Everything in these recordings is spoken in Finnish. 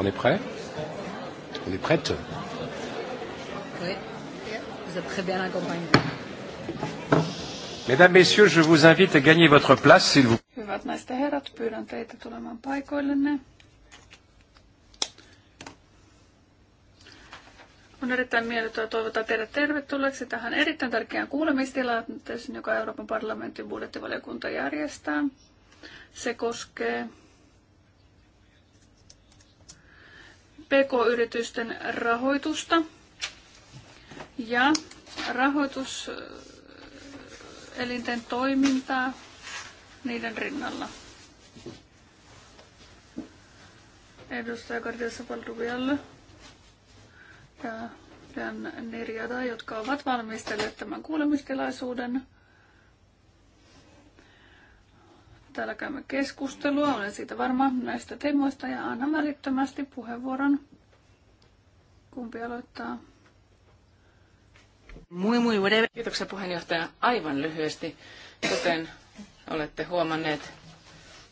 On est prêt On est prête Oui, vous êtes très bien accompagné. Mesdames, Messieurs, je vous invite à gagner votre place, s'il vous plaît. Hyvät naiset ja herrat, pyydän teitä tulemaan paikoillenne. On erittäin miellyttävä toivottaa teidät tervetulleeksi tähän erittäin tärkeään kuulemistilanteeseen, joka Euroopan parlamentin budjettivaliokunta järjestää. Se koskee PK-yritysten rahoitusta ja rahoituselinten äh, toimintaa niiden rinnalla. Edustaja Kardiassa Valduvialle ja Dan Nirjada, jotka ovat valmistelleet tämän kuulemistilaisuuden. täällä käymme keskustelua. Olen siitä varma näistä teemoista ja annan välittömästi puheenvuoron. Kumpi aloittaa? Mui, mui, Kiitoksia puheenjohtaja. Aivan lyhyesti, kuten olette huomanneet,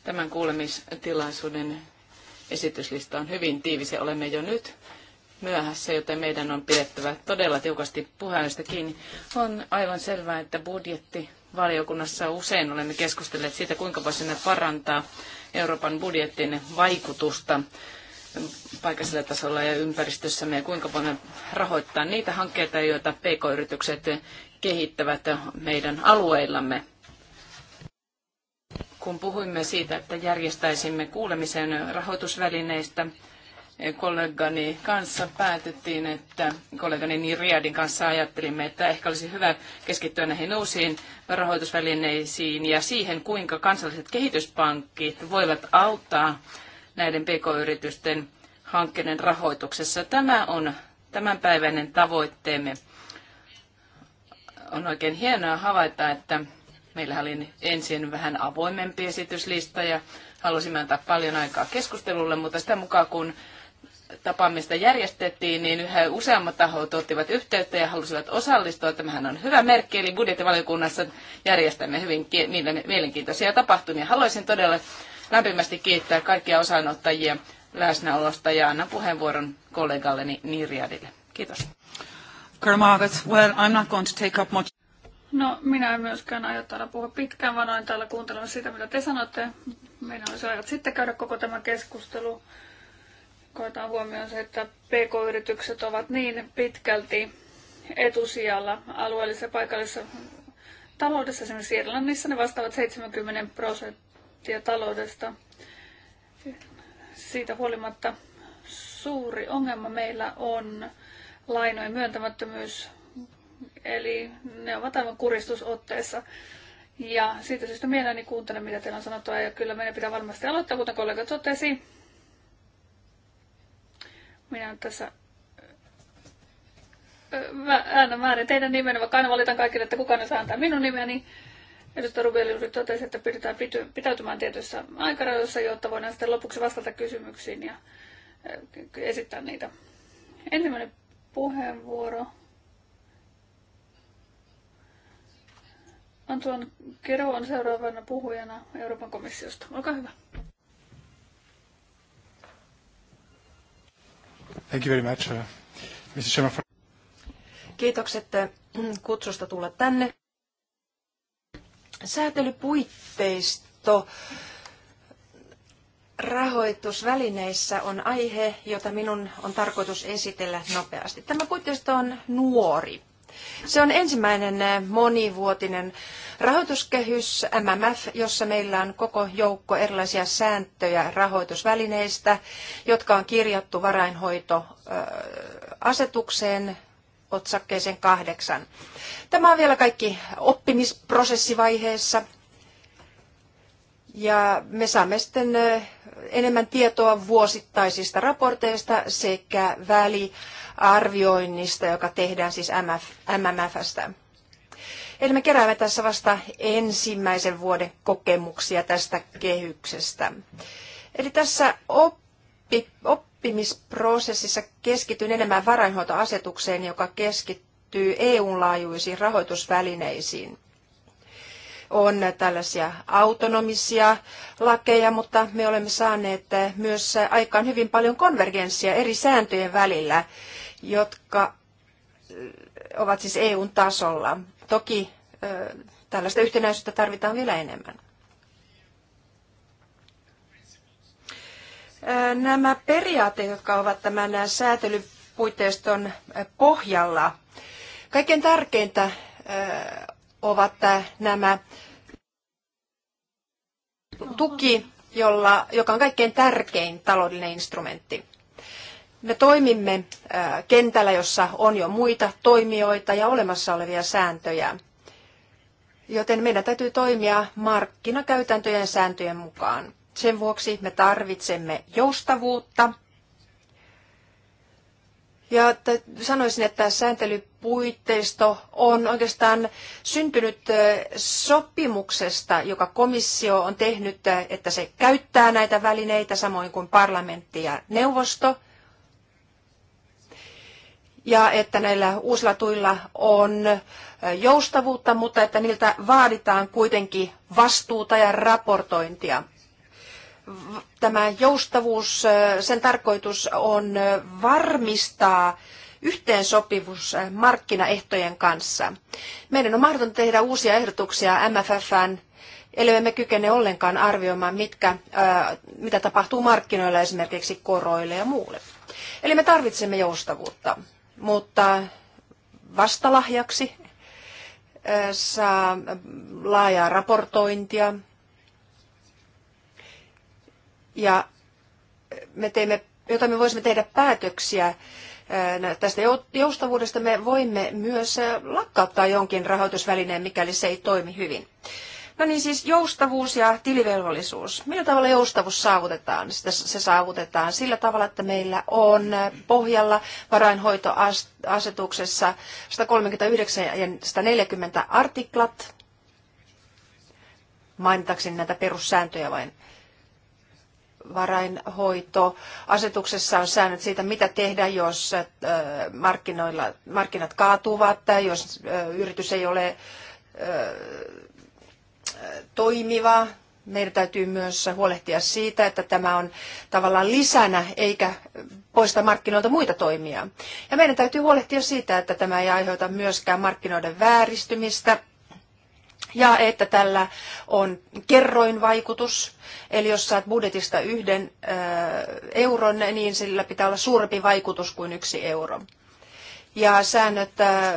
tämän kuulemistilaisuuden esityslista on hyvin tiivis ja olemme jo nyt myöhässä, joten meidän on pidettävä todella tiukasti puheenjohtajasta kiinni. On aivan selvää, että budjetti valiokunnassa usein olemme keskustelleet siitä, kuinka voisimme parantaa Euroopan budjetin vaikutusta paikallisella tasolla ja ympäristössämme ja kuinka voimme rahoittaa niitä hankkeita, joita pk-yritykset kehittävät meidän alueillamme. Kun puhuimme siitä, että järjestäisimme kuulemisen rahoitusvälineistä, kollegani kanssa päätettiin, että kollegani Riadin kanssa ajattelimme, että ehkä olisi hyvä keskittyä näihin uusiin rahoitusvälineisiin ja siihen, kuinka kansalliset kehityspankit voivat auttaa näiden pk-yritysten hankkeiden rahoituksessa. Tämä on tämänpäiväinen tavoitteemme. On oikein hienoa havaita, että meillä oli ensin vähän avoimempi esityslista ja halusimme antaa paljon aikaa keskustelulle, mutta sitä mukaan kun tapaamista järjestettiin, niin yhä useammat tahot ottivat yhteyttä ja halusivat osallistua. Tämähän on hyvä merkki, eli budjettivaliokunnassa järjestämme hyvin mielenkiintoisia tapahtumia. Haluaisin todella lämpimästi kiittää kaikkia osanottajia läsnäolosta ja annan puheenvuoron kollegalleni Nirjadille. Kiitos. Well, I'm not going to take up much. No, minä en myöskään aio täällä puhua pitkään, vaan olen täällä kuuntelemassa sitä, mitä te sanotte. Meidän olisi ajat sitten käydä koko tämä keskustelu koetaan huomioon se, että PK-yritykset ovat niin pitkälti etusijalla alueellisessa ja paikallisessa taloudessa, esimerkiksi Irlannissa ne vastaavat 70 prosenttia taloudesta. Siitä huolimatta suuri ongelma meillä on lainojen myöntämättömyys, eli ne ovat aivan kuristusotteessa. Ja siitä syystä mielelläni kuuntelen, mitä teillä on sanottua, ja kyllä meidän pitää varmasti aloittaa, kuten kollega totesi minä olen tässä äänä määrin teidän nimenne, vaikka aina valitan kaikille, että kukaan ei saa antaa minun nimeni. Edustaja Rubeli juuri totesi, että pyritään pitäytymään tietyissä aikarajoissa, jotta voidaan sitten lopuksi vastata kysymyksiin ja esittää niitä. Ensimmäinen puheenvuoro. Antoine Kero on seuraavana puhujana Euroopan komissiosta. Olkaa hyvä. Thank you very much, uh, Kiitokset äh, kutsusta tulla tänne. Säätelypuitteisto rahoitusvälineissä on aihe, jota minun on tarkoitus esitellä nopeasti. Tämä puitteisto on nuori. Se on ensimmäinen eh, monivuotinen rahoituskehys MMF, jossa meillä on koko joukko erilaisia sääntöjä rahoitusvälineistä, jotka on kirjattu varainhoitoasetukseen eh, otsakkeeseen kahdeksan. Tämä on vielä kaikki oppimisprosessivaiheessa. Ja me saamme sitten eh, enemmän tietoa vuosittaisista raporteista sekä väli arvioinnista, joka tehdään siis MMFstä. Eli me keräämme tässä vasta ensimmäisen vuoden kokemuksia tästä kehyksestä. Eli tässä oppi, oppimisprosessissa keskityn enemmän varainhoitoasetukseen, joka keskittyy eu laajuisiin rahoitusvälineisiin. On tällaisia autonomisia lakeja, mutta me olemme saaneet myös aikaan hyvin paljon konvergenssia eri sääntöjen välillä jotka ovat siis EUn tasolla. Toki tällaista yhtenäisyyttä tarvitaan vielä enemmän. Nämä periaatteet, jotka ovat tämän säätelypuitteiston pohjalla, kaiken tärkeintä ovat nämä tuki, jolla, joka on kaikkein tärkein taloudellinen instrumentti me toimimme kentällä, jossa on jo muita toimijoita ja olemassa olevia sääntöjä. Joten meidän täytyy toimia markkinakäytäntöjen sääntöjen mukaan. Sen vuoksi me tarvitsemme joustavuutta. Ja sanoisin, että sääntelypuitteisto on oikeastaan syntynyt sopimuksesta, joka komissio on tehnyt, että se käyttää näitä välineitä, samoin kuin parlamentti ja neuvosto – ja että näillä uusilla tuilla on joustavuutta, mutta että niiltä vaaditaan kuitenkin vastuuta ja raportointia. Tämä joustavuus, sen tarkoitus on varmistaa yhteensopivuus markkinaehtojen kanssa. Meidän on mahdotonta tehdä uusia ehdotuksia MFFn eli emme kykene ollenkaan arvioimaan, mitkä, ää, mitä tapahtuu markkinoilla esimerkiksi koroille ja muulle. Eli me tarvitsemme joustavuutta mutta vastalahjaksi saa laajaa raportointia. Ja me teemme, jota me voisimme tehdä päätöksiä tästä joustavuudesta, me voimme myös lakkauttaa jonkin rahoitusvälineen, mikäli se ei toimi hyvin. No niin siis joustavuus ja tilivelvollisuus. Millä tavalla joustavuus saavutetaan? Sitä se saavutetaan sillä tavalla, että meillä on pohjalla varainhoitoasetuksessa 139 ja 140 artiklat. Mainitakseni näitä perussääntöjä vain varainhoitoasetuksessa on säännöt siitä, mitä tehdä, jos markkinoilla, markkinat kaatuvat, tai jos yritys ei ole toimiva. Meidän täytyy myös huolehtia siitä, että tämä on tavallaan lisänä eikä poista markkinoilta muita toimia. Ja meidän täytyy huolehtia siitä, että tämä ei aiheuta myöskään markkinoiden vääristymistä ja että tällä on kerroinvaikutus, eli jos saat budjetista yhden euron, niin sillä pitää olla suurempi vaikutus kuin yksi euro ja säännöt, äh,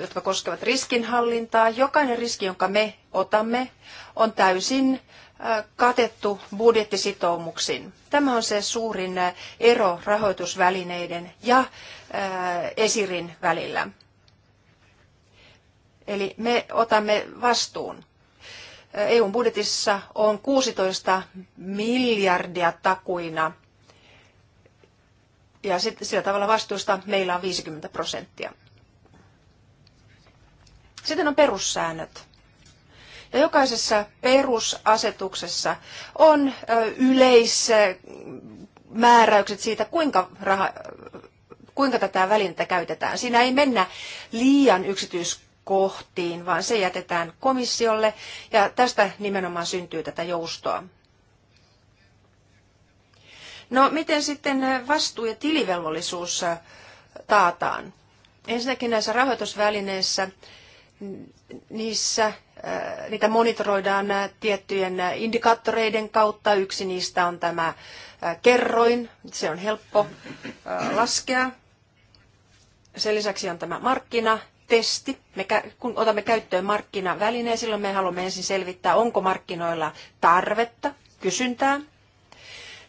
jotka koskevat riskinhallintaa. Jokainen riski, jonka me otamme, on täysin äh, katettu budjettisitoumuksiin. Tämä on se suurin äh, ero rahoitusvälineiden ja esirin välillä. Eli me otamme vastuun. EUn budjetissa on 16 miljardia takuina ja sit, sillä tavalla vastuusta meillä on 50 prosenttia. Sitten on perussäännöt. Ja jokaisessa perusasetuksessa on yleismääräykset siitä, kuinka, raha, kuinka tätä välintä käytetään. Siinä ei mennä liian yksityiskohtiin, vaan se jätetään komissiolle ja tästä nimenomaan syntyy tätä joustoa. No miten sitten vastuu ja tilivelvollisuus taataan? Ensinnäkin näissä rahoitusvälineissä niissä niitä monitoroidaan tiettyjen indikaattoreiden kautta. Yksi niistä on tämä kerroin, se on helppo laskea. Sen lisäksi on tämä markkinatesti. Me, kun otamme käyttöön markkinavälineen, silloin me haluamme ensin selvittää, onko markkinoilla tarvetta, kysyntää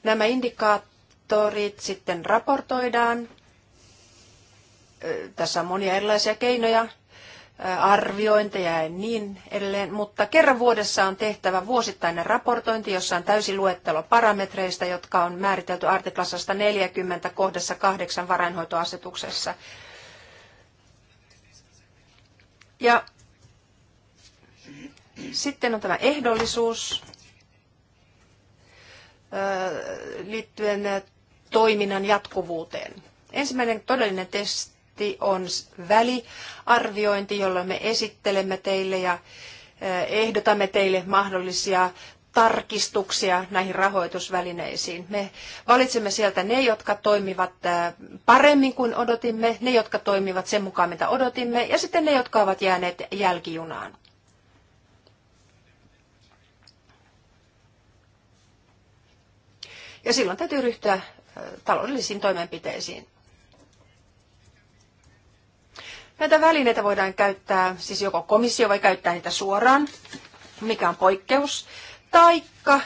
Nämä indikaattorit sitten raportoidaan. Tässä on monia erilaisia keinoja, arviointeja ja niin edelleen, mutta kerran vuodessa on tehtävä vuosittainen raportointi, jossa on täysi luettelo parametreista, jotka on määritelty artiklassa 140 kohdassa 8 varainhoitoasetuksessa. Ja sitten on tämä ehdollisuus, liittyen toiminnan jatkuvuuteen. Ensimmäinen todellinen testi on väliarviointi, jolloin me esittelemme teille ja ehdotamme teille mahdollisia tarkistuksia näihin rahoitusvälineisiin. Me valitsemme sieltä ne, jotka toimivat paremmin kuin odotimme, ne, jotka toimivat sen mukaan, mitä odotimme, ja sitten ne, jotka ovat jääneet jälkijunaan. Ja silloin täytyy ryhtyä taloudellisiin toimenpiteisiin. Näitä välineitä voidaan käyttää, siis joko komissio voi käyttää niitä suoraan, mikä on poikkeus, taikka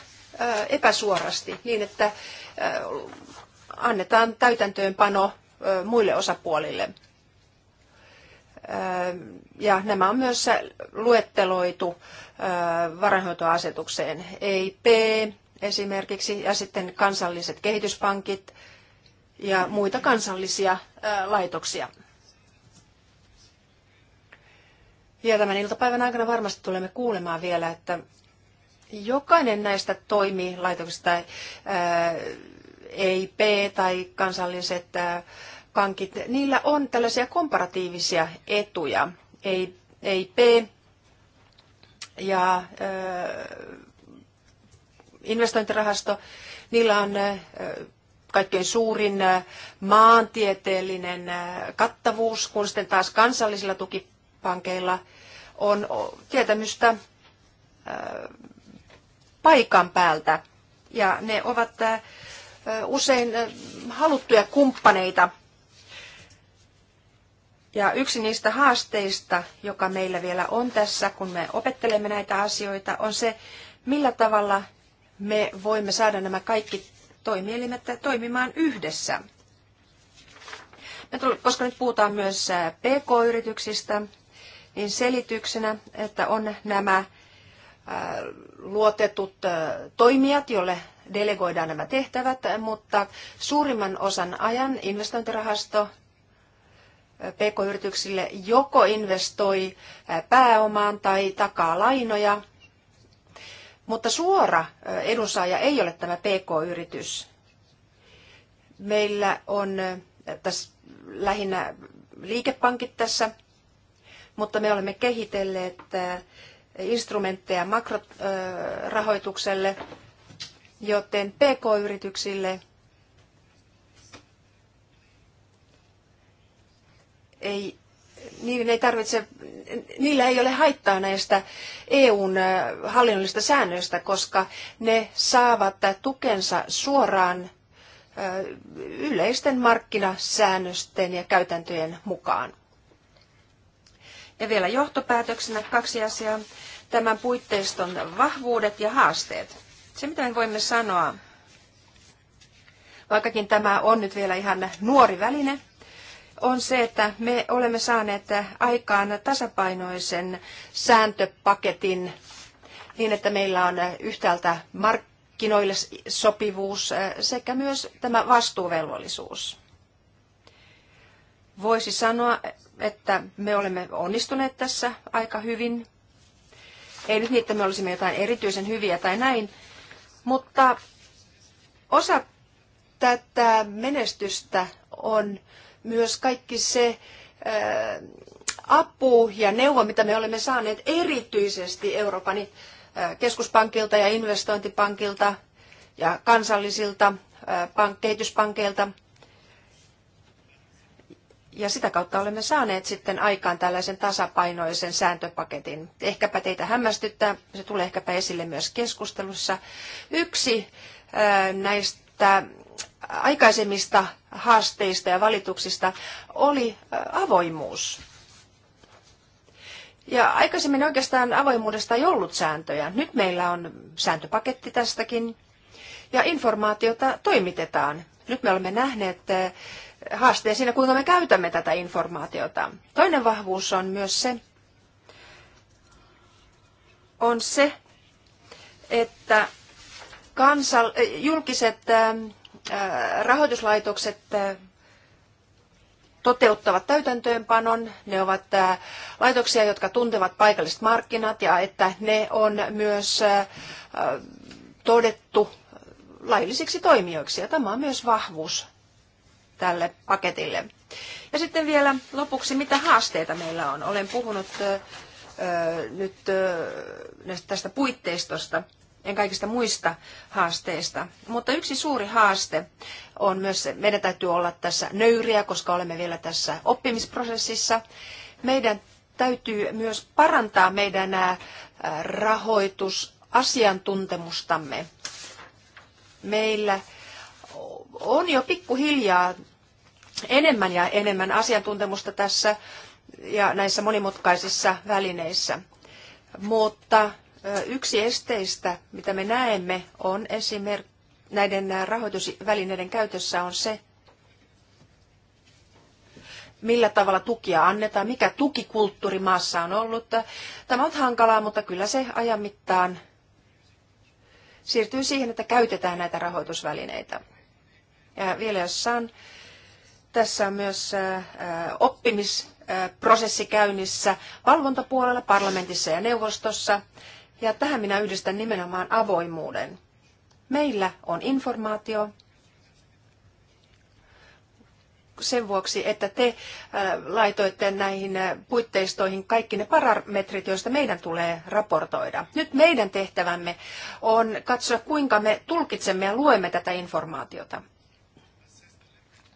epäsuorasti niin, että annetaan täytäntöönpano muille osapuolille. Ja nämä on myös luetteloitu varainhoitoasetukseen. EIP, esimerkiksi ja sitten kansalliset kehityspankit ja muita kansallisia laitoksia. Ja tämän iltapäivän aikana varmasti tulemme kuulemaan vielä, että jokainen näistä toimilaitoksista, EIP tai kansalliset pankit, niillä on tällaisia komparatiivisia etuja. EIP ja investointirahasto, niillä on kaikkein suurin maantieteellinen kattavuus, kun sitten taas kansallisilla tukipankeilla on tietämystä paikan päältä. Ja ne ovat usein haluttuja kumppaneita. Ja yksi niistä haasteista, joka meillä vielä on tässä, kun me opettelemme näitä asioita, on se, millä tavalla me voimme saada nämä kaikki toimielimet toimimaan yhdessä. Koska nyt puhutaan myös PK-yrityksistä, niin selityksenä, että on nämä luotetut toimijat, jolle delegoidaan nämä tehtävät, mutta suurimman osan ajan investointirahasto PK-yrityksille joko investoi pääomaan tai takaa lainoja mutta suora edunsaaja ei ole tämä PK-yritys. Meillä on tässä lähinnä liikepankit tässä, mutta me olemme kehitelleet instrumentteja makrorahoitukselle, joten PK-yrityksille ei niiden ei tarvitse, niillä ei ole haittaa näistä EUn äh, hallinnollista säännöistä, koska ne saavat tukensa suoraan äh, yleisten markkinasäännösten ja käytäntöjen mukaan. Ja vielä johtopäätöksenä kaksi asiaa. Tämän puitteiston vahvuudet ja haasteet. Se, mitä me voimme sanoa, vaikkakin tämä on nyt vielä ihan nuori väline, on se, että me olemme saaneet aikaan tasapainoisen sääntöpaketin niin, että meillä on yhtäältä markkinoille sopivuus eh, sekä myös tämä vastuuvelvollisuus. Voisi sanoa, että me olemme onnistuneet tässä aika hyvin. Ei nyt niin, että me olisimme jotain erityisen hyviä tai näin, mutta osa tätä menestystä on myös kaikki se apu ja neuvo, mitä me olemme saaneet erityisesti Euroopan keskuspankilta ja investointipankilta ja kansallisilta kehityspankeilta. Ja sitä kautta olemme saaneet sitten aikaan tällaisen tasapainoisen sääntöpaketin. Ehkäpä teitä hämmästyttää, se tulee ehkäpä esille myös keskustelussa. Yksi näistä aikaisemmista haasteista ja valituksista oli avoimuus. Ja aikaisemmin oikeastaan avoimuudesta ei ollut sääntöjä. Nyt meillä on sääntöpaketti tästäkin ja informaatiota toimitetaan. Nyt me olemme nähneet haasteen siinä, kuinka me käytämme tätä informaatiota. Toinen vahvuus on myös se, on se, että kansal- julkiset rahoituslaitokset toteuttavat täytäntöönpanon. Ne ovat laitoksia, jotka tuntevat paikalliset markkinat ja että ne on myös todettu laillisiksi toimijoiksi. Ja tämä on myös vahvuus tälle paketille. Ja sitten vielä lopuksi, mitä haasteita meillä on. Olen puhunut nyt tästä puitteistosta ja kaikista muista haasteista. Mutta yksi suuri haaste on myös se, meidän täytyy olla tässä nöyriä, koska olemme vielä tässä oppimisprosessissa. Meidän täytyy myös parantaa meidän rahoitusasiantuntemustamme. Meillä on jo pikkuhiljaa enemmän ja enemmän asiantuntemusta tässä ja näissä monimutkaisissa välineissä. Mutta Yksi esteistä, mitä me näemme, on esimerkiksi näiden rahoitusvälineiden käytössä on se, millä tavalla tukia annetaan, mikä tukikulttuuri maassa on ollut. Tämä on hankalaa, mutta kyllä se ajan mittaan siirtyy siihen, että käytetään näitä rahoitusvälineitä. Ja vielä jos saan, tässä on myös oppimisprosessi käynnissä valvontapuolella, parlamentissa ja neuvostossa. Ja tähän minä yhdistän nimenomaan avoimuuden. Meillä on informaatio sen vuoksi, että te äh, laitoitte näihin äh, puitteistoihin kaikki ne parametrit, joista meidän tulee raportoida. Nyt meidän tehtävämme on katsoa, kuinka me tulkitsemme ja luemme tätä informaatiota.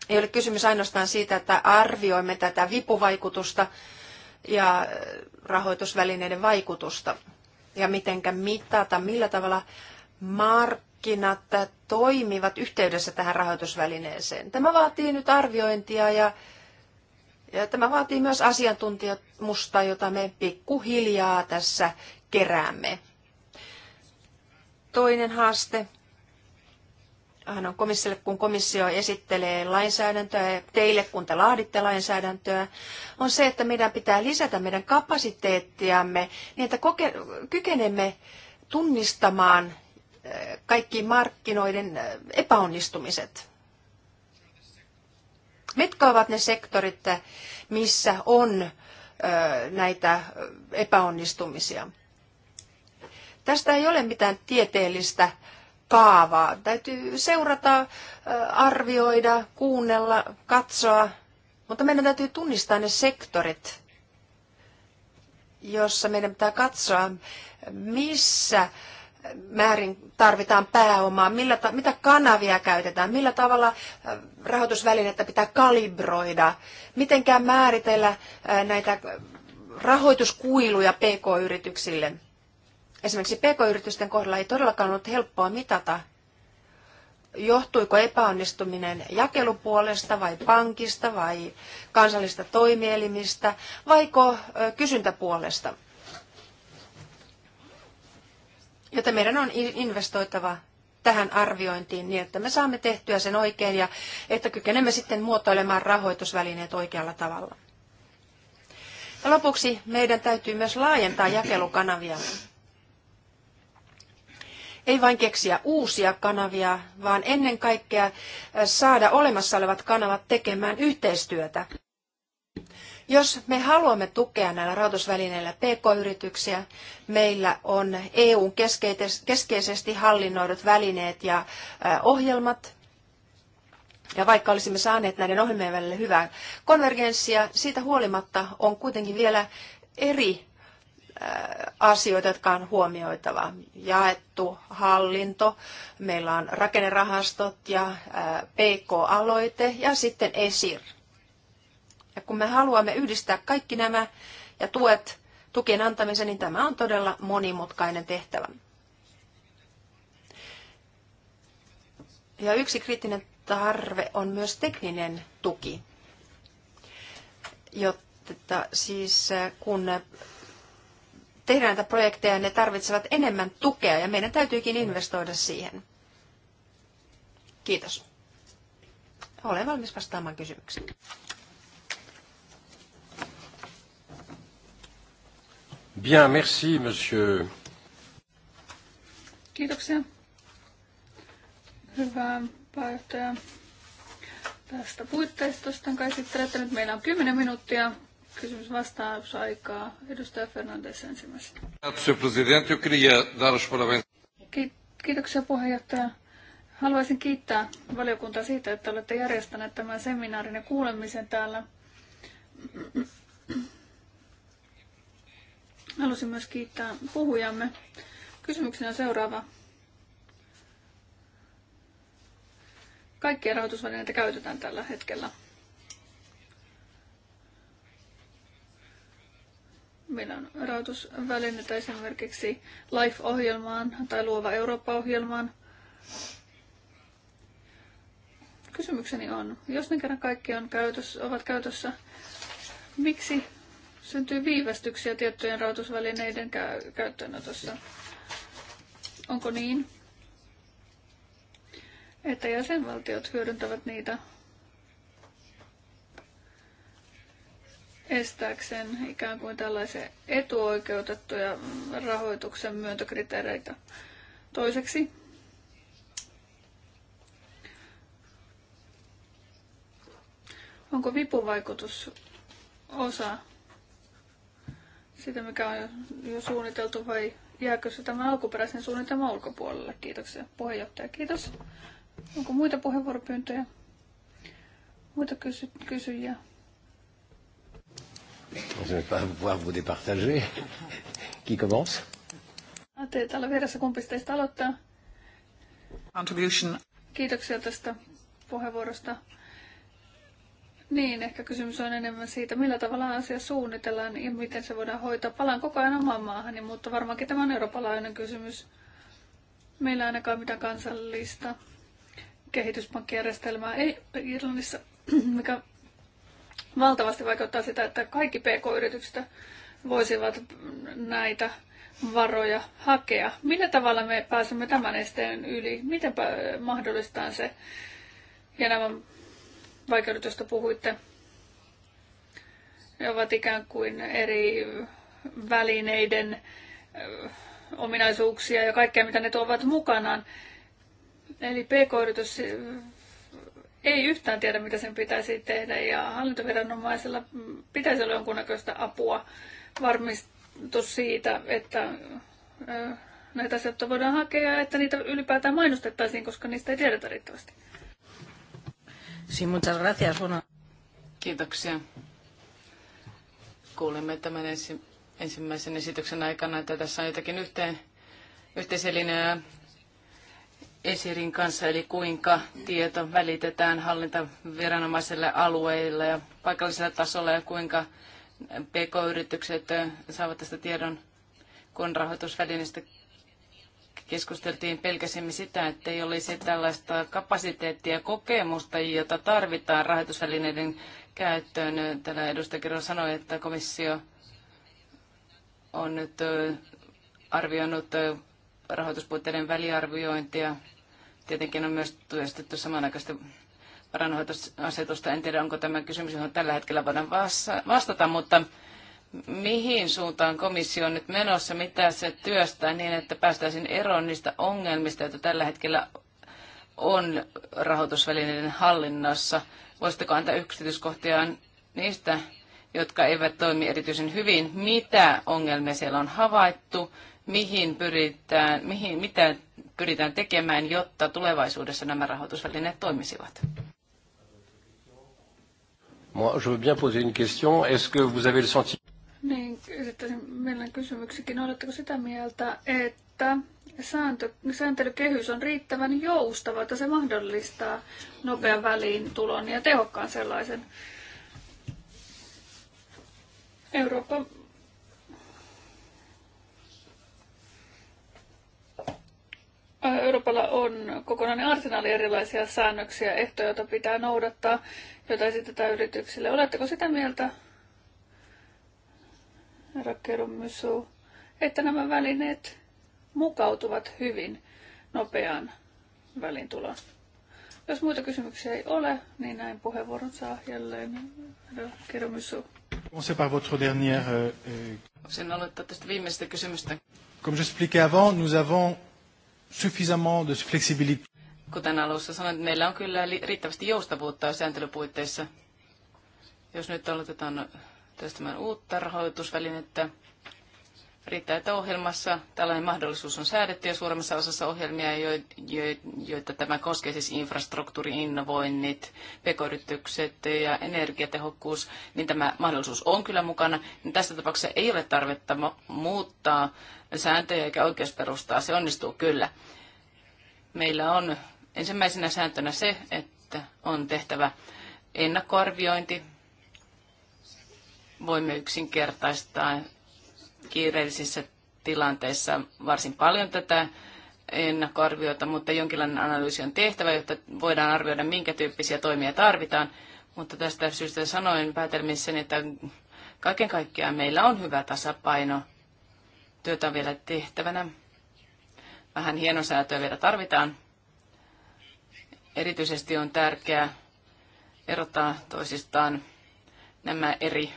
Ei ole kysymys ainoastaan siitä, että arvioimme tätä vipuvaikutusta ja äh, rahoitusvälineiden vaikutusta, ja mitenkä mitata, millä tavalla markkinat toimivat yhteydessä tähän rahoitusvälineeseen. Tämä vaatii nyt arviointia ja, ja tämä vaatii myös asiantuntijamusta, jota me pikkuhiljaa tässä keräämme. Toinen haaste hän on komissiolle, kun komissio esittelee lainsäädäntöä ja teille, kun te laaditte lainsäädäntöä, on se, että meidän pitää lisätä meidän kapasiteettiamme niin, että koke, kykenemme tunnistamaan eh, kaikki markkinoiden eh, epäonnistumiset. Mitkä ovat ne sektorit, eh, missä on näitä epäonnistumisia? Tästä ei ole mitään tieteellistä kaavaa. Täytyy seurata, arvioida, kuunnella, katsoa, mutta meidän täytyy tunnistaa ne sektorit, jossa meidän pitää katsoa, missä määrin tarvitaan pääomaa, millä ta- mitä kanavia käytetään, millä tavalla rahoitusvälinettä pitää kalibroida, mitenkään määritellä näitä rahoituskuiluja pk-yrityksille. Esimerkiksi pk-yritysten kohdalla ei todellakaan ollut helppoa mitata, johtuiko epäonnistuminen jakelupuolesta vai pankista vai kansallista toimielimistä vaiko kysyntäpuolesta. Joten meidän on investoitava tähän arviointiin niin, että me saamme tehtyä sen oikein ja että kykenemme sitten muotoilemaan rahoitusvälineet oikealla tavalla. Ja lopuksi meidän täytyy myös laajentaa jakelukanavia. Ei vain keksiä uusia kanavia, vaan ennen kaikkea äh, saada olemassa olevat kanavat tekemään yhteistyötä. Jos me haluamme tukea näillä rahoitusvälineillä pk-yrityksiä, meillä on EUn keskeisesti hallinnoidut välineet ja äh, ohjelmat. Ja vaikka olisimme saaneet näiden ohjelmien välille hyvää konvergenssia, siitä huolimatta on kuitenkin vielä eri Äh, asioita, jotka on huomioitava. Jaettu hallinto, meillä on rakennerahastot ja äh, PK-aloite ja sitten ESIR. Ja kun me haluamme yhdistää kaikki nämä ja tuet tukien antamisen, niin tämä on todella monimutkainen tehtävä. Ja yksi kriittinen tarve on myös tekninen tuki, jotta siis äh, kun tehdä näitä projekteja, ne tarvitsevat enemmän tukea ja meidän täytyykin investoida siihen. Kiitos. Olen valmis vastaamaan kysymyksiin. Bien, merci, monsieur. Kiitoksia. Hyvää pääjohtaja tästä puitteistosta, sitten, että Nyt meillä on 10 minuuttia Kysymys aikaa. Edustaja Fernandes ensimmäisenä. Euh, kiitoksia puheenjohtaja. Haluaisin kiittää valiokuntaa siitä, että olette järjestäneet tämän seminaarin ja kuulemisen täällä. Halusin myös kiittää puhujamme. Kysymyksenä on seuraava. Kaikkia rahoitusvälineitä käytetään tällä hetkellä. Meillä on rahoitusvälineitä esimerkiksi LIFE-ohjelmaan tai Luova Eurooppa-ohjelmaan. Kysymykseni on, jos ne kerran kaikki on käytössä, ovat käytössä, miksi syntyy viivästyksiä tiettyjen rahoitusvälineiden käyttöönotossa? Onko niin, että jäsenvaltiot hyödyntävät niitä estääkseen ikään kuin tällaisia etuoikeutettuja rahoituksen myöntökriteereitä. Toiseksi onko vipuvaikutus osa sitä, mikä on jo suunniteltu vai jääkö se tämän alkuperäisen suunnitelman ulkopuolelle? Kiitoksia puheenjohtaja, kiitos. Onko muita puheenvuoropyyntöjä? Muita kysy- kysyjiä? Je ne vais pas pouvoir vous départager. Qui commence ah, Contribution. Kiitoksia tästä puheenvuorosta. Niin, ehkä kysymys on enemmän siitä, millä tavalla asia suunnitellaan ja miten se voidaan hoitaa. Palaan koko ajan omaan maahan, mutta varmaankin tämä on eurooppalainen kysymys. Meillä ainakaan mitään kansallista kehityspankkijärjestelmää ei Irlannissa, mikä valtavasti vaikuttaa sitä, että kaikki PK-yritykset voisivat näitä varoja hakea. Millä tavalla me pääsemme tämän esteen yli? Miten mahdollistaa se ja nämä vaikeudet, joista puhuitte, ne ovat ikään kuin eri välineiden ominaisuuksia ja kaikkea, mitä ne tuovat mukanaan. Eli pk-yritys ei yhtään tiedä, mitä sen pitäisi tehdä ja hallintoviranomaisella pitäisi olla jonkunnäköistä apua varmistus siitä, että näitä asioita voidaan hakea ja että niitä ylipäätään mainostettaisiin, koska niistä ei tiedetä riittävästi. Sí, muchas gracias. Bueno. Kiitoksia. Kuulimme tämän ensimmäisen esityksen aikana, että tässä on jotakin yhteen, yhteisiä linjoja Esirin kanssa, eli kuinka tieto välitetään hallintaviranomaiselle alueille ja paikallisella tasolla ja kuinka PK-yritykset saavat tästä tiedon, kun rahoitusvälineistä keskusteltiin, pelkäsimme sitä, että ei olisi tällaista kapasiteettia ja kokemusta, jota tarvitaan rahoitusvälineiden käyttöön. Täällä edustaja Kiro sanoi, että komissio on nyt arvioinut rahoituspuitteiden väliarviointia Tietenkin on myös työstetty samanaikaisesti varanhoitoasetusta. En tiedä, onko tämä kysymys, johon tällä hetkellä voidaan vastata, mutta mihin suuntaan komissio on nyt menossa, mitä se työstää niin, että päästäisiin eroon niistä ongelmista, joita tällä hetkellä on rahoitusvälineiden hallinnassa. Voisitteko antaa yksityiskohtia niistä, jotka eivät toimi erityisen hyvin? Mitä ongelmia siellä on havaittu? Mihin pyritään, mihin, mitä pyritään tekemään, jotta tulevaisuudessa nämä rahoitusvälineet toimisivat? Moi, je veux bien poser une question. Est-ce que vous avez le Niin, esittäisin mielen kysymyksikin. Oletteko sitä mieltä, että sääntö, sääntelykehys on riittävän joustava, että se mahdollistaa nopean väliin tulon ja tehokkaan sellaisen? Euroopan. Euroopalla on kokonainen arsenaali erilaisia säännöksiä, ehtoja, joita pitää noudattaa, joita esitetään yrityksille. Oletteko sitä mieltä, rakkerumysu, että nämä välineet mukautuvat hyvin nopeaan välintuloon? Jos muita kysymyksiä ei ole, niin näin puheenvuoron saa jälleen rakkerumysu. Euh, euh, Voisin aloittaa tästä viimeisestä kysymystä. Comme j'expliquais avant, nous avons suffisamment de flexibilité. Kuten alussa sanoin, meillä on kyllä riittävästi joustavuutta sääntelypuitteissa. Jos nyt aloitetaan testamaan uutta rahoitusvälinettä, riittää, että ohjelmassa tällainen mahdollisuus on säädetty ja suuremmassa osassa ohjelmia, jo, jo, joita tämä koskee, siis infrastruktuuriinnovoinnit, pekoyritykset ja energiatehokkuus, niin tämä mahdollisuus on kyllä mukana. Niin tässä tapauksessa ei ole tarvetta muuttaa sääntöjä eikä oikeusperustaa, se onnistuu kyllä. Meillä on ensimmäisenä sääntönä se, että on tehtävä ennakkoarviointi. Voimme yksinkertaistaa kiireellisissä tilanteissa varsin paljon tätä ennakkoarviota, mutta jonkinlainen analyysi on tehtävä, jotta voidaan arvioida, minkä tyyppisiä toimia tarvitaan. Mutta tästä syystä sanoin päätelmissäni, että kaiken kaikkiaan meillä on hyvä tasapaino. Työtä on vielä tehtävänä. Vähän hienosäätöä vielä tarvitaan. Erityisesti on tärkeää erottaa toisistaan nämä eri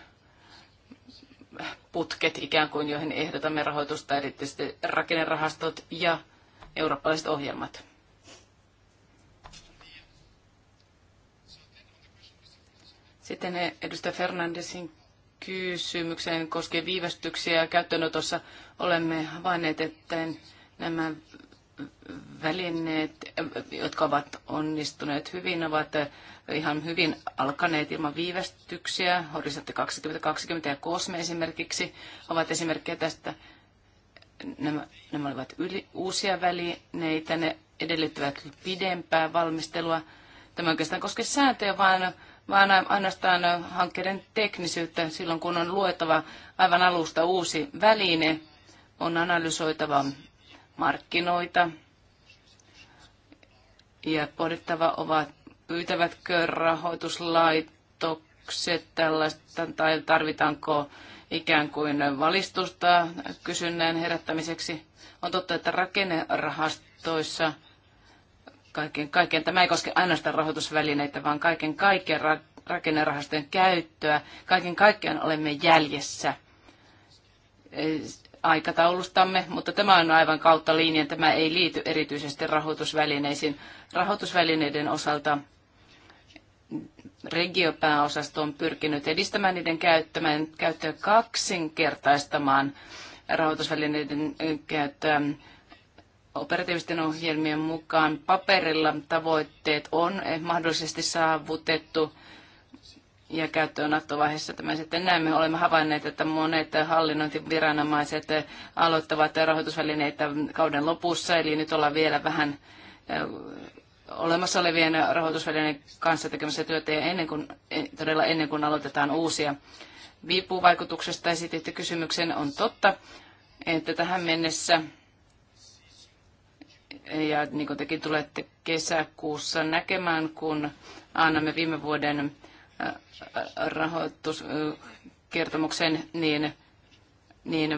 putket ikään kuin, joihin ehdotamme rahoitusta, erityisesti rakennerahastot ja eurooppalaiset ohjelmat. Sitten edustaja Fernandesin kysymykseen koskien viivästyksiä käyttöönotossa olemme havainneet, että nämä välineet, jotka ovat onnistuneet hyvin, ovat ihan hyvin alkaneet ilman viivästyksiä. Horisontti 2020 ja Kosme esimerkiksi ovat esimerkkejä tästä. Nämä, nämä olivat yli, uusia välineitä, ne edellyttävät pidempää valmistelua. Tämä oikeastaan koske sääntöjä, vaan, vaan ainoastaan hankkeiden teknisyyttä. Silloin kun on luettava aivan alusta uusi väline, on analysoitava markkinoita ja pohdittava ovat, pyytävätkö rahoituslaitokset tällaista tai tarvitaanko ikään kuin valistusta kysynnän herättämiseksi. On totta, että rakennerahastoissa kaiken, kaiken, tämä ei koske ainoastaan rahoitusvälineitä, vaan kaiken kaiken ra- rakennerahastojen käyttöä. Kaiken kaikkiaan olemme jäljessä aikataulustamme, mutta tämä on aivan kautta linjan. Tämä ei liity erityisesti rahoitusvälineisiin. Rahoitusvälineiden osalta regiopääosasto on pyrkinyt edistämään niiden käyttämään, käyttöä kaksinkertaistamaan rahoitusvälineiden käyttöä operatiivisten ohjelmien mukaan paperilla tavoitteet on mahdollisesti saavutettu ja käyttöönottovaiheessa tämä sitten näemme. Olemme havainneet, että monet hallinnointiviranomaiset aloittavat rahoitusvälineitä kauden lopussa, eli nyt ollaan vielä vähän eh, olemassa olevien rahoitusvälineiden kanssa tekemässä työtä ja ennen kuin, eh, todella ennen kuin aloitetaan uusia. Viipuvaikutuksesta esititte kysymyksen. On totta, että tähän mennessä ja niin kuin tekin tulette kesäkuussa näkemään, kun annamme viime vuoden rahoituskertomuksen, niin, niin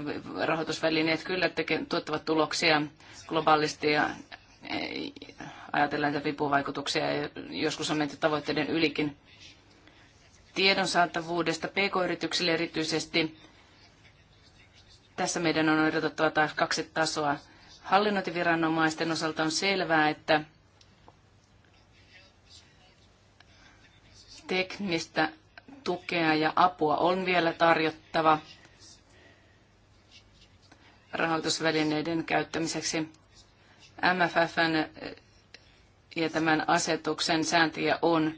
rahoitusvälineet kyllä teke, tuottavat tuloksia globaalisti ja e, ajatellaan niitä vipuvaikutuksia ja joskus on menty tavoitteiden ylikin. Tiedon saatavuudesta pk-yrityksille erityisesti tässä meidän on odotettava taas kaksi tasoa. Hallinnointiviranomaisten osalta on selvää, että Teknistä tukea ja apua on vielä tarjottava rahoitusvälineiden käyttämiseksi. MFFn eh, ja tämän asetuksen sääntöjä on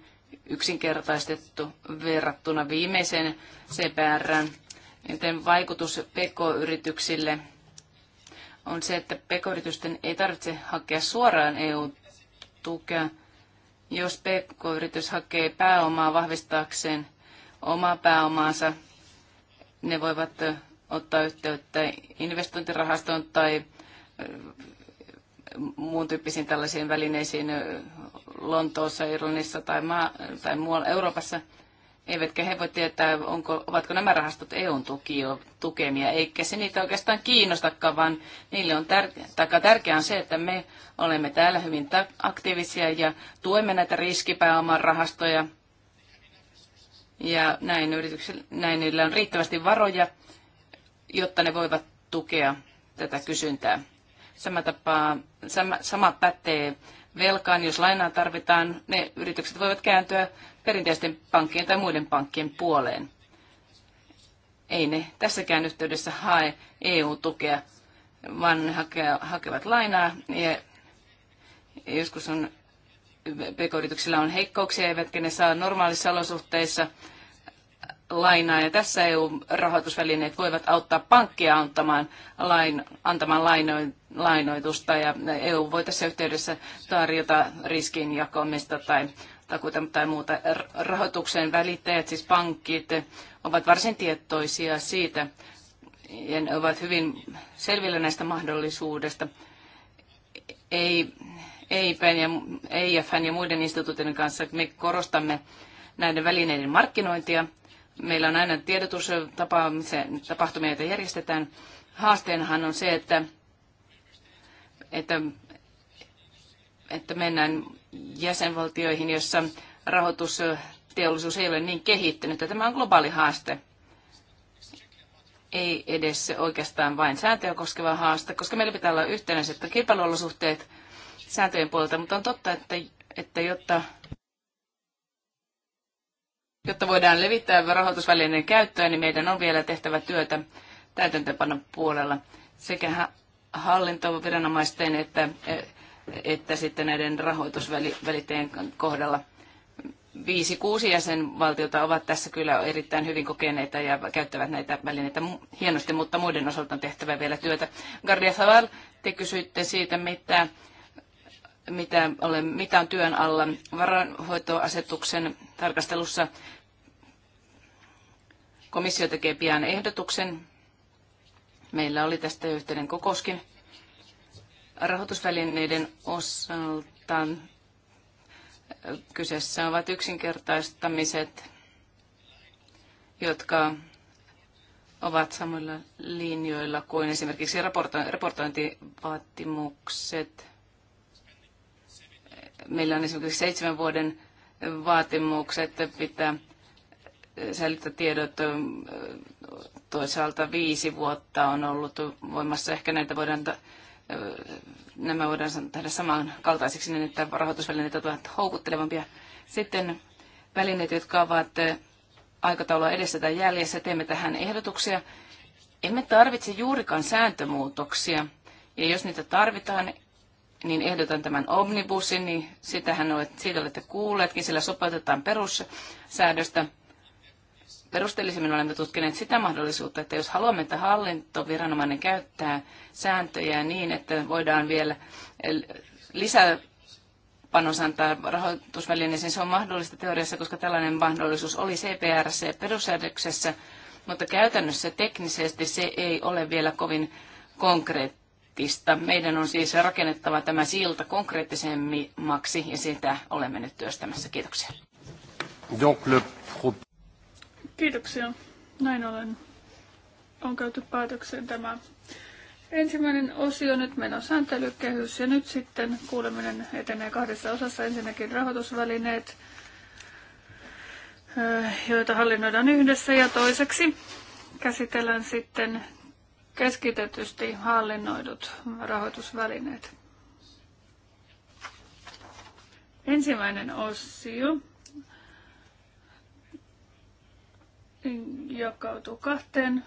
yksinkertaistettu verrattuna viimeiseen CPR, joten vaikutus PK-yrityksille on se, että PK-yritysten ei tarvitse hakea suoraan EU-tukea, jos PK-yritys hakee pääomaa vahvistaakseen omaa pääomaansa, ne voivat ottaa yhteyttä investointirahastoon tai muun tyyppisiin tällaisiin välineisiin Lontoossa, Irlannissa tai, maa, tai muualla Euroopassa – Eivätkä he voi tietää, onko, ovatko nämä rahastot EUn tukio, tukemia, eikä se niitä oikeastaan kiinnostakaan, vaan niille on tär- tärkeää on se, että me olemme täällä hyvin aktiivisia ja tuemme näitä riskipääoman rahastoja. Ja näin, näin niillä on riittävästi varoja, jotta ne voivat tukea tätä kysyntää. Sama, tapaa, sama, sama pätee velkaan, jos lainaa tarvitaan, ne yritykset voivat kääntyä perinteisten pankkien tai muiden pankkien puoleen. Ei ne tässäkään yhteydessä hae EU-tukea, vaan ne hakevat lainaa ja joskus on pk-yrityksillä on heikkouksia, eivätkä ne saa normaalissa olosuhteissa lainaa ja tässä EU-rahoitusvälineet voivat auttaa pankkia antamaan, lain, antamaan lainoitusta ja EU voi tässä yhteydessä tarjota riskin jakamista tai takuita tai muuta. Rahoituksen välittäjät, siis pankit, ovat varsin tietoisia siitä ja ne ovat hyvin selvillä näistä mahdollisuudesta. Ei, EIPn ja EIFn ja muiden instituutioiden kanssa me korostamme näiden välineiden markkinointia Meillä on aina tapahtumia, joita järjestetään. Haasteenhan on se, että, että, että mennään jäsenvaltioihin, jossa rahoitusteollisuus ei ole niin kehittynyt. Ja tämä on globaali haaste ei edes oikeastaan vain sääntöjä koskeva haaste, koska meillä pitää olla yhtenäiset kilpailuolosuhteet sääntöjen puolelta, mutta on totta, että, että jotta Jotta voidaan levittää rahoitusvälineen käyttöä, niin meidän on vielä tehtävä työtä täytäntöpanon puolella sekä hallintoviranomaisten että, että sitten näiden rahoitusväliteen kohdalla. Viisi, kuusi jäsenvaltiota ovat tässä kyllä erittäin hyvin kokeneita ja käyttävät näitä välineitä hienosti, mutta muiden osalta on tehtävä vielä työtä. Gardia Saval, te kysyitte siitä, mitä, mitä, ole, mitä on työn alla varanhoitoasetuksen tarkastelussa. Komissio tekee pian ehdotuksen. Meillä oli tästä yhteinen kokouskin rahoitusvälineiden osalta. Äh, kyseessä ovat yksinkertaistamiset, jotka ovat samoilla linjoilla kuin esimerkiksi raportointivaatimukset. Meillä on esimerkiksi seitsemän vuoden vaatimukset pitää säilyttää tiedot. Toisaalta viisi vuotta on ollut voimassa. Ehkä näitä voidaan, nämä voidaan tehdä samankaltaisiksi niin, että rahoitusvälineet ovat houkuttelevampia. Sitten välineet, jotka ovat aikataulua edessä tai jäljessä, teemme tähän ehdotuksia. Emme tarvitse juurikaan sääntömuutoksia. Ja jos niitä tarvitaan, niin ehdotan tämän omnibusin, niin sitähän olet, siitä olette kuulleetkin, sillä sopeutetaan perussäädöstä perusteellisemmin olemme tutkineet sitä mahdollisuutta, että jos haluamme, että hallintoviranomainen käyttää sääntöjä niin, että voidaan vielä eh, lisää panos antaa rahoitusvälineeseen, se on mahdollista teoriassa, koska tällainen mahdollisuus oli CPRC perussäädöksessä, mutta käytännössä teknisesti se ei ole vielä kovin konkreettista. Meidän on siis rakennettava tämä silta konkreettisemmaksi ja sitä olemme nyt työstämässä. Kiitoksia. Donc le Kiitoksia. Näin olen on käyty päätökseen tämä ensimmäinen osio. Nyt meillä on sääntelykehys ja nyt sitten kuuleminen etenee kahdessa osassa. Ensinnäkin rahoitusvälineet, eh, joita hallinnoidaan yhdessä ja toiseksi käsitellään sitten keskitetysti hallinnoidut rahoitusvälineet. Ensimmäinen osio jakautuu kahteen.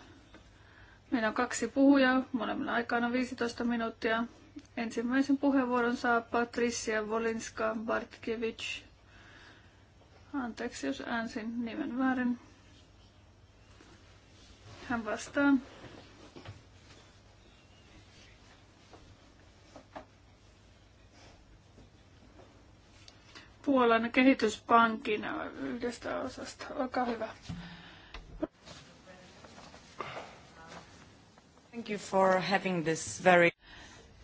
Meillä on kaksi puhujaa, molemmilla aikana 15 minuuttia. Ensimmäisen puheenvuoron saa Patricia Volinska Bartkiewicz. Anteeksi, jos äänsin nimen väärin. Hän vastaa Puolan kehityspankin yhdestä osasta. Olkaa hyvä. Thank you for having this very...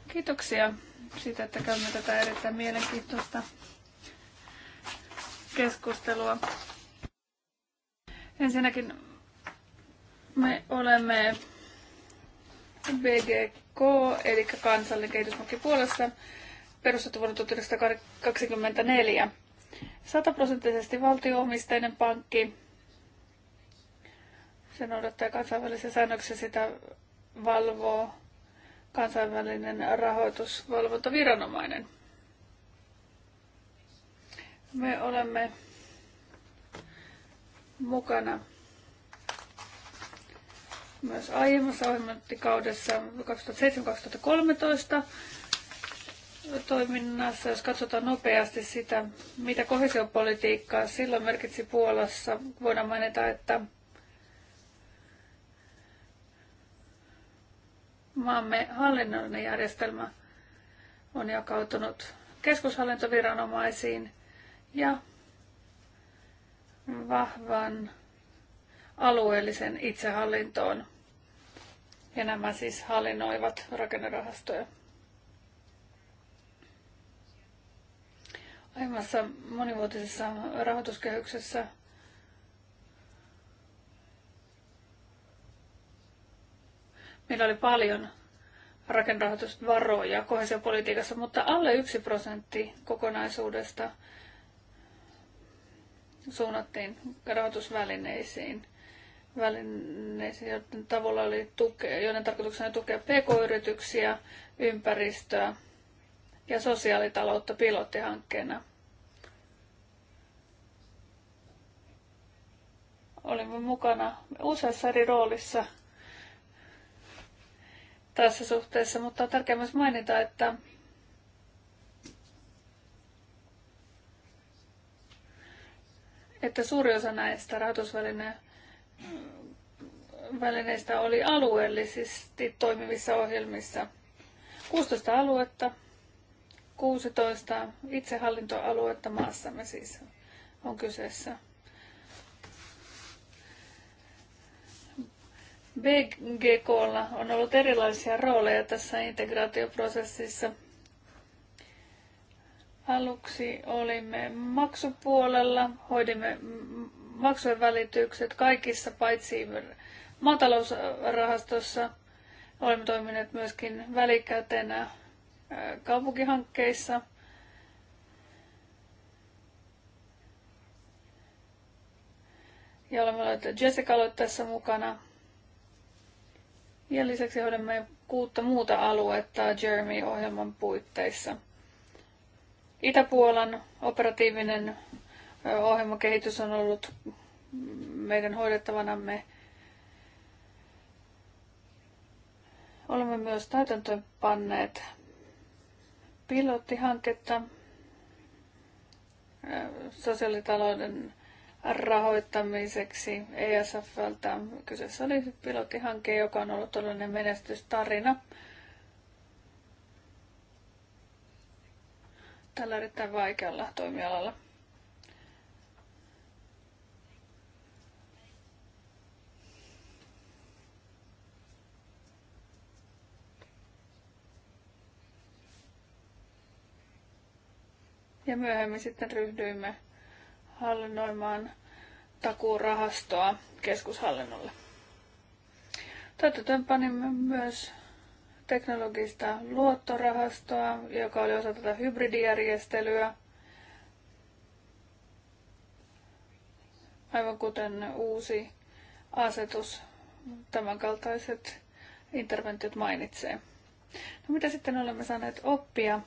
Kiitoksia siitä, että käymme tätä erittäin mielenkiintoista keskustelua. Ensinnäkin me olemme BGK, eli kansallinen kehitysmukki puolesta, perustettu vuonna 1924. Sataprosenttisesti valtioomisteinen pankki. Se noudattaa kansainvälisiä säännöksiä sitä valvoo kansainvälinen rahoitusvalvontaviranomainen. Me olemme mukana myös aiemmassa ohjelmointikaudessa 2007-2013 toiminnassa, jos katsotaan nopeasti sitä, mitä kohesiopolitiikkaa silloin merkitsi Puolassa, voidaan mainita, että maamme hallinnollinen järjestelmä on jakautunut keskushallintoviranomaisiin ja vahvan alueellisen itsehallintoon. Ja nämä siis hallinnoivat rakennerahastoja. Aiemmassa monivuotisessa rahoituskehyksessä Meillä oli paljon rakenrahoitusvaroja kohesiopolitiikassa, mutta alle yksi prosentti kokonaisuudesta suunnattiin rahoitusvälineisiin, välineisiin, joiden, tavalla oli tukea, joiden tarkoituksena oli tukea pk-yrityksiä, ympäristöä ja sosiaalitaloutta pilottihankkeena. Olimme mukana useassa eri roolissa – tässä suhteessa, mutta on tärkeää myös mainita, että että suuri osa näistä rahoitusvälineistä oli alueellisesti toimivissa ohjelmissa. 16 aluetta, 16 itsehallintoaluetta maassamme siis on kyseessä. BGKlla on ollut erilaisia rooleja tässä integraatioprosessissa. Aluksi olimme maksupuolella, hoidimme maksujen välitykset kaikissa paitsi maatalousrahastossa. Olemme toimineet myöskin välikätenä äh, kaupunkihankkeissa. Ja olemme olleet Jessica tässä mukana. Ja lisäksi hoidamme kuutta muuta aluetta Jeremy-ohjelman puitteissa. Itä-Puolan operatiivinen ohjelmakehitys on ollut meidän hoidettavanamme. Olemme myös täytäntöön panneet pilottihanketta sosiaalitalouden rahoittamiseksi ESFltä. Kyseessä oli pilottihanke, joka on ollut todellinen menestystarina. Tällä erittäin vaikealla toimialalla. Ja myöhemmin sitten ryhdyimme hallinnoimaan takuurahastoa keskushallinnolle. Täytetön panimme myös teknologista luottorahastoa, joka oli osa tätä hybridijärjestelyä. Aivan kuten uusi asetus tämänkaltaiset interventiot mainitsee. No mitä sitten olemme saaneet oppia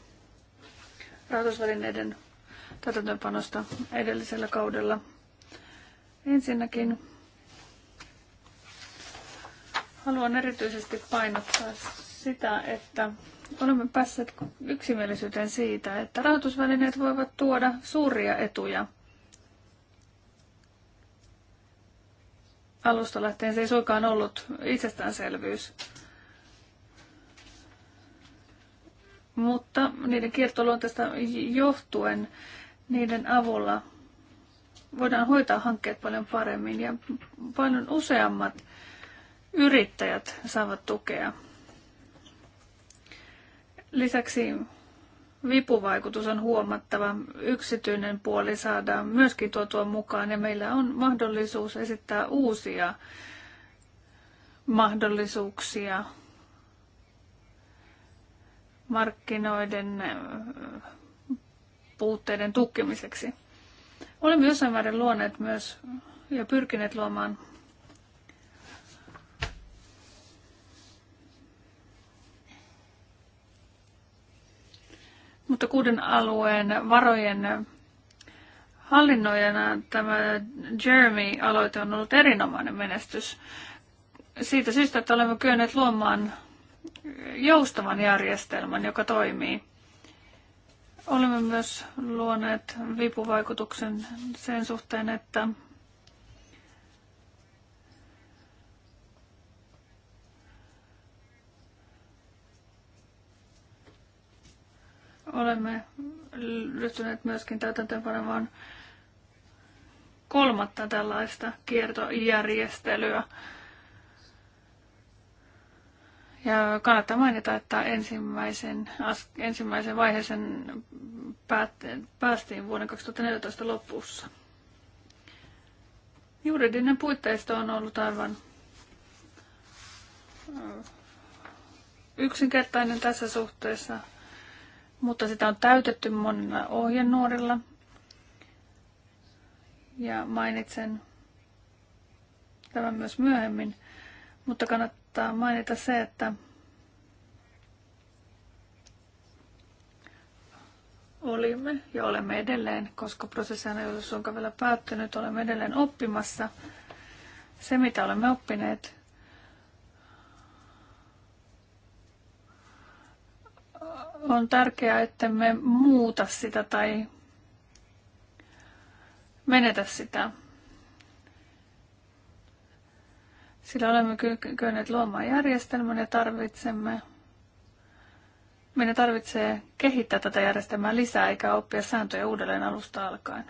rahoitusvälineiden täytäntöönpanosta edellisellä kaudella. Ensinnäkin haluan erityisesti painottaa sitä, että olemme päässeet yksimielisyyteen siitä, että rahoitusvälineet voivat tuoda suuria etuja. Alusta lähtien se ei suinkaan ollut itsestäänselvyys. Mutta niiden kiertoluonteesta johtuen niiden avulla voidaan hoitaa hankkeet paljon paremmin ja paljon useammat yrittäjät saavat tukea. Lisäksi vipuvaikutus on huomattava. Yksityinen puoli saadaan myöskin tuotua mukaan ja meillä on mahdollisuus esittää uusia mahdollisuuksia markkinoiden puutteiden tukkimiseksi. Olemme jossain määrin luoneet myös ja pyrkineet luomaan mutta kuuden alueen varojen hallinnoijana tämä Jeremy-aloite on ollut erinomainen menestys. Siitä syystä, että olemme kyenneet luomaan joustavan järjestelmän, joka toimii. Olemme myös luoneet vipuvaikutuksen sen suhteen, että olemme ryhtyneet myöskin täytäntöönpanemaan kolmatta tällaista kiertojärjestelyä ja kannattaa mainita, että ensimmäisen, ensimmäisen vaiheeseen päästiin vuoden 2014 lopussa. Juridinen puitteisto on ollut aivan äh, yksinkertainen tässä suhteessa, mutta sitä on täytetty monilla ohjenuorilla. Ja mainitsen tämän myös myöhemmin, mutta kannattaa kannattaa mainita se, että olimme ja olemme edelleen, koska prosessi ei ole suinkaan vielä päättynyt, olemme edelleen oppimassa. Se, mitä olemme oppineet, on tärkeää, että me muuta sitä tai menetä sitä. Sillä olemme kyenneet luomaan järjestelmän ja tarvitsemme meidän tarvitsee kehittää tätä järjestelmää lisää eikä oppia sääntöjä uudelleen alusta alkaen.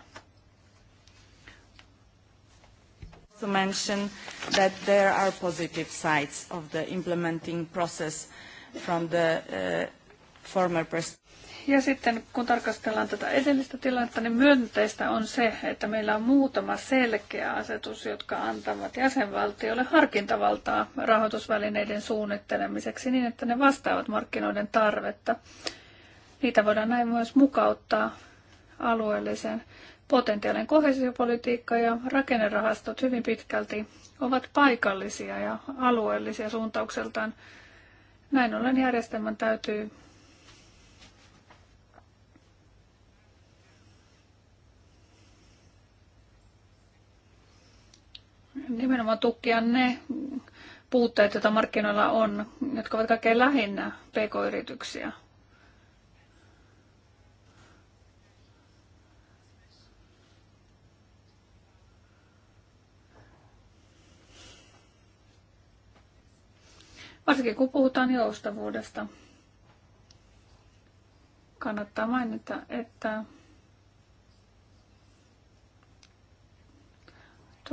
To mention that there are positive sides of the implementing process from the uh, former president. Ja sitten kun tarkastellaan tätä edellistä tilannetta, niin myönteistä on se, että meillä on muutama selkeä asetus, jotka antavat jäsenvaltiolle harkintavaltaa rahoitusvälineiden suunnittelemiseksi niin, että ne vastaavat markkinoiden tarvetta. Niitä voidaan näin myös mukauttaa alueelliseen potentiaalinen kohesiopolitiikka ja rakennerahastot hyvin pitkälti ovat paikallisia ja alueellisia suuntaukseltaan. Näin ollen järjestelmän täytyy nimenomaan tukkia ne puutteet, joita markkinoilla on, jotka ovat kaikkein lähinnä pk-yrityksiä. Varsinkin kun puhutaan joustavuudesta, kannattaa mainita, että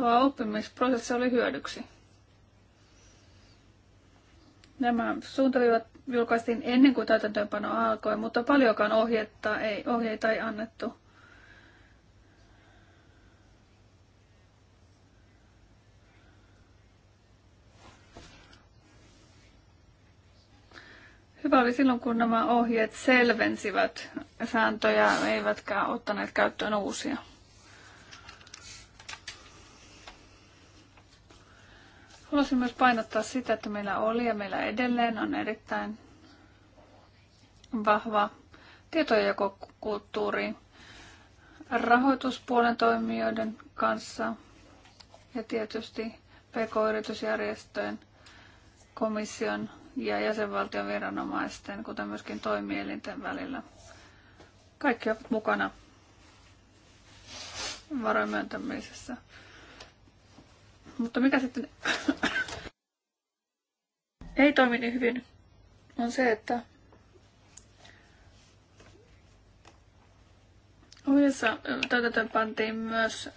Tuo oppimisprosessi oli hyödyksi. Nämä suuntaviivat julkaistiin ennen kuin täytäntöönpano alkoi, mutta paljonkaan ohjetta ei, ohjeita ei annettu. Hyvä oli silloin, kun nämä ohjeet selvensivät sääntöjä, eivätkä ottaneet käyttöön uusia. Haluaisin myös painottaa sitä, että meillä oli ja meillä edelleen on erittäin vahva tietojakokulttuuri rahoituspuolen toimijoiden kanssa ja tietysti pk-yritysjärjestöjen, komission ja jäsenvaltion viranomaisten, kuten myöskin toimielinten välillä. Kaikki ovat mukana varojen myöntämisessä. Mutta mikä sitten ei toimi niin hyvin, on se, että uudessa täytäntöön pantiin myös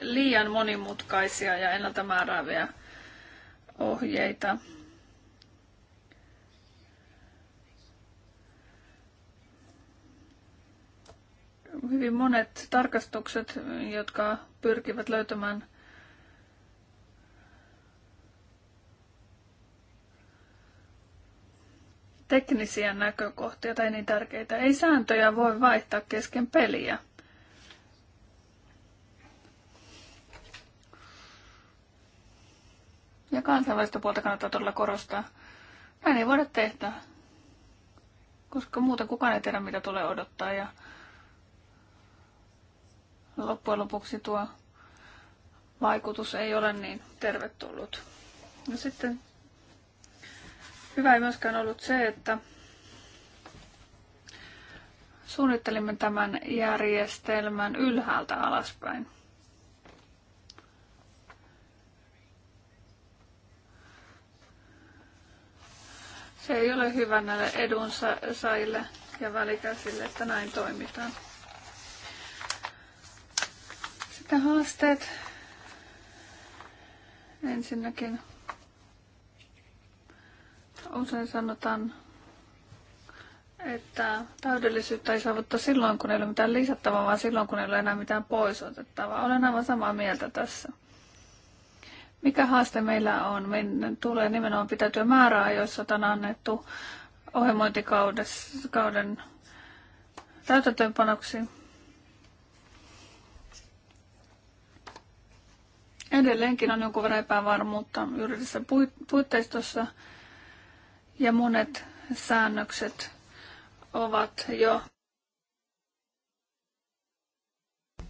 liian monimutkaisia ja ennalta määrääviä ohjeita. Hyvin monet tarkastukset, jotka pyrkivät löytämään teknisiä näkökohtia tai niin tärkeitä. Ei sääntöjä voi vaihtaa kesken peliä. Ja kansainvälistä puolta kannattaa todella korostaa. Näin ei voida tehdä, koska muuten kukaan ei tiedä, mitä tulee odottaa. Ja loppujen lopuksi tuo vaikutus ei ole niin tervetullut. No sitten Hyvä ei myöskään ollut se, että suunnittelimme tämän järjestelmän ylhäältä alaspäin. Se ei ole hyvä näille edunsaajille ja välikäsille, että näin toimitaan. Sitten haasteet. Ensinnäkin Usein sanotaan, että täydellisyyttä ei saavuttaa silloin, kun ei ole mitään lisättävää, vaan silloin, kun ei ole enää mitään pois otettavaa. Olen aivan samaa mieltä tässä. Mikä haaste meillä on? Meidän tulee nimenomaan pitäytyä määrää, joissa on annettu ohjelmointikauden täytäntöönpanoksi. Edelleenkin on jonkun verran epävarmuutta juridisessa puitteistossa ja monet säännökset ovat jo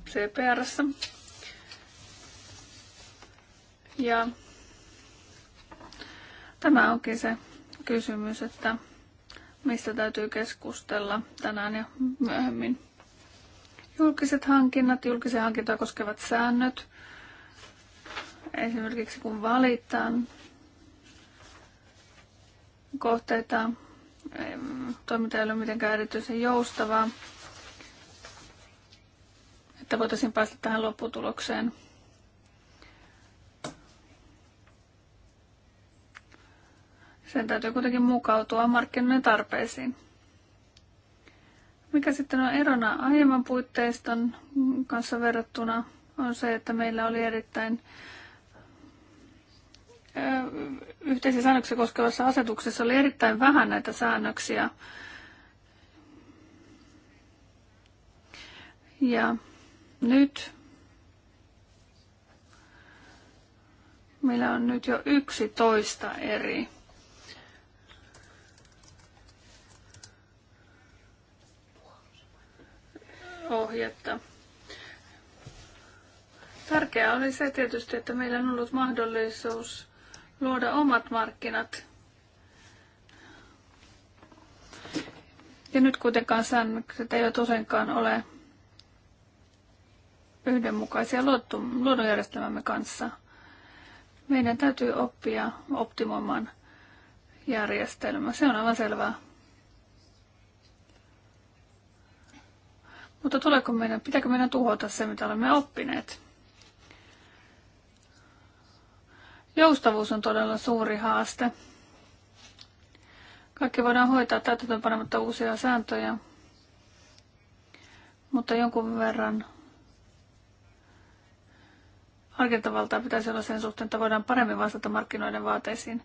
CPRssä. Ja tämä onkin se kysymys, että mistä täytyy keskustella tänään ja myöhemmin. Julkiset hankinnat, julkisia hankintoja koskevat säännöt. Esimerkiksi kun valitaan kohteita. Toiminta ei ole mitenkään erityisen joustavaa, että voitaisiin päästä tähän lopputulokseen. Sen täytyy kuitenkin mukautua markkinoiden tarpeisiin. Mikä sitten on erona aiemman puitteiston kanssa verrattuna, on se, että meillä oli erittäin yhteisiä säännöksiä koskevassa asetuksessa oli erittäin vähän näitä säännöksiä. Ja nyt meillä on nyt jo 11 eri ohjetta. Tärkeää oli se tietysti, että meillä on ollut mahdollisuus luoda omat markkinat. Ja nyt kuitenkaan säännökset eivät useinkaan ole yhdenmukaisia luonnonjärjestelmämme kanssa. Meidän täytyy oppia optimoimaan järjestelmä. Se on aivan selvää. Mutta tuleeko meidän, pitääkö meidän tuhota se, mitä olemme oppineet? Joustavuus on todella suuri haaste. Kaikki voidaan hoitaa panematta uusia sääntöjä, mutta jonkun verran harkintavaltaa pitäisi olla sen suhteen, että voidaan paremmin vastata markkinoiden vaateisiin.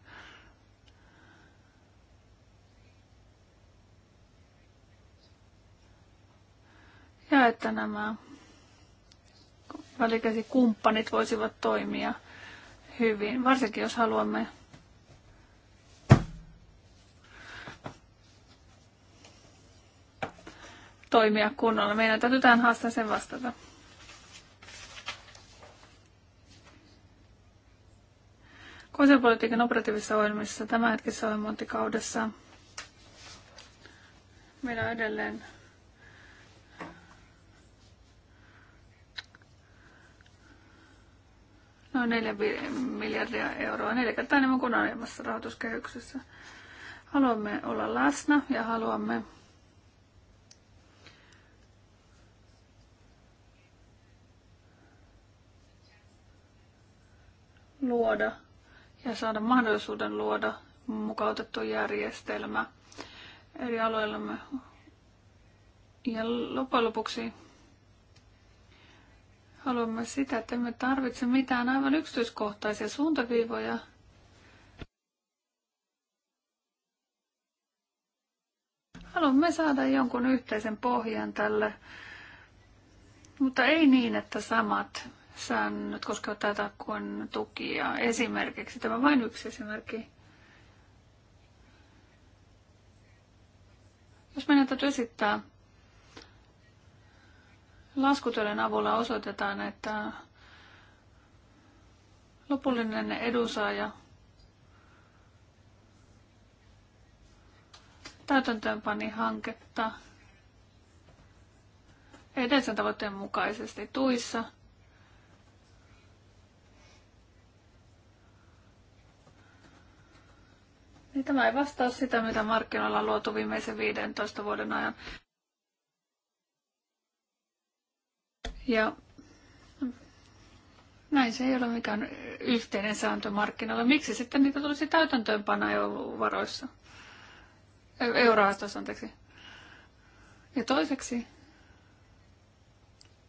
Ja että nämä välikäsikumppanit voisivat toimia – hyvin, varsinkin jos haluamme toimia kunnolla. Meidän täytyy tähän haasteeseen vastata. Konsepolitiikan operatiivisissa ohjelmissa tämänhetkisessä ohjelmointikaudessa meillä on edelleen noin 4 miljardia euroa, neljä kertaa enemmän kuin aiemmassa rahoituskehyksessä. Haluamme olla läsnä ja haluamme luoda ja saada mahdollisuuden luoda mukautettu järjestelmä eri aloillamme. Ja loppujen lopuksi Haluamme sitä, että emme tarvitse mitään aivan yksityiskohtaisia suuntaviivoja, haluamme saada jonkun yhteisen pohjan tälle, mutta ei niin, että samat säännöt koskevat tätä kuin tukia. Esimerkiksi tämä vain yksi esimerkki. Jos meidän täytyy esittää laskutelen avulla osoitetaan, että lopullinen edunsaaja täytäntöönpani hanketta edellisen tavoitteen mukaisesti tuissa. Niin tämä ei vastaa sitä, mitä markkinoilla on luotu viimeisen 15 vuoden ajan. Ja näin se ei ole mikään yhteinen sääntö markkinoilla. Miksi sitten niitä tulisi täytäntöönpana EU-varoissa? Euroastossa, anteeksi. Ja toiseksi,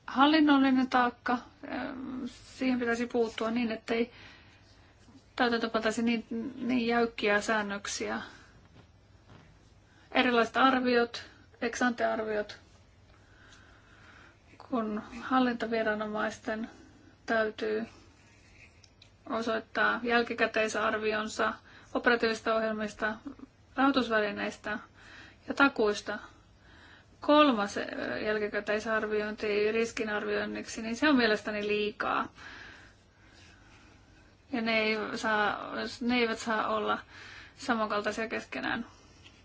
hallinnollinen taakka, siihen pitäisi puuttua niin, että ei täytäntöpantaisi niin, niin jäykkiä säännöksiä. Erilaiset arviot, eksantearviot, kun hallintoviranomaisten täytyy osoittaa jälkikäteisarvionsa operatiivista ohjelmista, rahoitusvälineistä ja takuista. Kolmas eh, jälkikäteisarviointi riskinarvioinniksi, niin se on mielestäni liikaa. Ja ne, ei saa, ne eivät saa olla samankaltaisia keskenään.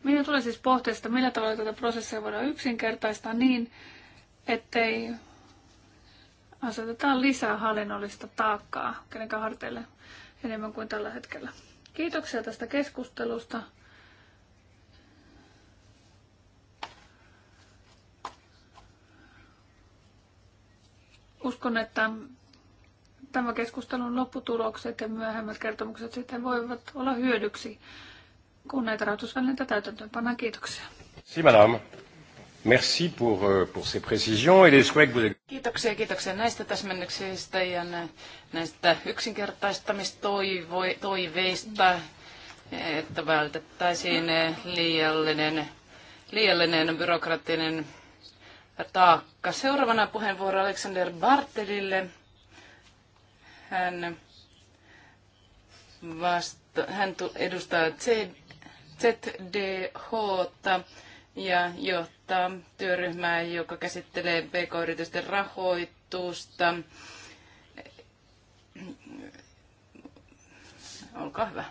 Meidän tulee siis pohtia sitä, millä tavalla tätä prosessia voidaan yksinkertaistaa niin, ettei asetetaan lisää hallinnollista taakkaa kenenkään harteille enemmän kuin tällä hetkellä. Kiitoksia tästä keskustelusta. Uskon, että tämä keskustelun lopputulokset ja myöhemmät kertomukset sitten voivat olla hyödyksi, kun näitä rahoitusvälineitä täytäntöön pannaan. Kiitoksia. Simenam. Merci pour, euh, pour ces précisions et les souhaits que vous avez... Kiitoksia, kiitoksia näistä täsmennyksistä ja näistä yksinkertaistamistoiveista, että vältettäisiin liiallinen, liiallinen byrokraattinen taakka. Seuraavana puheenvuoro Alexander Bartelille. Hän, vasta, hän edustaa ZDH ja johtaa ehdottaa työryhmää, joka käsittelee pk-yritysten rahoitusta. Olkaa hyvä.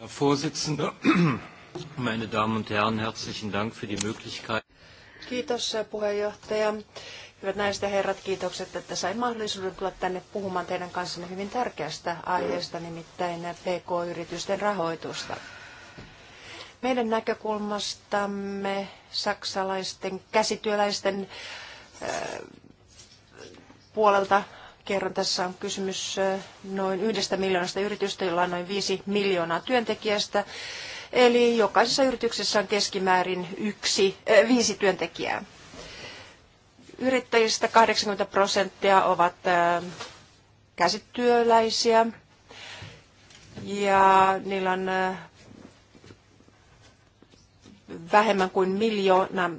Herr Vorsitzender, meine Damen und Herren, herzlichen Dank für die Möglichkeit. Kiitos äh, puheenjohtaja. Hyvät naiset ja herrat, kiitokset, että sain mahdollisuuden tulla tänne puhumaan teidän kanssanne hyvin tärkeästä aiheesta, nimittäin äh, PK-yritysten rahoitusta. Meidän näkökulmastamme saksalaisten käsityöläisten äh, puolelta kerron, tässä on kysymys äh, noin yhdestä miljoonasta yritystä, jolla on noin viisi miljoonaa työntekijästä. Eli jokaisessa yrityksessä on keskimäärin yksi, äh, viisi työntekijää. Yrittäjistä 80 prosenttia ovat äh, käsityöläisiä ja niillä on äh, vähemmän kuin miljoona äh,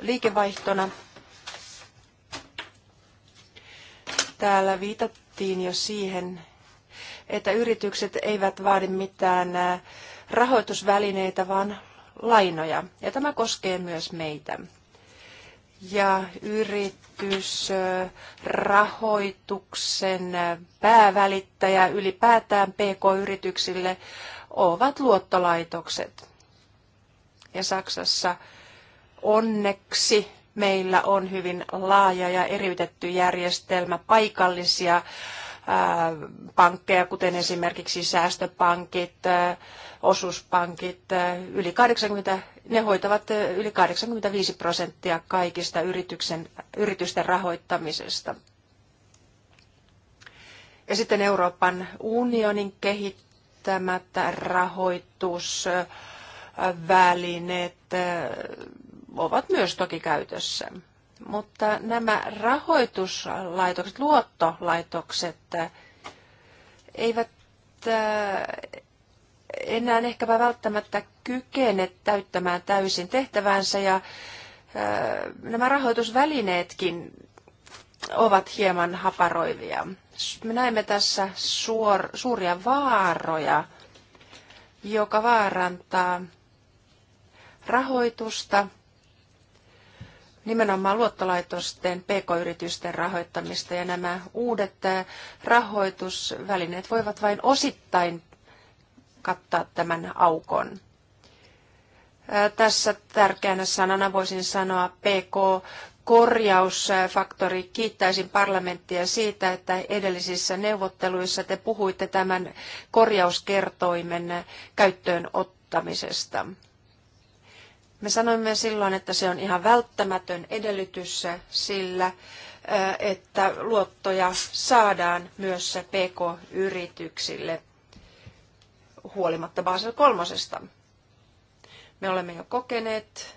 liikevaihtona. Täällä viitattiin jo siihen, että yritykset eivät vaadi mitään äh, rahoitusvälineitä, vaan lainoja. Ja tämä koskee myös meitä. Ja yritysrahoituksen äh, päävälittäjä ylipäätään PK-yrityksille ovat luottolaitokset ja Saksassa onneksi meillä on hyvin laaja ja eriytetty järjestelmä paikallisia pankkeja, kuten esimerkiksi säästöpankit, osuuspankit. yli 80, ne hoitavat yli 85 prosenttia kaikista yrityksen, yritysten rahoittamisesta. Ja sitten Euroopan unionin kehittämättä rahoitus välineet ovat myös toki käytössä. Mutta nämä rahoituslaitokset, luottolaitokset eivät enää ehkäpä välttämättä kykene täyttämään täysin tehtävänsä ja nämä rahoitusvälineetkin ovat hieman haparoivia. Me näemme tässä suor, suuria vaaroja, joka vaarantaa rahoitusta, nimenomaan luottolaitosten, pk-yritysten rahoittamista ja nämä uudet äh, rahoitusvälineet voivat vain osittain kattaa tämän aukon. Äh, tässä tärkeänä sanana voisin sanoa PK korjausfaktori. Kiittäisin parlamenttia siitä, että edellisissä neuvotteluissa te puhuitte tämän korjauskertoimen käyttöön ottamisesta. Me sanoimme silloin, että se on ihan välttämätön edellytys sillä, että luottoja saadaan myös PK-yrityksille huolimatta Basel kolmosesta. Me olemme jo kokeneet,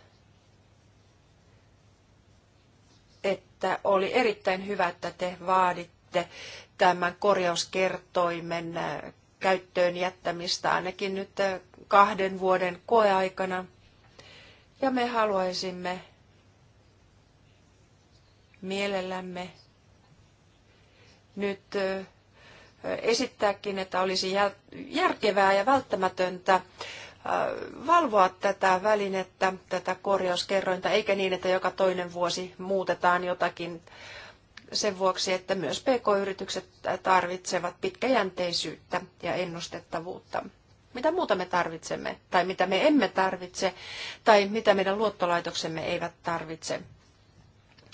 että oli erittäin hyvä, että te vaaditte tämän korjauskertoimen käyttöön jättämistä ainakin nyt kahden vuoden koeaikana – ja me haluaisimme mielellämme nyt esittääkin, että olisi järkevää ja välttämätöntä valvoa tätä välinettä, tätä korjauskerrointa, eikä niin, että joka toinen vuosi muutetaan jotakin sen vuoksi, että myös pk-yritykset tarvitsevat pitkäjänteisyyttä ja ennustettavuutta mitä muuta me tarvitsemme tai mitä me emme tarvitse tai mitä meidän luottolaitoksemme eivät tarvitse,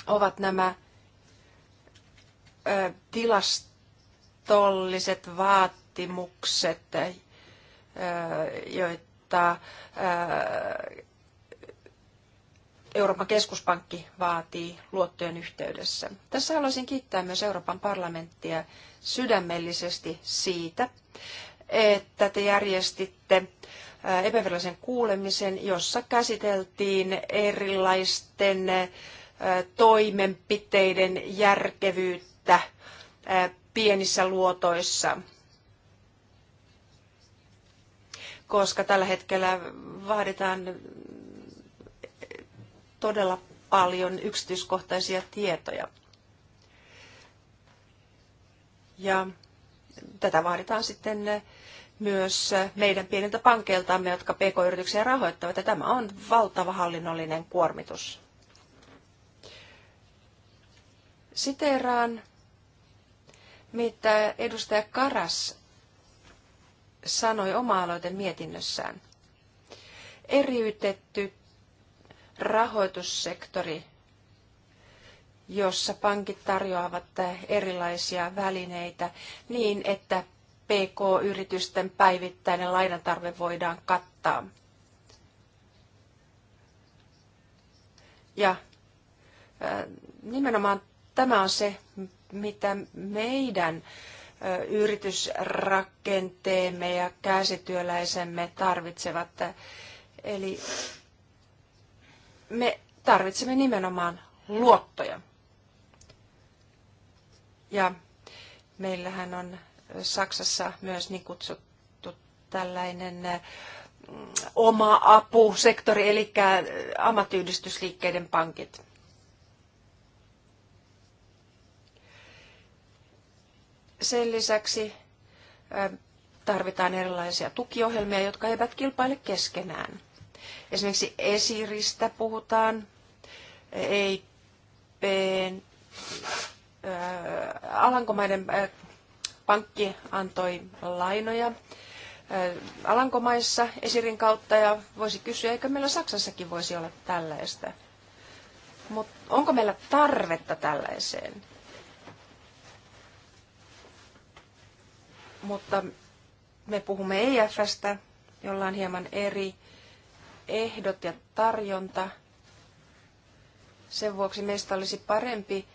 ovat nämä ö, tilastolliset vaatimukset, ö, joita ö, Euroopan keskuspankki vaatii luottojen yhteydessä. Tässä haluaisin kiittää myös Euroopan parlamenttia sydämellisesti siitä, että te järjestitte epävirallisen kuulemisen, jossa käsiteltiin erilaisten toimenpiteiden järkevyyttä pienissä luotoissa. Koska tällä hetkellä vaaditaan todella paljon yksityiskohtaisia tietoja. Ja tätä vaaditaan sitten myös meidän pieniltä pankeiltamme, jotka pk-yrityksiä rahoittavat, ja tämä on valtava hallinnollinen kuormitus. Siteeraan, mitä edustaja Karas sanoi oma aloite mietinnössään. Eriytetty rahoitussektori, jossa pankit tarjoavat erilaisia välineitä niin, että PK-yritysten päivittäinen lainatarve voidaan kattaa. Ja nimenomaan tämä on se, mitä meidän yritysrakenteemme ja käsityöläisemme tarvitsevat. Eli me tarvitsemme nimenomaan luottoja. Ja meillähän on Saksassa myös niin kutsuttu tällainen eh, oma apusektori, eli eh, ammattiyhdistysliikkeiden pankit. Sen lisäksi eh, tarvitaan erilaisia tukiohjelmia, jotka eivät kilpaile keskenään. Esimerkiksi esiristä puhutaan, EIPn, Alankomaiden pankki antoi lainoja äh, Alankomaissa esirin kautta ja voisi kysyä, eikö meillä Saksassakin voisi olla tällaista. Mutta onko meillä tarvetta tällaiseen? Mutta me puhumme EFstä, jolla on hieman eri ehdot ja tarjonta. Sen vuoksi meistä olisi parempi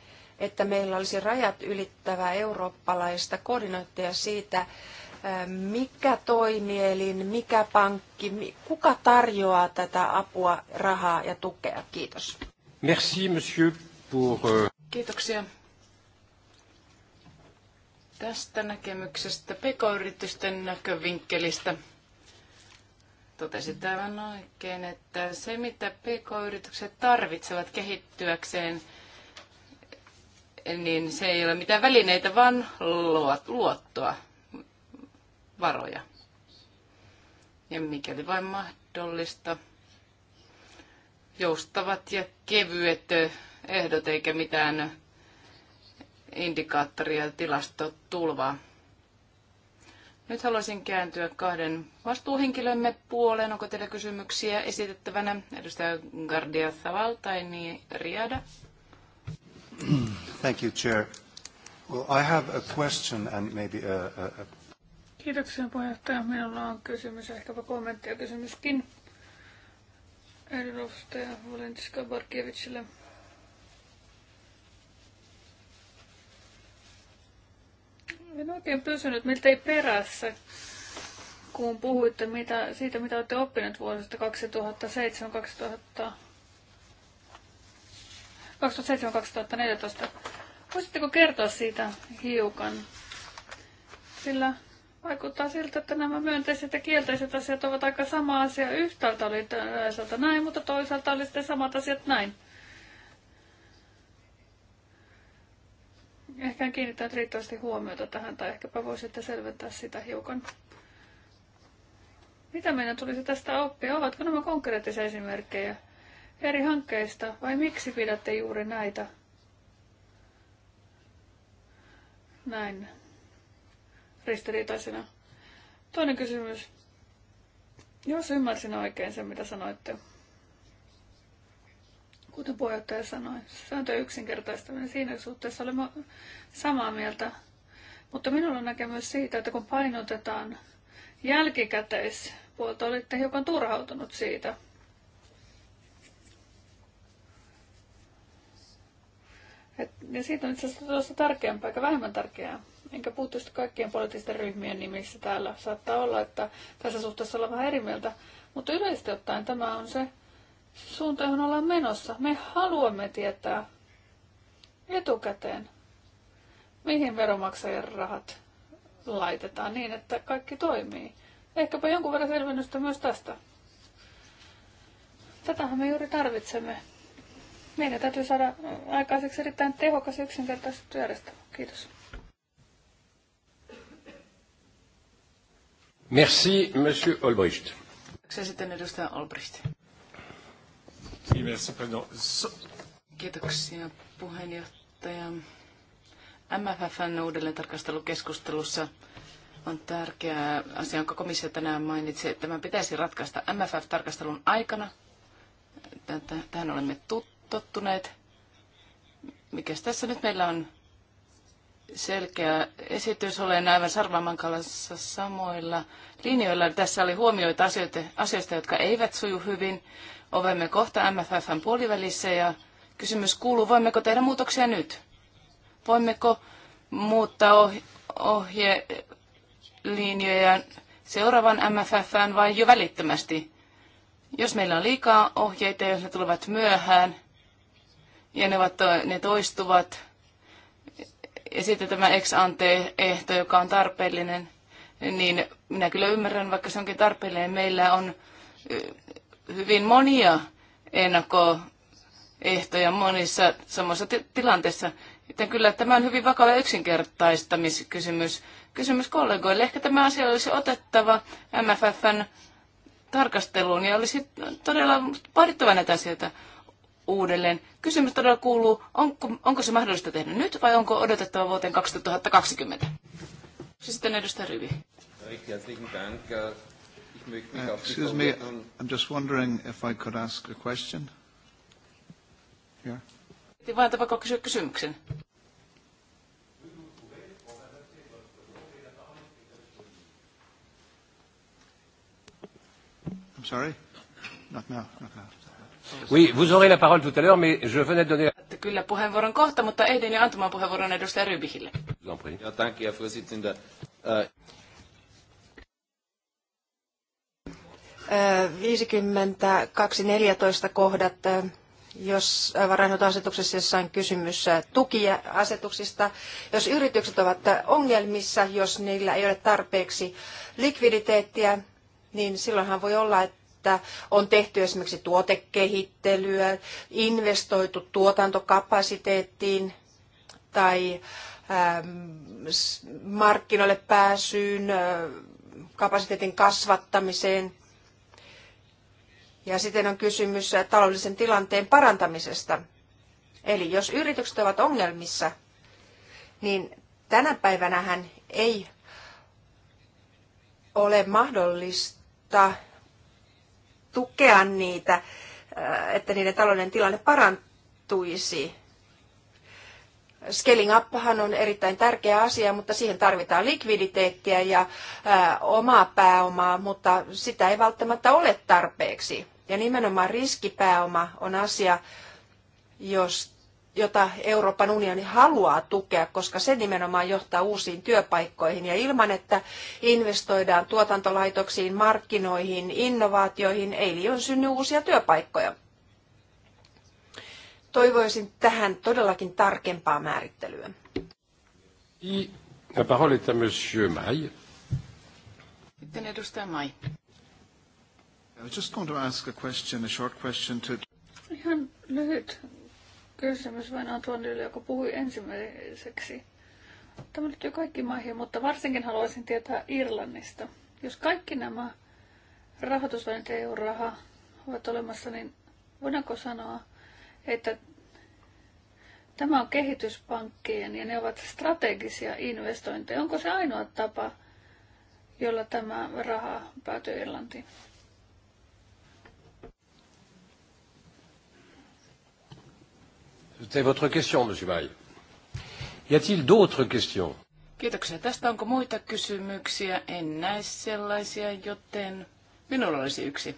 että meillä olisi rajat ylittävää eurooppalaista koordinointia siitä, mikä toimielin, mikä pankki, kuka tarjoaa tätä apua, rahaa ja tukea. Kiitos. Merci, monsieur, pour... Euh, Kiitoksia tästä näkemyksestä pk-yritysten näkövinkkelistä. Totesit aivan oikein, että se mitä pk-yritykset tarvitsevat kehittyäkseen – niin se ei ole mitään välineitä, vaan luottoa, varoja. Ja mikäli vain mahdollista, joustavat ja kevyet ehdot eikä mitään indikaattoria ja tilastotulvaa. Nyt haluaisin kääntyä kahden vastuuhenkilömme puoleen. Onko teillä kysymyksiä esitettävänä? Edustaja Gardia Zaval niin Riada? Thank you, Chair. Well, I have a question and maybe a, a, a... Kiitoksia puheenjohtaja. Minulla on kysymys, ehkäpä kommentti ja kysymyskin edustaja Valentiska Barkievicille. En oikein pysynyt miltei perässä, kun puhuitte mitä, siitä, mitä olette oppineet vuosista 2007-2013 2007-2014. Voisitteko kertoa siitä hiukan? Sillä vaikuttaa siltä, että nämä myönteiset ja kielteiset asiat ovat aika sama asia. Yhtäältä oli toisaalta näin, mutta toisaalta oli sitten samat asiat näin. Ehkä en kiinnittänyt riittävästi huomiota tähän, tai ehkäpä voisitte selventää sitä hiukan. Mitä meidän tulisi tästä oppia? Ovatko nämä konkreettisia esimerkkejä? eri hankkeista, vai miksi pidätte juuri näitä näin ristiriitaisena? Toinen kysymys. Jos ymmärsin oikein sen, mitä sanoitte, kuten puheenjohtaja sanoi, sääntö yksinkertaistaminen siinä suhteessa oli samaa mieltä. Mutta minulla on näkemys siitä, että kun painotetaan jälkikäteispuolta, olitte hiukan turhautunut siitä – Ja siitä on itse asiassa tuossa tärkeämpää eikä vähemmän tärkeää. Enkä puhu tietysti kaikkien poliittisten ryhmien nimissä täällä. Saattaa olla, että tässä suhteessa ollaan vähän eri mieltä. Mutta yleisesti ottaen tämä on se suunta, johon ollaan menossa. Me haluamme tietää etukäteen, mihin veromaksajien rahat laitetaan niin, että kaikki toimii. Ehkäpä jonkun verran selvennystä myös tästä. Tätähän me juuri tarvitsemme meidän täytyy saada aikaiseksi erittäin tehokas yksinkertaisesti työjärjestelmä. Kiitos. Merci, Monsieur Olbricht. Sitten edustaja Olbricht. Kiitoksia puheenjohtaja. MFFn uudelleen tarkastelukeskustelussa on tärkeä asia, jonka komissio tänään mainitsi, että tämä pitäisi ratkaista MFF-tarkastelun aikana. Tähän olemme tuttu tottuneet. Mikäs tässä nyt meillä on selkeä esitys? Olen aivan Sarvamankalassa samoilla linjoilla. Tässä oli huomioita asioita, asioista, jotka eivät suju hyvin. Olemme kohta MFFn puolivälissä ja kysymys kuuluu, voimmeko tehdä muutoksia nyt? Voimmeko muuttaa ohjelinjoja seuraavan MFFn vai jo välittömästi? Jos meillä on liikaa ohjeita, jos ne tulevat myöhään, ja ne, ovat, ne toistuvat. Ja sitten tämä ex ante ehto, joka on tarpeellinen, niin minä kyllä ymmärrän, vaikka se onkin tarpeellinen, meillä on hyvin monia ennakkoehtoja monissa samassa tilanteessa. Joten kyllä tämä on hyvin vakava yksinkertaistamiskysymys kysymys kollegoille. Ehkä tämä asia olisi otettava MFFn tarkasteluun ja olisi todella parittava näitä asioita uudelleen. Kysymys todella kuuluu, onko, onko se mahdollista tehdä nyt vai onko odotettava vuoteen 2020? Sitten edustaja Rivi. Äh, äh, excuse me, I'm just wondering if I could ask a question. Here. Vain tapako kysyä kysymyksen. I'm sorry? Not now, not now. Oui, vous aurez la parole tout à l'heure, mais je venais de donner... Kyllä puheenvuoron kohta, mutta ehdin jo antamaan puheenvuoron edustaja Rybihille. Uh, 52.14 kohdat, jos varainhoitoasetuksessa on kysymys tukiasetuksista, jos yritykset ovat ongelmissa, jos niillä ei ole tarpeeksi likviditeettiä, niin silloinhan voi olla, että että on tehty esimerkiksi tuotekehittelyä, investoitu tuotantokapasiteettiin tai ähm, markkinoille pääsyyn, äh, kapasiteetin kasvattamiseen. Ja sitten on kysymys taloudellisen tilanteen parantamisesta. Eli jos yritykset ovat ongelmissa, niin tänä päivänähän ei ole mahdollista tukea niitä, äh, että niiden talouden tilanne parantuisi. Scaling uphan on erittäin tärkeä asia, mutta siihen tarvitaan likviditeettiä ja äh, omaa pääomaa, mutta sitä ei välttämättä ole tarpeeksi. Ja nimenomaan riskipääoma on asia, jos jota Euroopan unioni haluaa tukea, koska se nimenomaan johtaa uusiin työpaikkoihin. Ja ilman, että investoidaan tuotantolaitoksiin, markkinoihin, innovaatioihin, ei liian synny uusia työpaikkoja. Toivoisin tähän todellakin tarkempaa määrittelyä. La parole est à Monsieur May. Sitten edustaja May. Ihan lyhyt Kysymys vain Antoinille, joka puhui ensimmäiseksi. Tämä liittyy kaikki maihin, mutta varsinkin haluaisin tietää Irlannista. Jos kaikki nämä rahoitusvälineet EU-raha ovat olemassa, niin voidaanko sanoa, että tämä on kehityspankkien ja ne ovat strategisia investointeja. Onko se ainoa tapa, jolla tämä raha päätyy Irlantiin? C'était votre question, monsieur Maille. Y a-t-il d'autres questions? Kiitoksia tästä. Onko muita kysymyksiä? En näe sellaisia, joten minulla olisi yksi.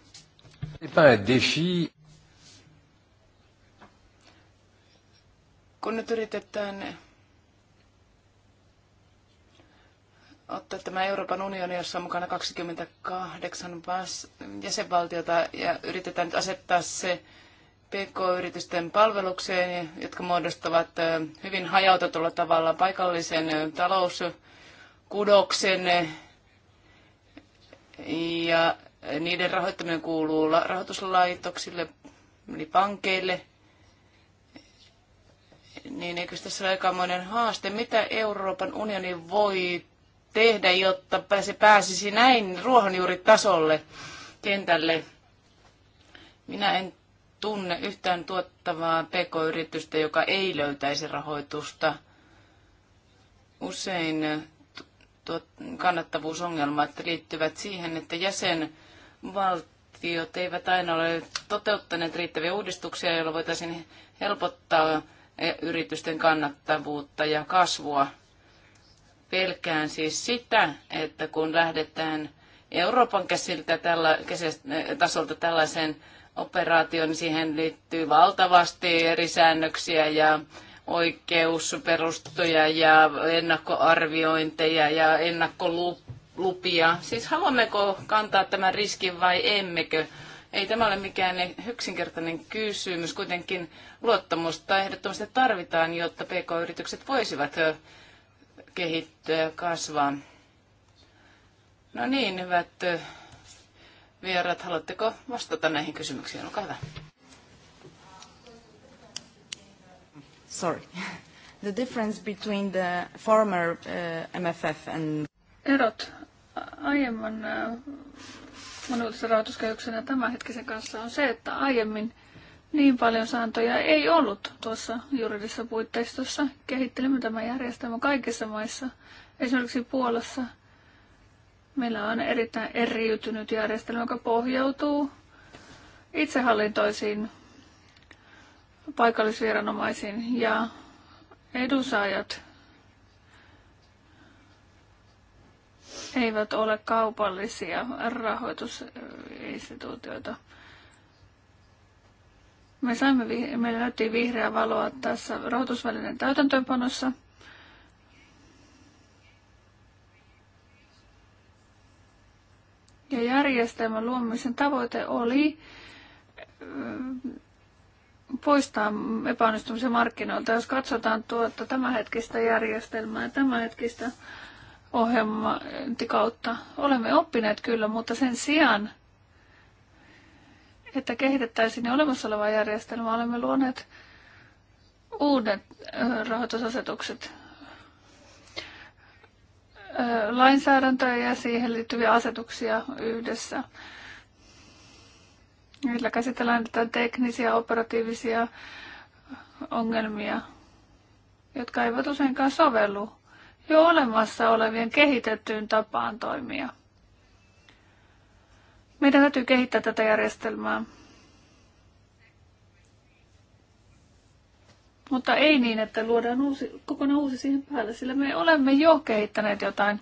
Kun nyt yritetään ottaa tämä Euroopan unioni, jossa on mukana 28 jäsenvaltiota, ja yritetään nyt asettaa se PK-yritysten palvelukseen, jotka muodostavat hyvin hajautetulla tavalla paikallisen talouskudoksen ja niiden rahoittaminen kuuluu rahoituslaitoksille, eli pankeille, niin eikö tässä ole aikamoinen haaste? Mitä Euroopan unioni voi tehdä, jotta se pääsisi näin ruohonjuuritasolle kentälle? Minä en tunne yhtään tuottavaa pk-yritystä, joka ei löytäisi rahoitusta. Usein kannattavuusongelmat liittyvät siihen, että jäsenvaltiot eivät aina ole toteuttaneet riittäviä uudistuksia, joilla voitaisiin helpottaa yritysten kannattavuutta ja kasvua. Pelkään siis sitä, että kun lähdetään Euroopan käsiltä tällä, tasolta tällaiseen operaatio, niin siihen liittyy valtavasti eri säännöksiä ja oikeusperustoja ja ennakkoarviointeja ja ennakkolupia. Siis haluammeko kantaa tämän riskin vai emmekö? Ei tämä ole mikään yksinkertainen kysymys. Kuitenkin luottamusta ehdottomasti tarvitaan, jotta pk-yritykset voisivat kehittyä ja kasvaa. No niin, hyvät vieraat. Haluatteko vastata näihin kysymyksiin? Olkaa hyvä. Sorry. The difference between the former uh, MFF and... Erot aiemman uh, monuutisen rahoituskehyksen ja tämänhetkisen kanssa on se, että aiemmin niin paljon saantoja ei ollut tuossa juridisessa puitteistossa. Kehittelemme tämän järjestelmän kaikissa maissa, esimerkiksi Puolassa – Meillä on erittäin eriytynyt järjestelmä, joka pohjautuu itsehallintoisiin paikallisviranomaisiin ja edusajat eivät ole kaupallisia rahoitusinstituutioita. Me saimme, meillä näyttiin vihreää valoa tässä rahoitusvälineen täytäntöönpanossa – Ja järjestelmän luomisen tavoite oli poistaa epäonnistumisen markkinoilta. Jos katsotaan tuota tämänhetkistä järjestelmää ja tämänhetkistä ohjelmointikautta, olemme oppineet kyllä, mutta sen sijaan, että kehitettäisiin olemassa olevaa järjestelmää, olemme luoneet uudet rahoitusasetukset lainsäädäntöä ja siihen liittyviä asetuksia yhdessä. Niillä käsitellään tätä teknisiä, operatiivisia ongelmia, jotka eivät useinkaan sovellu jo olemassa olevien kehitettyyn tapaan toimia. Meidän täytyy kehittää tätä järjestelmää Mutta ei niin, että luodaan uusi, kokonaan uusi siihen päälle, sillä me olemme jo kehittäneet jotain.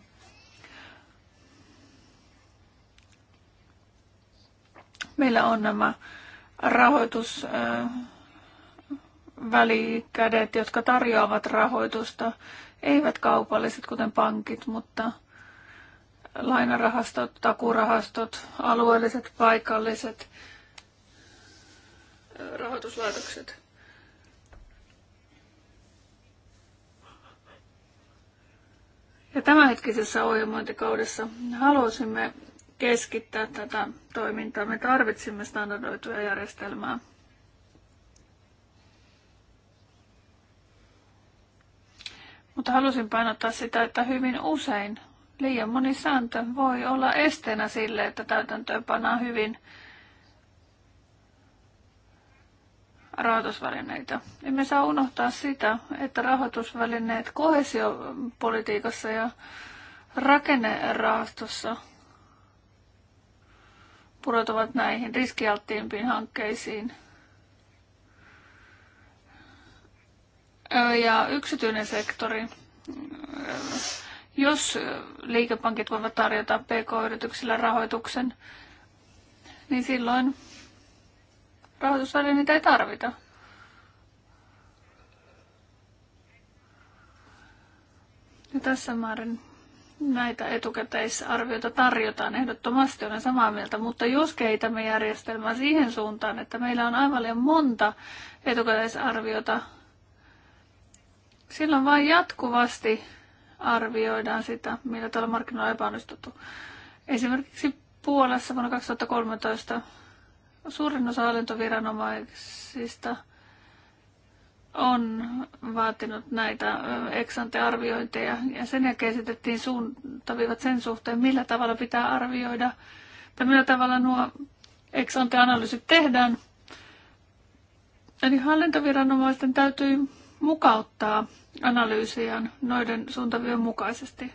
Meillä on nämä rahoitusvälikädet, jotka tarjoavat rahoitusta, eivät kaupalliset kuten pankit, mutta lainarahastot, takurahastot, alueelliset, paikalliset rahoituslaitokset. Ja tämänhetkisessä ohjelmointikaudessa halusimme keskittää tätä toimintaa. Me tarvitsimme standardoitua järjestelmää. Mutta halusin painottaa sitä, että hyvin usein liian moni sääntö voi olla esteenä sille, että täytäntöön pannaan hyvin rahoitusvälineitä. Emme saa unohtaa sitä, että rahoitusvälineet kohesiopolitiikassa ja rakennerahastossa pudotuvat näihin riskialttiimpiin hankkeisiin. Ja yksityinen sektori, jos liikepankit voivat tarjota pk-yrityksille rahoituksen, niin silloin niitä ei tarvita. Ja tässä määrin näitä arvioita tarjotaan ehdottomasti, olen samaa mieltä, mutta jos kehitämme järjestelmää siihen suuntaan, että meillä on aivan liian monta etukäteisarviota, silloin vain jatkuvasti arvioidaan sitä, millä tällä markkinoilla on epäonnistuttu. Esimerkiksi Puolassa vuonna 2013 Suurin osa hallintoviranomaisista on vaatinut näitä eksantearviointeja ja sen jälkeen esitettiin suuntaviivat sen suhteen, millä tavalla pitää arvioida tai millä tavalla nuo eksanteanalyysit tehdään. Eli hallintoviranomaisten täytyy mukauttaa analyysiään noiden suuntavien mukaisesti.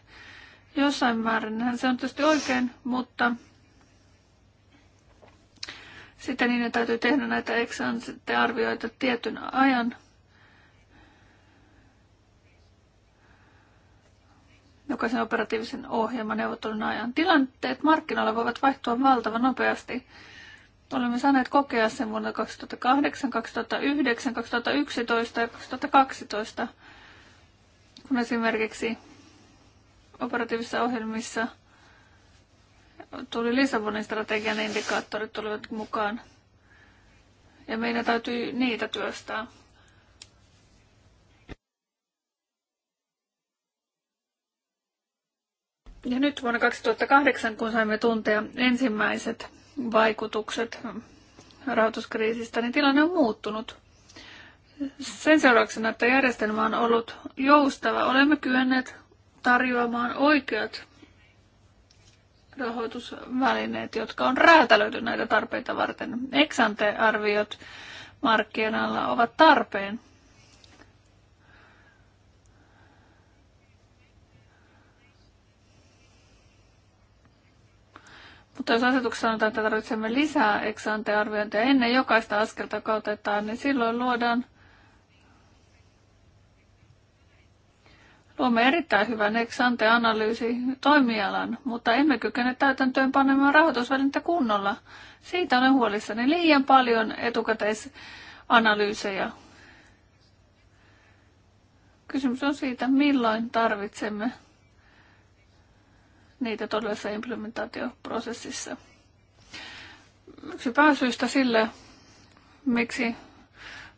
Jossain määrin se on tietysti oikein, mutta sitten niin, ne täytyy tehdä näitä ex arvioita tietyn ajan. jokaisen operatiivisen ohjelman neuvottelun ajan. Tilanteet markkinoilla voivat vaihtua valtavan nopeasti. Olemme saaneet kokea sen vuonna 2008, 2009, 2011 ja 2012, kun esimerkiksi operatiivisissa ohjelmissa – tuli Lissabonin strategian indikaattorit tulivat mukaan. Ja meidän täytyy niitä työstää. Ja nyt vuonna 2008, kun saimme tuntea ensimmäiset vaikutukset rahoituskriisistä, niin tilanne on muuttunut. Sen seurauksena, että järjestelmä on ollut joustava, olemme kyenneet tarjoamaan oikeat rahoitusvälineet, jotka on räätälöity näitä tarpeita varten. Exante-arviot markkinoilla ovat tarpeen. Mutta jos asetuksessa sanotaan, että tarvitsemme lisää exante-arviointia ennen jokaista askelta, kautetaan, niin silloin luodaan Luomme erittäin hyvän ex-ante-analyysi toimialan, mutta emme kykene täytäntöön panemaan rahoitusvälintä kunnolla. Siitä olen huolissani. Liian paljon etukäteisanalyysejä. Kysymys on siitä, milloin tarvitsemme niitä todellisessa implementaatioprosessissa. Yksi pääsyistä sille, miksi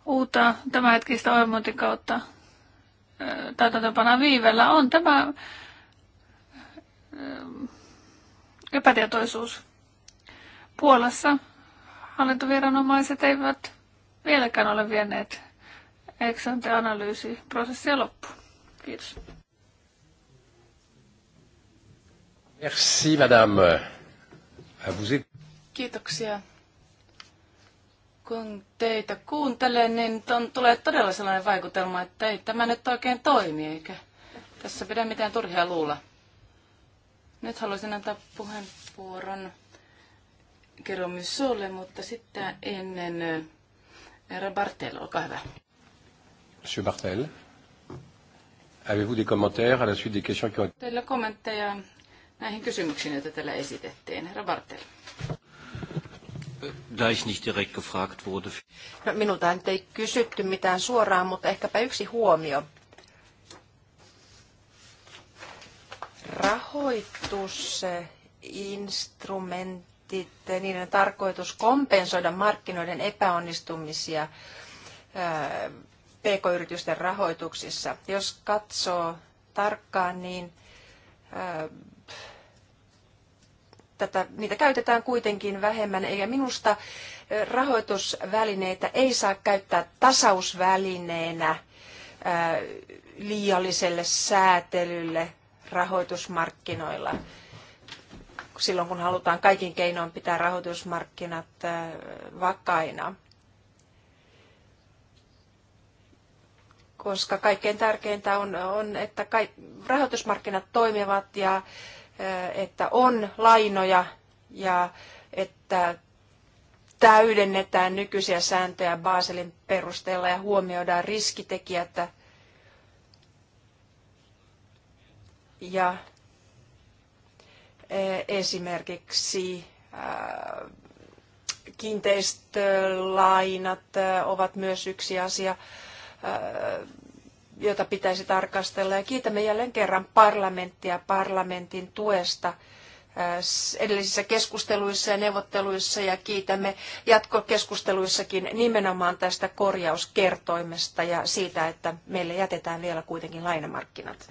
uutta tämänhetkistä ohjelmointikautta kautta taitotapana viivellä on tämä epätietoisuus. Puolassa hallintoviranomaiset eivät vieläkään ole vieneet eksante-analyysiprosessia loppuun. Kiitos. Merci, madame. Kiitoksia, kun teitä kuuntelen, niin ton, tulee todella sellainen vaikutelma, että ei tämä nyt oikein toimi, eikä tässä pidä mitään turhia luulla. Nyt haluaisin antaa puheenvuoron Keromyssolle, mutta sitten ennen eh, herra Bartel, olkaa hyvä. Monsieur Bartel, avez-vous des commentaires à la suite des questions qui ont... Teillä kommentteja näihin kysymyksiin, joita täällä esitettiin. Herra Bartel da ich nicht direkt gefragt wurde. No, minulta nyt ei kysytty mitään suoraan, mutta ehkäpä yksi huomio. Rahoitusinstrumentit, niiden tarkoitus kompensoida markkinoiden epäonnistumisia pk-yritysten rahoituksissa. Jos katsoo tarkkaan, niin tätä, niitä käytetään kuitenkin vähemmän, eikä minusta rahoitusvälineitä ei saa käyttää tasausvälineenä liialliselle säätelylle rahoitusmarkkinoilla silloin, kun halutaan kaikin keinoin pitää rahoitusmarkkinat vakaina. Koska kaikkein tärkeintä on, on että rahoitusmarkkinat toimivat ja että on lainoja ja että täydennetään nykyisiä sääntöjä Baselin perusteella ja huomioidaan riskitekijät ja esimerkiksi kiinteistölainat ovat myös yksi asia jota pitäisi tarkastella. Ja kiitämme jälleen kerran parlamenttia parlamentin tuesta äh, edellisissä keskusteluissa ja neuvotteluissa ja kiitämme jatkokeskusteluissakin nimenomaan tästä korjauskertoimesta ja siitä, että meille jätetään vielä kuitenkin lainamarkkinat.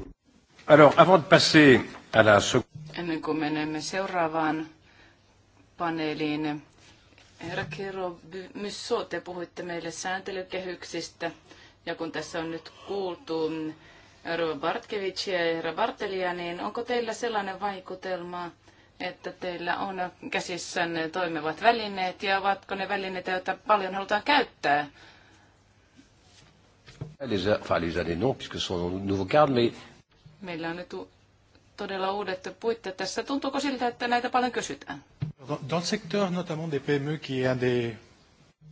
Ennen kuin menemme seuraavaan paneeliin, herra Kiro te puhuitte meille sääntelykehyksistä – ja kun tässä on nyt kuultu mm, Rova Bartkevicia ja herra Bartelia, niin onko teillä sellainen vaikutelma, että teillä on käsissänne toimivat välineet ja ovatko ne välineitä, joita paljon halutaan käyttää? Meillä on nyt todella uudet puitteet tässä. Tuntuuko siltä, että näitä paljon kysytään? Dans le secteur notamment des PME qui est un des...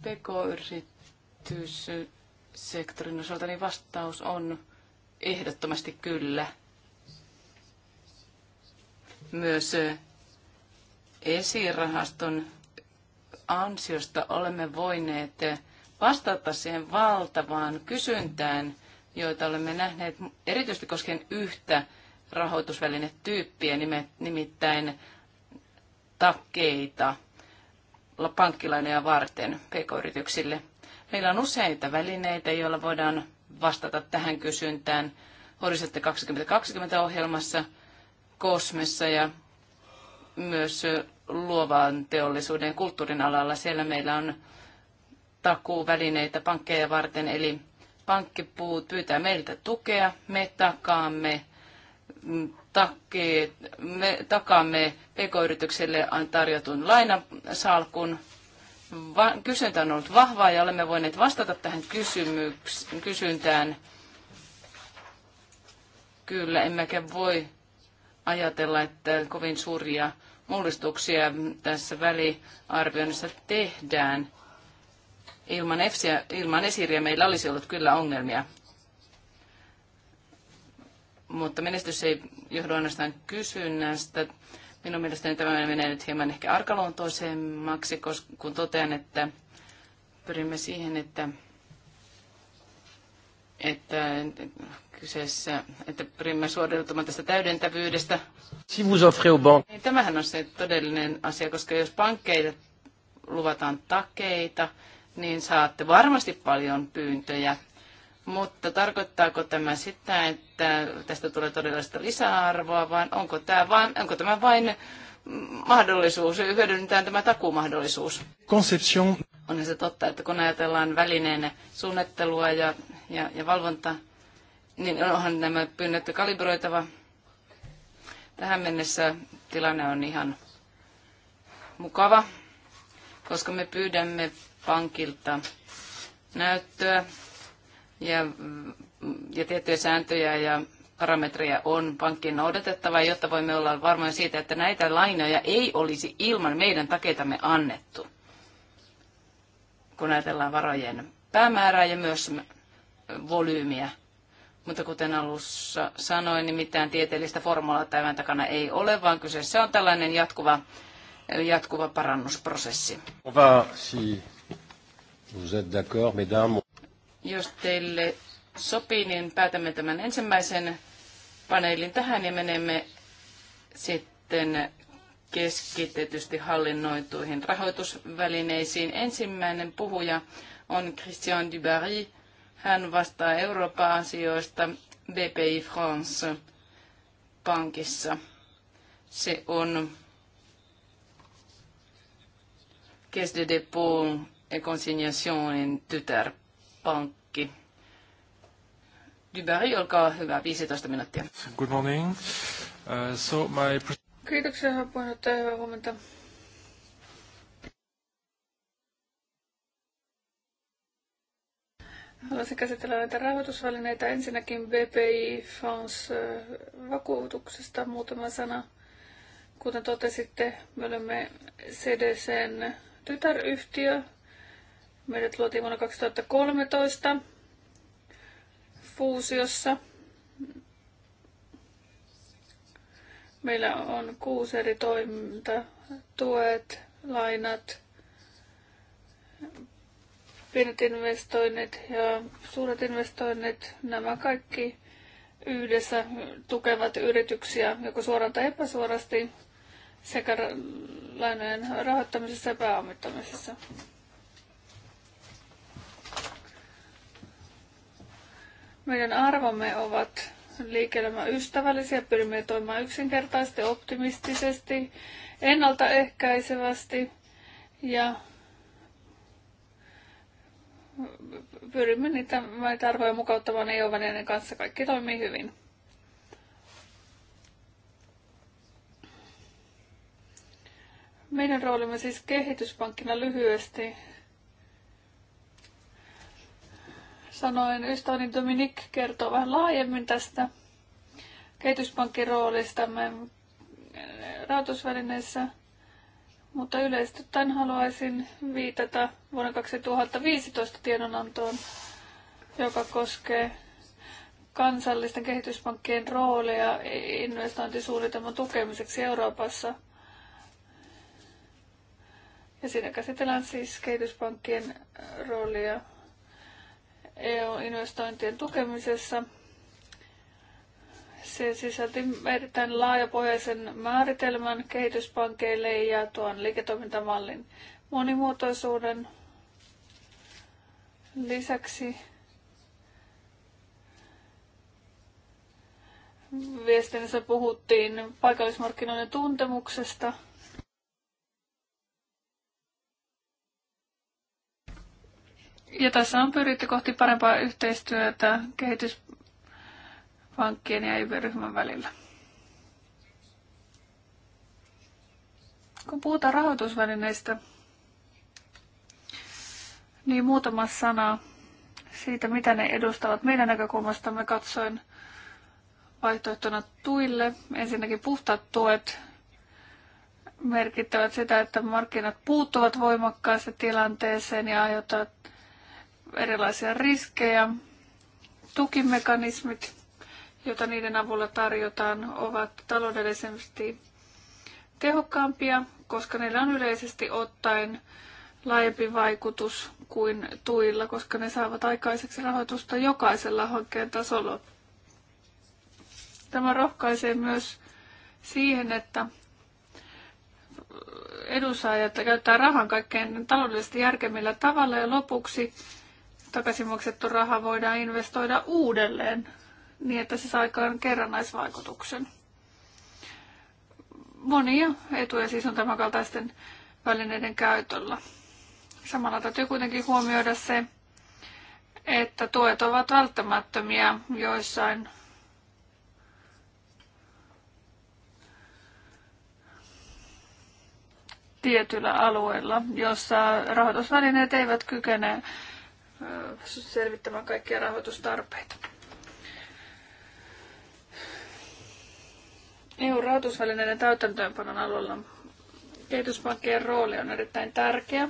PK-yritys sektorin osalta, niin vastaus on ehdottomasti kyllä. Myös esirahaston ansiosta olemme voineet vastata siihen valtavaan kysyntään, joita olemme nähneet erityisesti koskien yhtä rahoitusvälinetyyppiä, nimittäin takkeita pankkilaineja varten pk-yrityksille – Meillä on useita välineitä, joilla voidaan vastata tähän kysyntään Horisette 2020-ohjelmassa, Kosmessa ja myös luovan teollisuuden ja kulttuurin alalla. Siellä meillä on takuuvälineitä pankkeja varten, eli pankkipuut pyytää meiltä tukea, me takaamme mm, takkeet, me takaamme pk-yritykselle tarjotun lainasalkun kysyntä on ollut vahvaa ja olemme voineet vastata tähän kysymyks- kysyntään. Kyllä, emmekä voi ajatella, että kovin suuria mullistuksia tässä väliarvioinnissa tehdään. Ilman, EFSiä, ilman esiriä meillä olisi ollut kyllä ongelmia. Mutta menestys ei johdu ainoastaan kysynnästä. Minun mielestäni tämä menee nyt hieman ehkä arkaluontoisemmaksi, kun totean, että pyrimme siihen, että, että kyseessä, että pyrimme suoriutumaan tästä täydentävyydestä. Si vous offrez au banque. Niin, tämähän on se todellinen asia, koska jos pankkeille luvataan takeita, niin saatte varmasti paljon pyyntöjä mutta tarkoittaako tämä sitä, että tästä tulee todellista lisäarvoa, vai onko tämä vain, onko tämä vain mahdollisuus, hyödynnetään tämä takuumahdollisuus? Conception. Onhan se totta, että kun ajatellaan välineen suunnittelua ja, ja, ja valvontaa, niin onhan nämä pyynnöt kalibroitava. Tähän mennessä tilanne on ihan mukava, koska me pyydämme pankilta näyttöä ja, ja tiettyjä sääntöjä ja parametreja on pankkien noudatettava, jotta voimme olla varmoja siitä, että näitä lainoja ei olisi ilman meidän takeitamme annettu, kun ajatellaan varojen päämäärää ja myös volyymiä. Mutta kuten alussa sanoin, niin mitään tieteellistä formulaa tämän takana ei ole, vaan kyseessä on tällainen jatkuva, jatkuva parannusprosessi. On va, si vous êtes d'accord, mesdames. Jos teille sopii, niin päätämme tämän ensimmäisen paneelin tähän ja menemme sitten keskitetysti hallinnoituihin rahoitusvälineisiin. Ensimmäinen puhuja on Christian Dubarry. Hän vastaa Euroopan asioista BPI France pankissa. Se on Caisse de dépôt et consignation tytärpankki keskuspankki. Dybari, olkaa hyvä, 15 minuuttia. Good morning. Uh, so my... Kiitoksia, hyvä puheenjohtaja, hyvää huomenta. Haluaisin käsitellä näitä rahoitusvälineitä. Ensinnäkin BPI Fonds vakuutuksesta muutama sana. Kuten totesitte, me olemme CDCn tytäryhtiö, Meidät luotiin vuonna 2013 fuusiossa. Meillä on kuusi eri toiminta, tuet, lainat, pienet investoinnit ja suuret investoinnit, nämä kaikki yhdessä tukevat yrityksiä joko suoraan tai epäsuorasti sekä lainojen rahoittamisessa ja pääomittamisessa. Meidän arvomme ovat liike ystävällisiä, pyrimme toimimaan yksinkertaisesti, optimistisesti, ennaltaehkäisevästi ja pyrimme niitä meitä arvoja mukauttamaan eu ennen kanssa. Kaikki toimii hyvin. Meidän roolimme siis kehityspankkina lyhyesti sanoen, ystäväni Dominik kertoo vähän laajemmin tästä kehityspankin roolistamme rahoitusvälineissä, mutta yleisesti tämän haluaisin viitata vuonna 2015 tiedonantoon, joka koskee kansallisten kehityspankkien roolia investointisuunnitelman tukemiseksi Euroopassa. Ja siinä käsitellään siis kehityspankkien roolia EU-investointien tukemisessa. Se sisälti erittäin laajapohjaisen määritelmän kehityspankkeille ja tuon liiketoimintamallin monimuotoisuuden lisäksi. Viestinnässä puhuttiin paikallismarkkinoiden tuntemuksesta – Ja tässä on pyritty kohti parempaa yhteistyötä kehityspankkien ja EIB-ryhmän välillä. Kun puhutaan rahoitusvälineistä, niin muutama sana siitä, mitä ne edustavat meidän näkökulmastamme katsoen vaihtoehtona tuille. Ensinnäkin puhtaat tuet merkittävät sitä, että markkinat puuttuvat voimakkaasti tilanteeseen ja aiheuttavat erilaisia riskejä. Tukimekanismit, joita niiden avulla tarjotaan, ovat taloudellisesti tehokkaampia, koska niillä on yleisesti ottaen laajempi vaikutus kuin tuilla, koska ne saavat aikaiseksi rahoitusta jokaisella hankkeen tasolla. Tämä rohkaisee myös siihen, että edunsaajat käyttää rahan kaikkein taloudellisesti järkemmillä tavalla. Ja lopuksi takaisin maksettu raha voidaan investoida uudelleen niin, että se saa aikaan kerrannaisvaikutuksen. Monia etuja siis on tämänkaltaisten kaltaisten välineiden käytöllä. Samalla täytyy kuitenkin huomioida se, että tuet ovat välttämättömiä joissain tietyillä alueilla, jossa rahoitusvälineet eivät kykene selvittämään kaikkia rahoitustarpeita. EU-rahoitusvälineiden täytäntöönpanon alueella kehityspankkien rooli on erittäin tärkeä.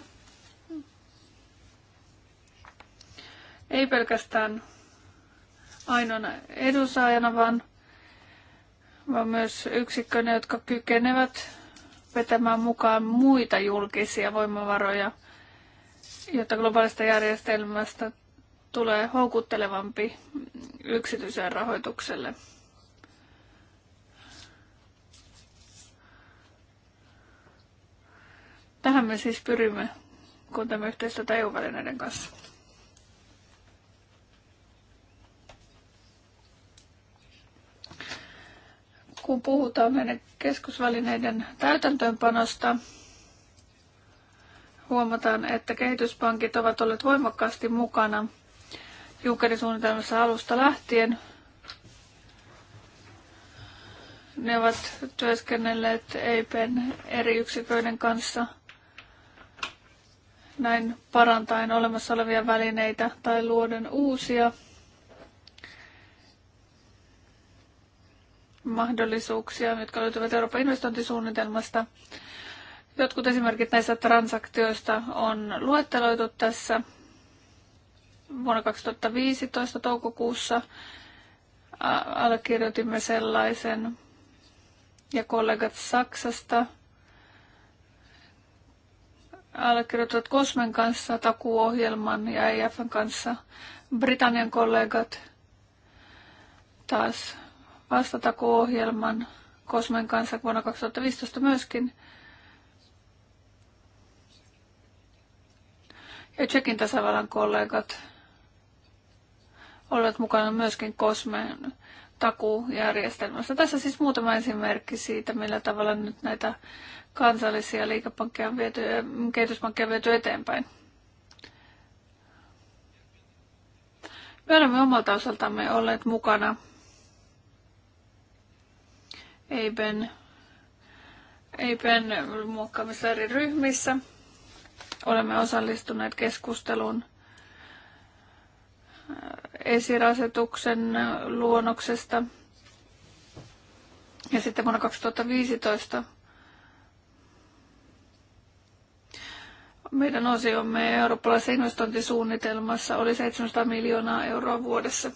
Ei pelkästään ainoana edunsaajana, vaan, vaan myös yksikkönä, jotka kykenevät vetämään mukaan muita julkisia voimavaroja – jotta globaalista järjestelmästä tulee houkuttelevampi yksityiseen rahoitukselle. Tähän me siis pyrimme, kun tämä yhteistyötä EU-välineiden kanssa. Kun puhutaan meidän keskusvälineiden täytäntöönpanosta, huomataan, että kehityspankit ovat olleet voimakkaasti mukana Junckerin suunnitelmassa alusta lähtien. Ne ovat työskennelleet EIPn eri yksiköiden kanssa näin parantaen olemassa olevia välineitä tai luoden uusia mahdollisuuksia, jotka löytyvät Euroopan investointisuunnitelmasta. Jotkut esimerkit näistä transaktioista on luetteloitu tässä vuonna 2015 toukokuussa allekirjoitimme sellaisen ja kollegat Saksasta allekirjoittivat Kosmen kanssa takuohjelman ja EFn kanssa. Britannian kollegat taas vastatakuohjelman Kosmen kanssa vuonna 2015 myöskin – ja Tsekin tasavallan kollegat olivat mukana myöskin Kosmeen takujärjestelmässä. Tässä siis muutama esimerkki siitä, millä tavalla nyt näitä kansallisia liikepankkeja on viety, eh, kehityspankkeja on viety eteenpäin. Me olemme omalta osaltamme olleet mukana EIBen, EIBen muokkaamissa eri ryhmissä – Olemme osallistuneet keskusteluun äh, esirasetuksen luonnoksesta. Ja sitten vuonna 2015 meidän osiomme eurooppalaisessa investointisuunnitelmassa oli 700 miljoonaa euroa vuodessa.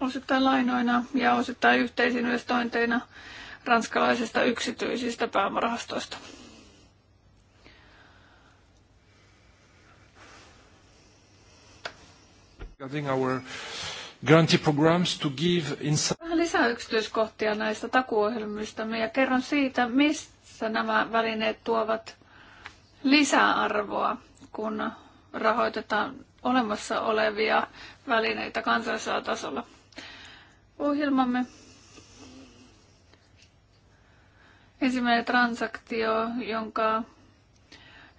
Osittain lainoina ja osittain yhteisinvestointeina ranskalaisista yksityisistä pääomarahastoista. Vähän lisää yksityiskohtia näistä takuohjelmista ja kerron siitä, missä nämä välineet tuovat lisäarvoa, kun rahoitetaan olemassa olevia välineitä kansallisella tasolla. Ohjelmamme Ensimmäinen transaktio, jonka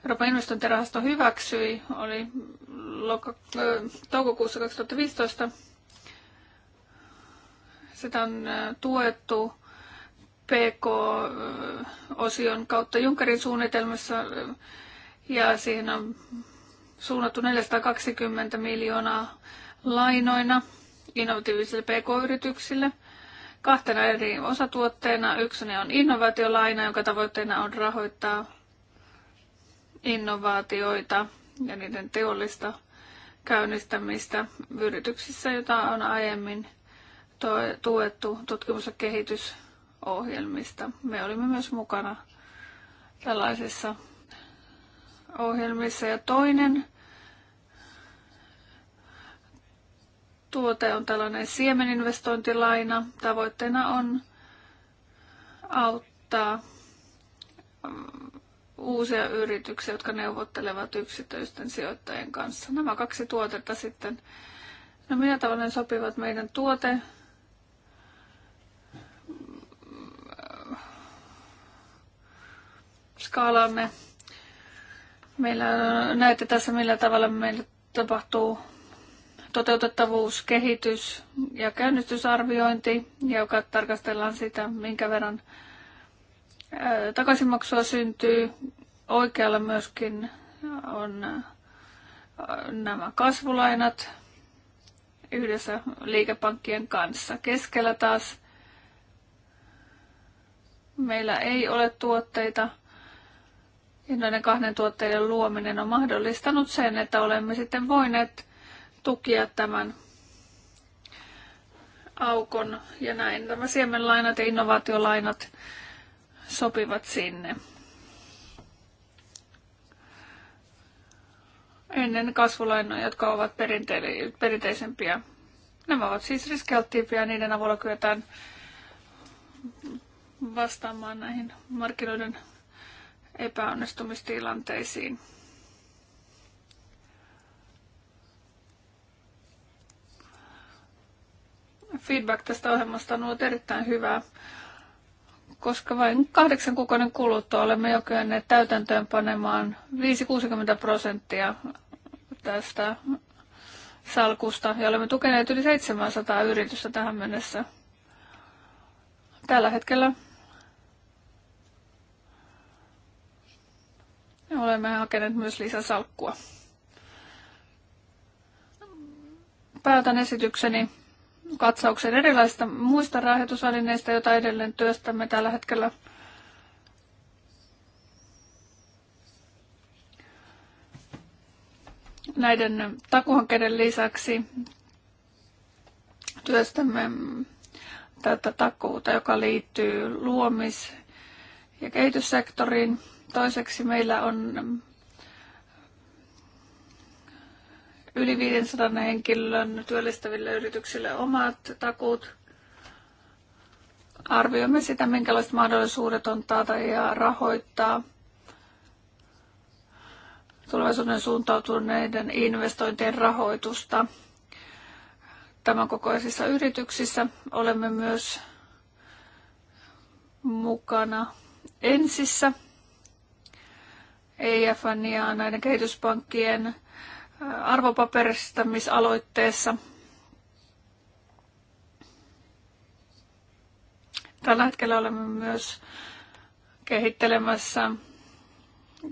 Euroopan investointirahasto hyväksyi, oli loka- toukokuussa 2015. Sitä on tuettu PK-osion kautta Junkerin suunnitelmassa ja siihen on suunnattu 420 miljoonaa lainoina innovatiivisille PK-yrityksille – kahtena eri osatuotteena. Yksi on innovaatiolaina, jonka tavoitteena on rahoittaa innovaatioita ja niiden teollista käynnistämistä yrityksissä, jota on aiemmin tuettu tutkimus- ja kehitysohjelmista. Me olimme myös mukana tällaisissa ohjelmissa. Ja toinen tuote on tällainen siemeninvestointilaina. Tavoitteena on auttaa mm, uusia yrityksiä, jotka neuvottelevat yksityisten sijoittajien kanssa. Nämä kaksi tuotetta sitten, no millä tavalla ne sopivat meidän tuote skaalamme. Meillä näette tässä, millä tavalla meillä tapahtuu toteutettavuus, kehitys ja käynnistysarviointi, joka tarkastellaan sitä, minkä verran takaisinmaksua syntyy. Oikealla myöskin on nämä kasvulainat yhdessä liikepankkien kanssa. Keskellä taas meillä ei ole tuotteita, ja noiden kahden tuotteiden luominen on mahdollistanut sen, että olemme sitten voineet tukia tämän aukon ja näin. Nämä siemenlainat ja innovaatiolainat sopivat sinne. Ennen kasvulainoja, jotka ovat perinteisempiä. Nämä ovat siis riskialttiimpia ja niiden avulla kyetään vastaamaan näihin markkinoiden epäonnistumistilanteisiin. feedback tästä ohjelmasta on ollut erittäin hyvää, koska vain kahdeksan kuukauden kuluttua olemme jo kyenneet täytäntöön panemaan 5-60 prosenttia tästä salkusta ja olemme tukeneet yli 700 yritystä tähän mennessä. Tällä hetkellä olemme hakeneet myös lisäsalkkua. Päätän esitykseni katsauksen erilaisista muista rahoitusvälineistä, joita edelleen työstämme tällä hetkellä. Näiden takuhankkeiden lisäksi työstämme tätä takuuta, joka liittyy luomis- ja kehityssektoriin. Toiseksi meillä on yli 500 henkilön työllistäville yrityksille omat takuut. Arvioimme sitä, minkälaiset mahdollisuudet on taata ja rahoittaa tulevaisuuden suuntautuneiden investointien rahoitusta tämän kokoisissa yrityksissä. Olemme myös mukana ensissä EIFn ja näiden kehityspankkien arvopaperistamisaloitteessa. Tällä hetkellä olemme myös kehittelemässä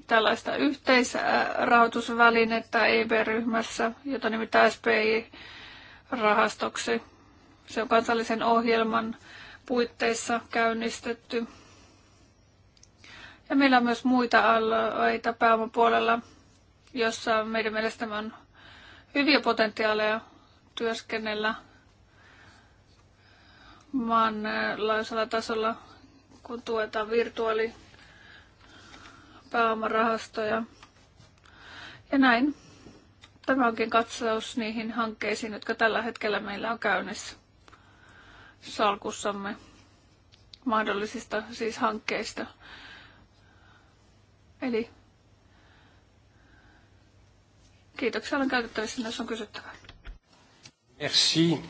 tällaista yhteisrahoitusvälinettä EIB-ryhmässä, jota nimittäin SPI-rahastoksi. Se on kansallisen ohjelman puitteissa käynnistetty. Ja meillä on myös muita alueita pääomapuolella, jossa meidän mielestämme on hyviä potentiaaleja työskennellä maanlaisella tasolla, kun tuetaan virtuaalipääomarahastoja. Ja näin. Tämä onkin katsaus niihin hankkeisiin, jotka tällä hetkellä meillä on käynnissä salkussamme mahdollisista siis hankkeista. Eli Kiitoksia, olen käytettävissä, jos on kysyttävää. Merci.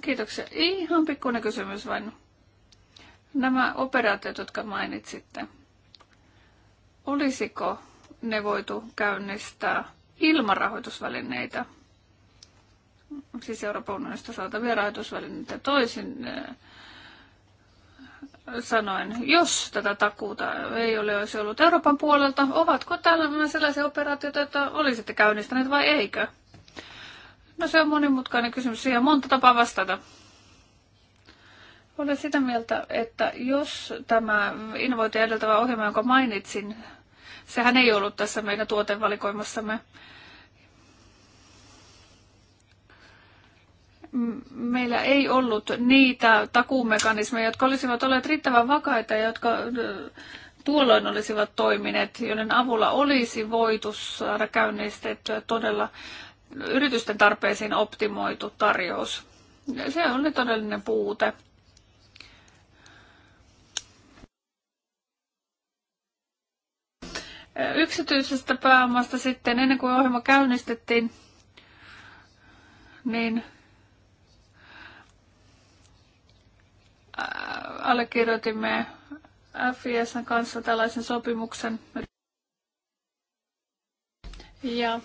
Kiitoksia. Ihan pikkuinen kysymys vain. Nämä operaatiot, jotka mainitsitte, olisiko ne voitu käynnistää ilman rahoitusvälineitä, siis Euroopan unionista saatavia rahoitusvälineitä toisin eh, sanoen, jos tätä takuuta ei ole olisi ollut Euroopan puolelta, ovatko täällä sellaisia operaatioita, että olisitte käynnistäneet vai eikö? No se on monimutkainen kysymys, siihen on monta tapaa vastata. Olen sitä mieltä, että jos tämä innovointi edeltävä ohjelma, jonka mainitsin, sehän ei ollut tässä meidän tuotevalikoimassamme, meillä ei ollut niitä takuumekanismeja, jotka olisivat olleet riittävän vakaita ja jotka tuolloin olisivat toimineet, joiden avulla olisi voitu saada käynnistettyä todella yritysten tarpeisiin optimoitu tarjous. Se oli todellinen puute. Yksityisestä pääomasta sitten, ennen kuin ohjelma käynnistettiin, niin Äh, allekirjoitimme FISn kanssa tällaisen sopimuksen. Ja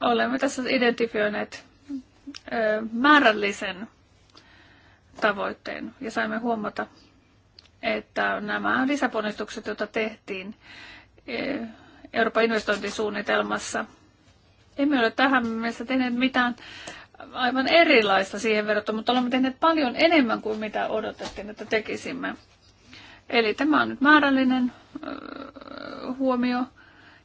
olemme tässä identifioineet määrällisen tavoitteen ja saimme huomata, että nämä lisäponnistukset, joita tehtiin Euroopan investointisuunnitelmassa, emme ole tähän mennessä tehneet mitään aivan erilaista siihen verrattuna, mutta olemme tehneet paljon enemmän kuin mitä odotettiin, että tekisimme. Eli tämä on nyt määrällinen huomio.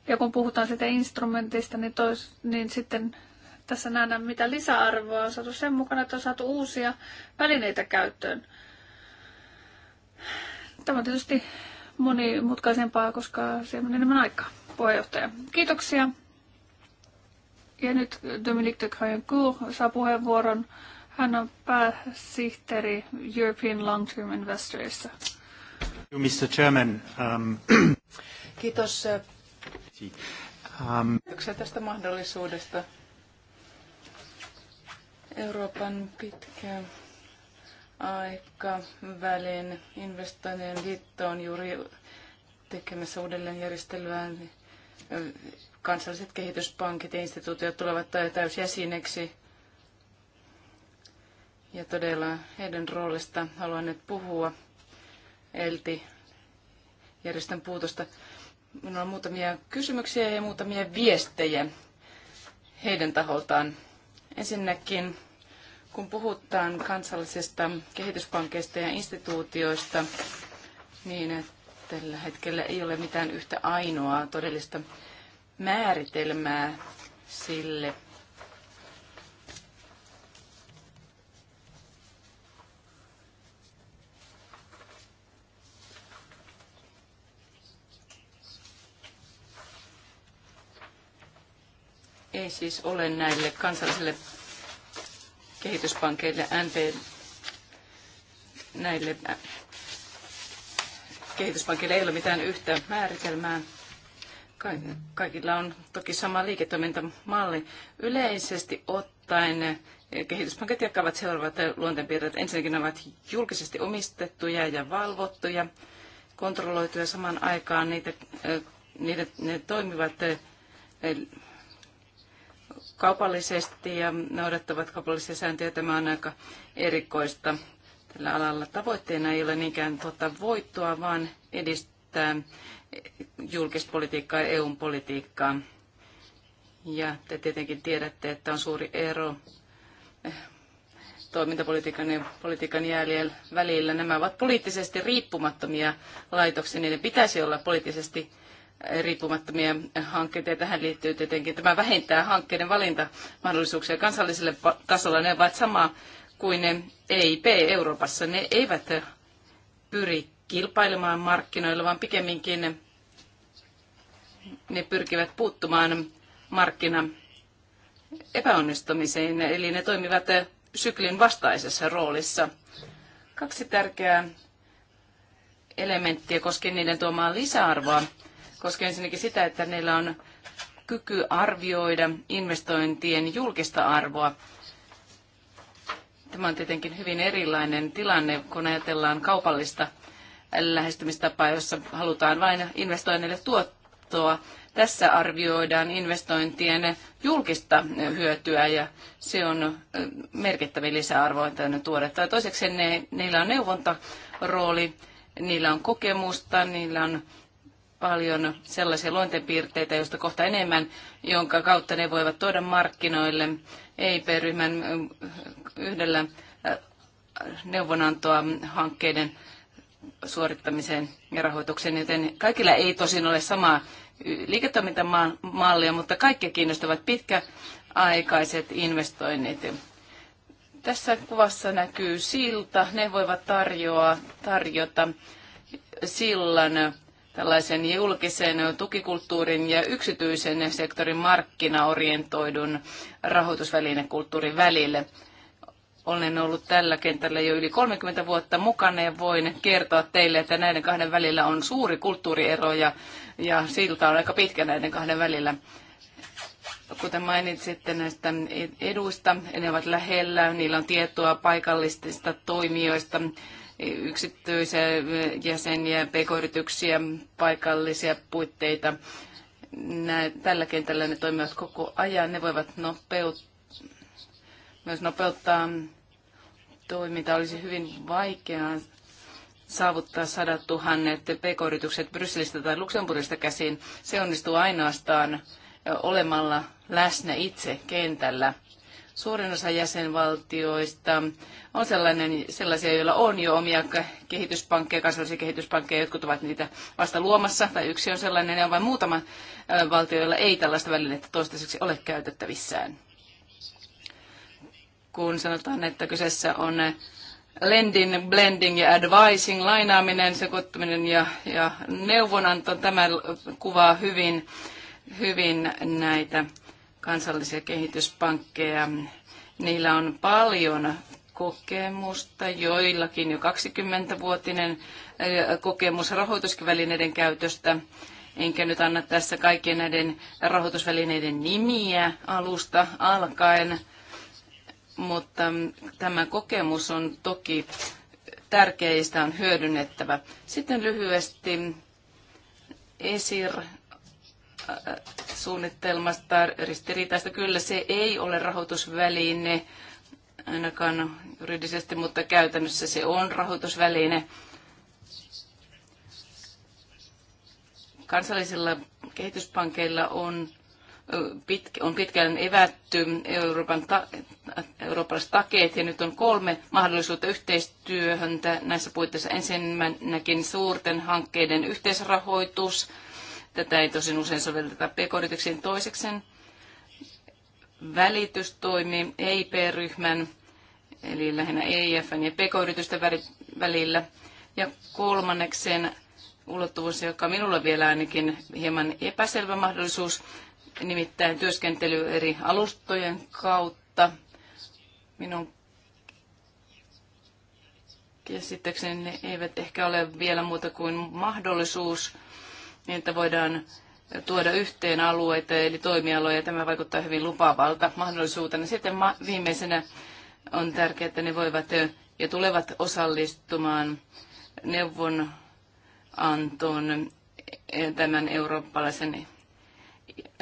Ja kun puhutaan sitä instrumentista, niin, tois, niin sitten tässä nähdään, mitä lisäarvoa on saatu sen mukana, että on saatu uusia välineitä käyttöön. Tämä on tietysti monimutkaisempaa, koska siellä on enemmän aikaa. Puheenjohtaja, kiitoksia. Ja nyt Dominique de Caillancourt saa puheenvuoron. Hän on pääsihteeri European Long Term Investorissa. Mr. Chairman, um... Kiitos. Um... Kiitoksia tästä mahdollisuudesta. Euroopan pitkä aikavälin investoinnien liitto on juuri tekemässä uudelleenjärjestelyä kansalliset kehityspankit ja instituutiot tulevat täysjäseneksi. Ja todella heidän roolista haluan nyt puhua. Elti järjestön puutosta. Minulla on muutamia kysymyksiä ja muutamia viestejä heidän taholtaan. Ensinnäkin, kun puhutaan kansallisista kehityspankkeista ja instituutioista, niin tällä hetkellä ei ole mitään yhtä ainoaa todellista määritelmää sille. Ei siis ole näille kansallisille kehityspankeille NP näille äh, kehityspankille ei ole mitään yhtä määritelmää. Kaikilla on toki sama liiketoimintamalli. Yleisesti ottaen eh, kehityspankit jakavat seuraavat luonteenpiirteet. Ensinnäkin ne ovat julkisesti omistettuja ja valvottuja, kontrolloituja samaan aikaan. Niitä, eh, niitä, ne toimivat eh, kaupallisesti ja noudattavat kaupallisia sääntöjä. Tämä on aika erikoista tällä alalla. Tavoitteena ei ole niinkään tuottaa voittoa, vaan edistää julkispolitiikkaa ja EUn politiikkaa. Ja te tietenkin tiedätte, että on suuri ero eh, toimintapolitiikan ja politiikan jäljellä välillä. Nämä ovat poliittisesti riippumattomia laitoksia, niiden pitäisi olla poliittisesti eh, riippumattomia hankkeita. Ja tähän liittyy tietenkin, tämä vähentää hankkeiden valintamahdollisuuksia kansalliselle tasolla. Ne ovat sama kuin ne EIP Euroopassa. Ne eivät eh, pyri kilpailemaan markkinoilla, vaan pikemminkin ne pyrkivät puuttumaan markkina epäonnistumiseen, eli ne toimivat syklin vastaisessa roolissa. Kaksi tärkeää elementtiä koskien niiden tuomaan lisäarvoa. Koskien ensinnäkin sitä, että niillä on kyky arvioida investointien julkista arvoa. Tämä on tietenkin hyvin erilainen tilanne, kun ajatellaan kaupallista lähestymistapaa, jossa halutaan vain investoinneille tuottoa. Tässä arvioidaan investointien julkista hyötyä ja se on merkittävin lisäarvo, että ne tuodaan. Toiseksi ne, niillä on neuvontarooli, niillä on kokemusta, niillä on paljon sellaisia luonteenpiirteitä, joista kohta enemmän, jonka kautta ne voivat tuoda markkinoille EIP-ryhmän yhdellä neuvonantoa hankkeiden suorittamiseen ja rahoitukseen, joten kaikilla ei tosin ole samaa liiketoimintamallia, mutta kaikki kiinnostavat pitkäaikaiset investoinnit. Tässä kuvassa näkyy silta. Ne voivat tarjoa, tarjota sillan tällaisen julkisen tukikulttuurin ja yksityisen sektorin markkinaorientoidun rahoitusvälinekulttuurin välille. Olen ollut tällä kentällä jo yli 30 vuotta mukana ja voin kertoa teille, että näiden kahden välillä on suuri kulttuuriero ja, ja silta on aika pitkä näiden kahden välillä. Kuten mainitsitte näistä eduista, ne ovat lähellä, niillä on tietoa paikallisista toimijoista, yksityisiä jäseniä, pk-yrityksiä, paikallisia puitteita. Nää, tällä kentällä ne toimivat koko ajan, ne voivat nopeut, myös nopeuttaa toiminta olisi hyvin vaikeaa saavuttaa sadat tuhannet pk-yritykset Brysselistä tai Luxemburgista käsin. Se onnistuu ainoastaan olemalla läsnä itse kentällä. Suurin osa jäsenvaltioista on sellainen, sellaisia, joilla on jo omia kehityspankkeja, kansallisia kehityspankkeja, jotkut ovat niitä vasta luomassa, tai yksi on sellainen, ja on vain muutama valtio, joilla ei tällaista välinettä toistaiseksi ole käytettävissään kun sanotaan, että kyseessä on lending, blending ja advising, lainaaminen, sekoittaminen ja, ja neuvonanto. Tämä kuvaa hyvin, hyvin näitä kansallisia kehityspankkeja. Niillä on paljon kokemusta, joillakin jo 20-vuotinen eh, kokemus rahoitusvälineiden käytöstä. Enkä nyt anna tässä kaikkien näiden rahoitusvälineiden nimiä alusta alkaen mutta tämä kokemus on toki tärkeistä on hyödynnettävä. Sitten lyhyesti ESIR äh, suunnittelmasta ristiriitaista. Kyllä se ei ole rahoitusväline, ainakaan juridisesti, mutta käytännössä se on rahoitusväline. Kansallisilla kehityspankeilla on on pitkään evätty Euroopan ta, eurooppalaiset takeet ja nyt on kolme mahdollisuutta yhteistyöhön näissä puitteissa. Ensinnäkin suurten hankkeiden yhteisrahoitus. Tätä ei tosin usein sovelleta pk toiseksen välitystoimi EIP-ryhmän, eli lähinnä EIFn ja pk-yritysten välillä. Ja kolmanneksi ulottuvuus, joka minulla vielä ainakin hieman epäselvä mahdollisuus, nimittäin työskentely eri alustojen kautta. Minun käsittääkseni ne eivät ehkä ole vielä muuta kuin mahdollisuus, niin että voidaan tuoda yhteen alueita eli toimialoja. Tämä vaikuttaa hyvin lupaavalta mahdollisuutena. Sitten viimeisenä on tärkeää, että ne voivat ja tulevat osallistumaan neuvonantoon tämän eurooppalaisen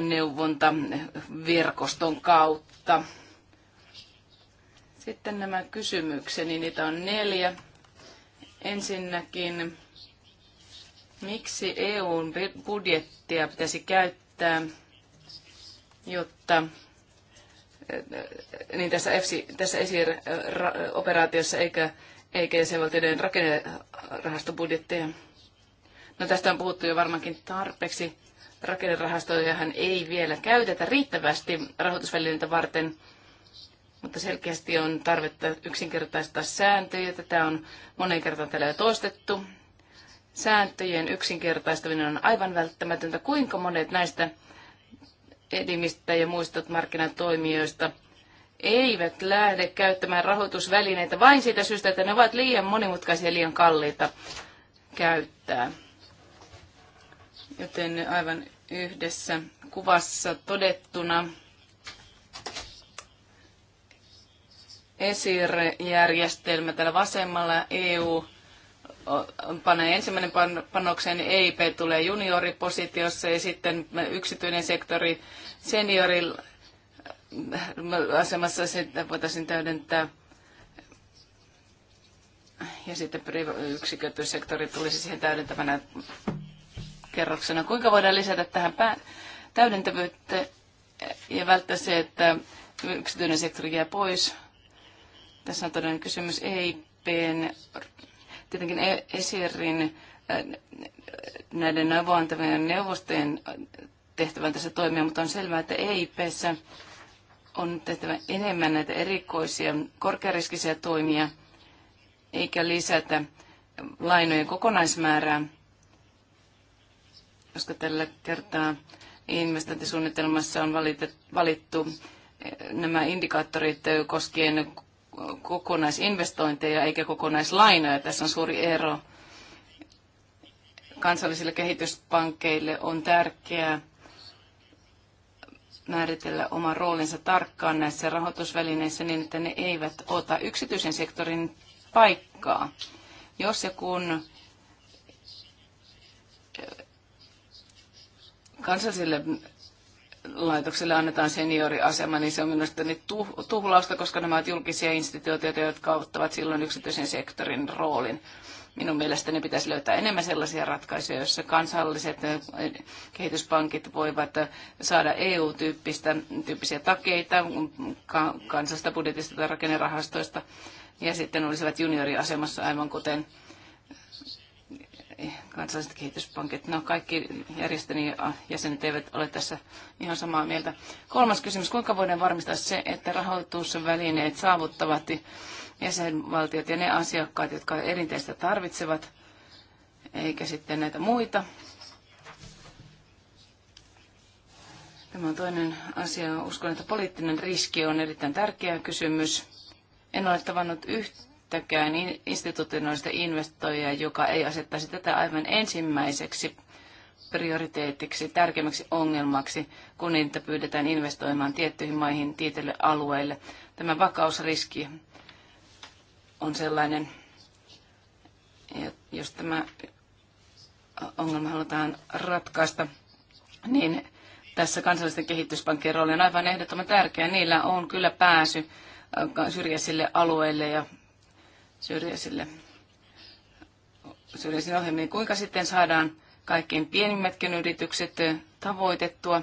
neuvontaverkoston kautta. Sitten nämä kysymykseni, niitä on neljä. Ensinnäkin, miksi EUn budjettia pitäisi käyttää, jotta eh, niin tässä, EFSI, tässä ESIR-operaatiossa eikä, eikä jäsenvaltioiden rakennerahastobudjetteja. No tästä on puhuttu jo varmaankin tarpeeksi rakennerahastojahan ei vielä käytetä riittävästi rahoitusvälineitä varten, mutta selkeästi on tarvetta yksinkertaistaa sääntöjä. Tätä on moneen kertaan täällä jo toistettu. Sääntöjen yksinkertaistaminen on aivan välttämätöntä. Kuinka monet näistä edimistä ja muista markkinatoimijoista eivät lähde käyttämään rahoitusvälineitä vain siitä syystä, että ne ovat liian monimutkaisia ja liian kalliita käyttää. Joten aivan yhdessä kuvassa todettuna. ESIR-järjestelmä täällä vasemmalla EU panee ensimmäinen panokseen, niin EIP tulee junioripositiossa ja sitten yksityinen sektori seniorilla äh, asemassa sitä voitaisiin täydentää. Ja sitten yksikötysektori tulisi siihen täydentävänä kerroksena. Kuinka voidaan lisätä tähän pää- täydentävyyttä ja välttää se, että yksityinen sektori jää pois? Tässä on todellinen kysymys EIPn, tietenkin ESIRin e äh, näiden neuvontavien neuvostojen äh, tehtävän tässä toimia, mutta on selvää, että EIPssä on tehtävä enemmän näitä erikoisia korkeariskisiä toimia, eikä lisätä lainojen kokonaismäärää koska tällä kertaa investointisuunnitelmassa on valittu eh, nämä indikaattorit koskien kokonaisinvestointeja eikä kokonaislainoja. Tässä on suuri ero. Kansallisille kehityspankkeille on tärkeää määritellä oma roolinsa tarkkaan näissä rahoitusvälineissä niin, että ne eivät ota yksityisen sektorin paikkaa. Jos ja kun kansalliselle laitokselle annetaan senioriasema, niin se on minusta nyt tuhlausta, koska nämä ovat julkisia instituutioita, jotka ottavat silloin yksityisen sektorin roolin. Minun mielestäni pitäisi löytää enemmän sellaisia ratkaisuja, joissa kansalliset eh, kehityspankit voivat eh, saada EU-tyyppisiä takeita kansasta budjetista tai rakennerahastoista ja sitten olisivat junioriasemassa aivan kuten kansalliset kehityspankit. No kaikki järjestöni jäsenet eivät ole tässä ihan samaa mieltä. Kolmas kysymys, kuinka voidaan varmistaa se, että rahoitusvälineet saavuttavat jäsenvaltiot ja ne asiakkaat, jotka erinteistä tarvitsevat, eikä sitten näitä muita. Tämä on toinen asia. Uskon, että poliittinen riski on erittäin tärkeä kysymys. En ole tavannut yhtään yhtäkään niin institutionaalista investoijaa, joka ei asettaisi tätä aivan ensimmäiseksi prioriteetiksi, tärkeimmäksi ongelmaksi, kun niitä pyydetään investoimaan tiettyihin maihin, tietyille alueille. Tämä vakausriski on sellainen, jos tämä ongelma halutaan ratkaista, niin tässä kansallisten kehityspankkien rooli on aivan ehdottoman tärkeä. Niillä on kyllä pääsy äh, syrjäisille alueille ja syrjäisille syrjäisiin ohjelmiin. Kuinka sitten saadaan kaikkein pienimmätkin yritykset tavoitettua?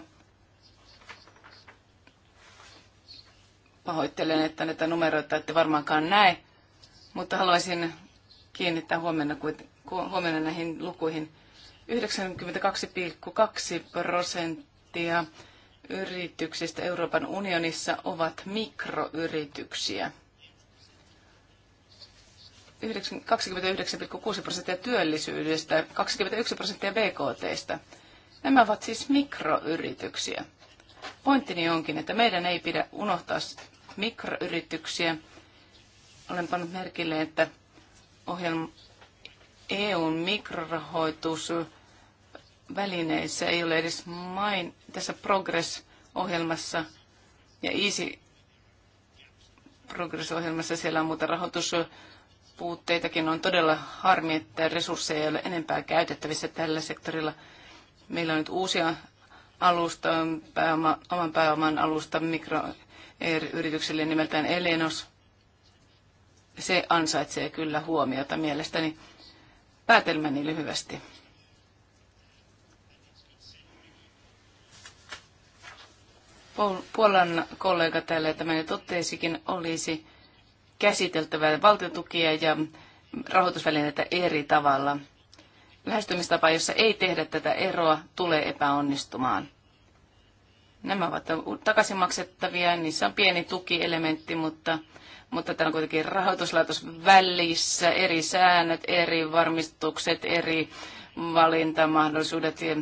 Pahoittelen, että näitä numeroita ette varmaankaan näe, mutta haluaisin kiinnittää huomenna, huomenna näihin lukuihin. 92,2 prosenttia yrityksistä Euroopan unionissa ovat mikroyrityksiä. 29,6 prosenttia työllisyydestä, 21 prosenttia BKTstä. Nämä ovat siis mikroyrityksiä. Pointtini onkin, että meidän ei pidä unohtaa mikroyrityksiä. Olen pannut merkille, että ohjelma EUn mikrorahoitusvälineissä ei ole edes main tässä Progress-ohjelmassa ja Easy Progress-ohjelmassa siellä on muuta rahoitus puutteitakin. On todella harmi, että resursseja ei ole enempää käytettävissä tällä sektorilla. Meillä on nyt uusia alusta, pääoma, oman pääoman alusta mikroyritykselle nimeltään Elenos. Se ansaitsee kyllä huomiota mielestäni. Päätelmäni lyhyesti. Puolan kollega täällä tämä jo totesikin, olisi käsiteltävä valtiotukia ja rahoitusvälineitä eri tavalla. Lähestymistapa, jossa ei tehdä tätä eroa, tulee epäonnistumaan. Nämä ovat takaisin maksettavia, niissä on pieni tukielementti, mutta, mutta täällä on kuitenkin rahoituslaitos välissä, eri säännöt, eri varmistukset, eri valintamahdollisuudet ja,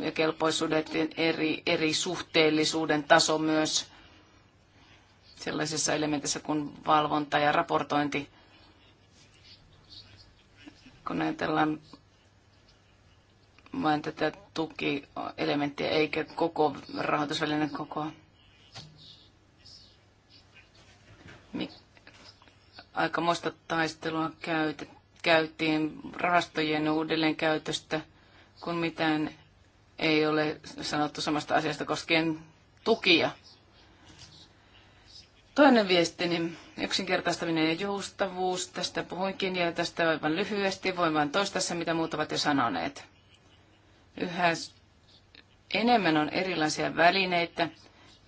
ja kelpoisuudet, eri, eri suhteellisuuden taso myös sellaisessa elementissä kuin valvonta ja raportointi. Kun ajatellaan vain tätä tukielementtiä eikä koko rahoitusvälineen kokoa. Aikamoista taistelua käytiin rahastojen uudelleenkäytöstä, kun mitään ei ole sanottu samasta asiasta koskien tukia. Toinen niin yksinkertaistaminen ja joustavuus. Tästä puhuinkin ja tästä aivan lyhyesti. Voin vain toistaa se, mitä muut ovat jo sanoneet. Yhä enemmän on erilaisia välineitä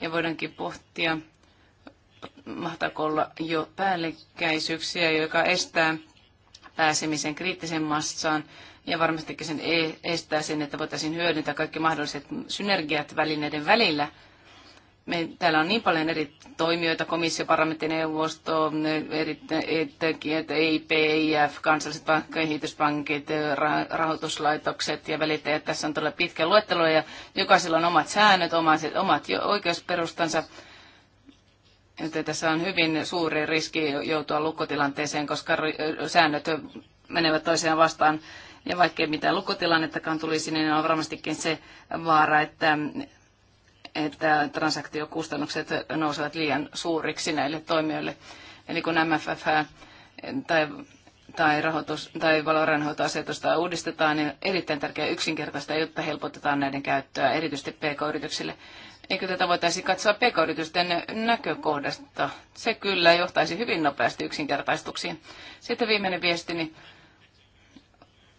ja voidaankin pohtia, mahtaako olla jo päällekkäisyyksiä, joka estää pääsemisen kriittisen massaan ja varmastikin sen e- estää sen, että voitaisiin hyödyntää kaikki mahdolliset synergiat välineiden välillä – me, täällä on niin paljon eri toimijoita, komissio, parlamentineuvosto, eri, että EIP, e kansalliset kehityspankit, rahoituslaitokset ja välittäjät. Tässä on todella pitkä luettelo ja jokaisella on omat säännöt, omat, omat oikeusperustansa. Joten tässä on hyvin suuri riski joutua lukkotilanteeseen, koska säännöt menevät toisiaan vastaan. Ja vaikkei mitään lukkotilannettakaan tulisi, niin on varmastikin se vaara, että että transaktiokustannukset nousevat liian suuriksi näille toimijoille. Eli kun MFF tai, tai, rahoitus, tai valoranhoitoasetusta uudistetaan, niin erittäin tärkeää yksinkertaista, jotta helpotetaan näiden käyttöä erityisesti pk-yrityksille. Eikö tätä voitaisiin katsoa pk-yritysten näkökohdasta? Se kyllä johtaisi hyvin nopeasti yksinkertaistuksiin. Sitten viimeinen viestini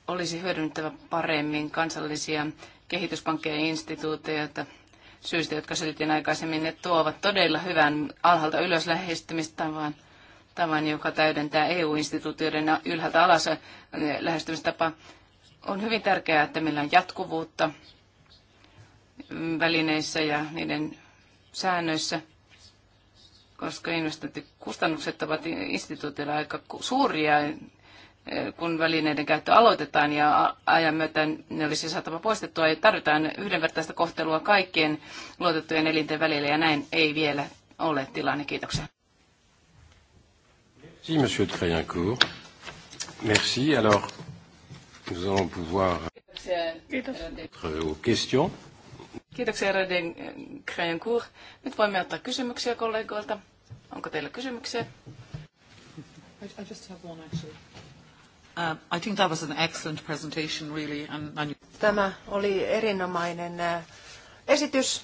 olisi hyödynnettävä paremmin kansallisia kehityspankkeja ja instituutioita – syystä, jotka selitin aikaisemmin, ne tuovat todella hyvän alhaalta ylös lähestymistavan, tavan, joka täydentää EU-instituutioiden ylhäältä alas äh, lähestymistapa. On hyvin tärkeää, että meillä on jatkuvuutta välineissä ja niiden säännöissä, koska investointikustannukset ovat instituutilla aika suuria kun välineiden käyttö aloitetaan ja ajan myötä ne olisi saatava poistettua. Ja tarvitaan yhdenvertaista kohtelua kaikkien luotettujen elinten välillä ja näin ei vielä ole tilanne. Kiitoksia. Merci, Monsieur Trayancourt. Merci. Alors, nous allons pouvoir répondre aux questions. Kiitoksia, Reden Krajankur. Nyt voimme ottaa kysymyksiä kollegoilta. Onko teillä kysymyksiä? I just have one actually. Uh, I think that was an excellent presentation really. And, and... Tämä oli erinomainen uh, esitys.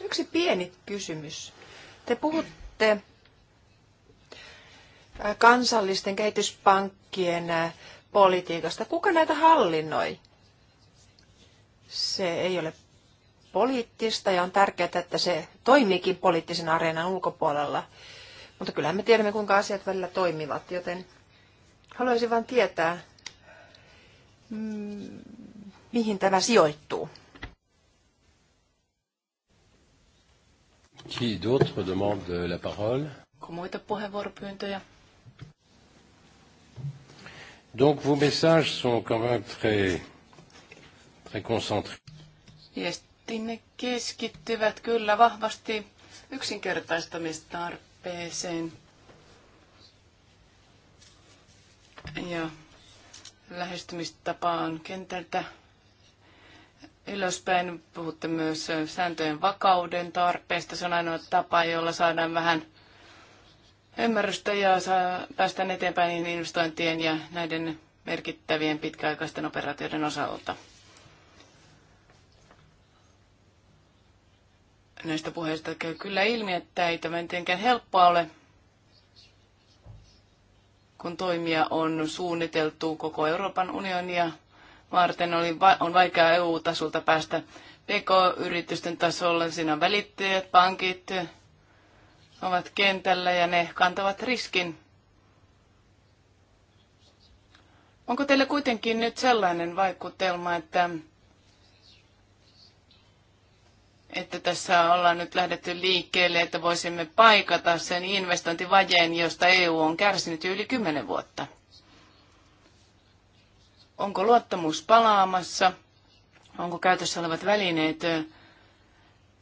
Yksi pieni kysymys. Te puhutte uh, kansallisten kehityspankkien politiikasta. Kuka näitä hallinnoi? Se ei ole poliittista ja on tärkeää, että se toimiikin poliittisen areenan ulkopuolella. Mutta kyllähän me tiedämme, kuinka asiat välillä toimivat, joten Haluaisin vain tietää, mm, mihin tämä sijoittuu. Qui d'autre demande la parole? Onko muita puheenvuoropyyntöjä? Donc vos messages sont quand même très, très concentrés. Viestinne keskittyvät kyllä vahvasti yksinkertaistamistarpeeseen. ja lähestymistapaan kentältä ylöspäin. Puhutte myös sääntöjen vakauden tarpeesta. Se on ainoa tapa, jolla saadaan vähän ymmärrystä ja saa päästään eteenpäin niin investointien ja näiden merkittävien pitkäaikaisten operaatioiden osalta. Näistä puheista käy kyllä ilmi, että ei tämä mitenkään helppoa ole, kun toimia on suunniteltu koko Euroopan unionia varten, oli, on vaikea EU-tasolta päästä PK-yritysten tasolla. Siinä on välittäjät, pankit ovat kentällä ja ne kantavat riskin. Onko teillä kuitenkin nyt sellainen vaikutelma, että että tässä ollaan nyt lähdetty liikkeelle, että voisimme paikata sen investointivajeen, josta EU on kärsinyt jo yli kymmenen vuotta. Onko luottamus palaamassa? Onko käytössä olevat välineet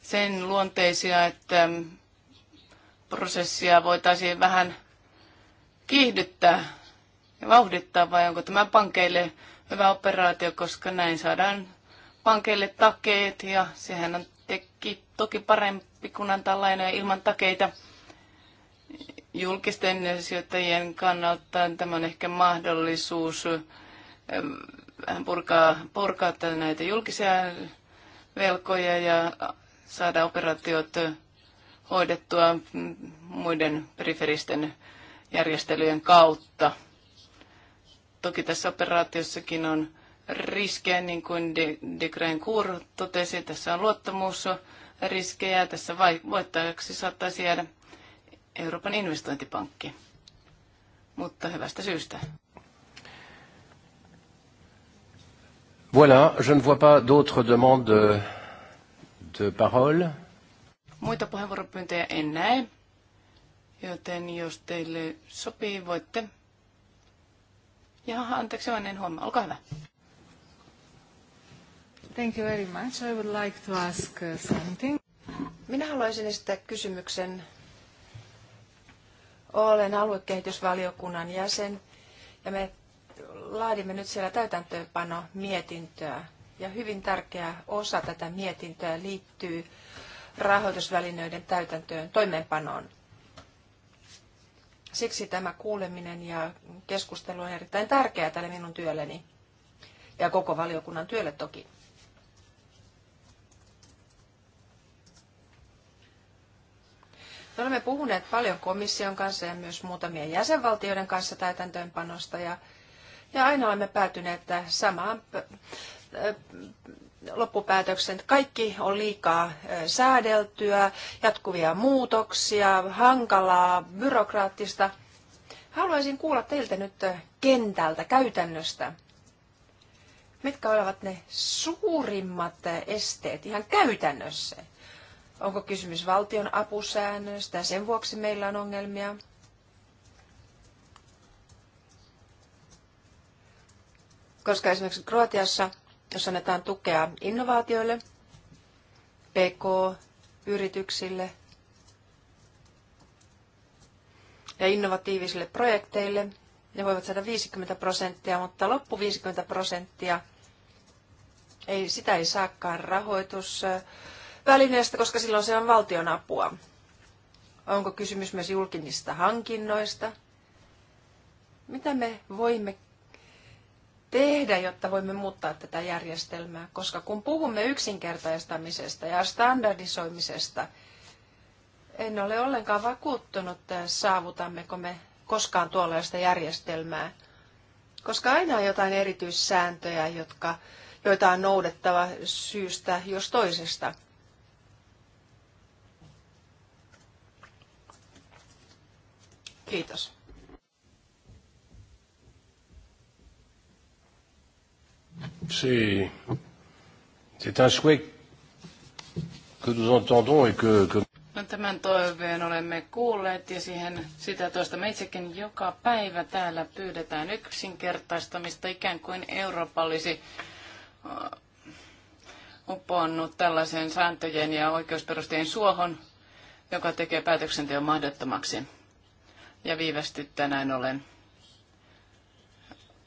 sen luonteisia, että prosessia voitaisiin vähän kiihdyttää ja vauhdittaa, vai onko tämä pankeille hyvä operaatio, koska näin saadaan pankeille takeet ja sehän on tietenkin toki parempi kuin antaa lainoja ilman takeita. Julkisten sijoittajien kannalta tämä on ehkä mahdollisuus vähän purkaa, purkaa näitä julkisia velkoja ja saada operaatiot hoidettua muiden periferisten järjestelyjen kautta. Toki tässä operaatiossakin on riskejä, niin kuin De Green Cour totesi. Tässä on luottamusriskejä. Tässä voittajaksi saattaisi jäädä Euroopan investointipankki, mutta hyvästä syystä. Voilà, je ne vois pas d'autres demandes de parole. Muita puheenvuoropyyntöjä en näe, joten jos teille sopii, voitte. Jaha, anteeksi, on en huomaa. Olkaa hyvä. Thank you very much. I would like to ask uh, something. Minä haluaisin esittää kysymyksen. Olen aluekehitysvaliokunnan jäsen ja me laadimme nyt siellä täytäntöönpano mietintöä. Ja hyvin tärkeä osa tätä mietintöä liittyy rahoitusvälineiden täytäntöön toimeenpanoon. Siksi tämä kuuleminen ja keskustelu on erittäin tärkeää tälle minun työlleni ja koko valiokunnan työlle toki. Me olemme puhuneet paljon komission kanssa ja myös muutamien jäsenvaltioiden kanssa täytäntöönpanosta ja, ja aina olemme päätyneet samaan loppupäätöksen, että kaikki on liikaa säädeltyä, jatkuvia muutoksia, hankalaa, byrokraattista. Haluaisin kuulla teiltä nyt kentältä, käytännöstä. Mitkä ovat ne suurimmat esteet ihan käytännössä? Onko kysymys valtion apusäännöistä? Sen vuoksi meillä on ongelmia. Koska esimerkiksi Kroatiassa, jos annetaan tukea innovaatioille, PK-yrityksille ja innovatiivisille projekteille, ne voivat saada 50 prosenttia, mutta loppu 50 prosenttia, ei, sitä ei saakaan rahoitus välineestä, koska silloin se on valtion apua. Onko kysymys myös julkisista hankinnoista? Mitä me voimme tehdä, jotta voimme muuttaa tätä järjestelmää? Koska kun puhumme yksinkertaistamisesta ja standardisoimisesta, en ole ollenkaan vakuuttunut, äh, saavutammeko me koskaan tuollaista järjestelmää. Koska aina on jotain erityissääntöjä, jotka, joita on noudettava syystä jos toisesta. Kiitos. C'est, c'est un souhait que nous entendons et que, que... No, tämän toiveen olemme kuulleet ja siihen sitä toista me itsekin joka päivä täällä pyydetään yksinkertaistamista, ikään kuin Eurooppa olisi äh, uponnut tällaisen sääntöjen ja oikeusperusteen suohon, joka tekee päätöksenteon mahdottomaksi ja viivästyttää näin ollen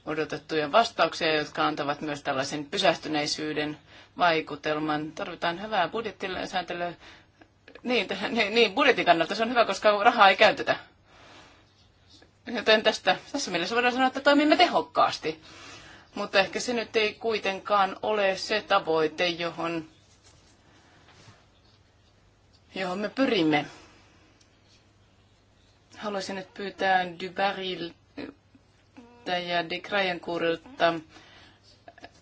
odotettuja vastauksia, jotka antavat myös tällaisen pysähtyneisyyden vaikutelman. Tarvitaan hyvää budjettisääntelyä. Niin, niin, niin, budjetin kannalta se on hyvä, koska rahaa ei käytetä. Joten tästä, tässä mielessä voidaan sanoa, että toimimme tehokkaasti. Mutta ehkä se nyt ei kuitenkaan ole se tavoite, johon, johon me pyrimme. Haluaisin nyt pyytää Dyberiltä ja De Krajankuurilta,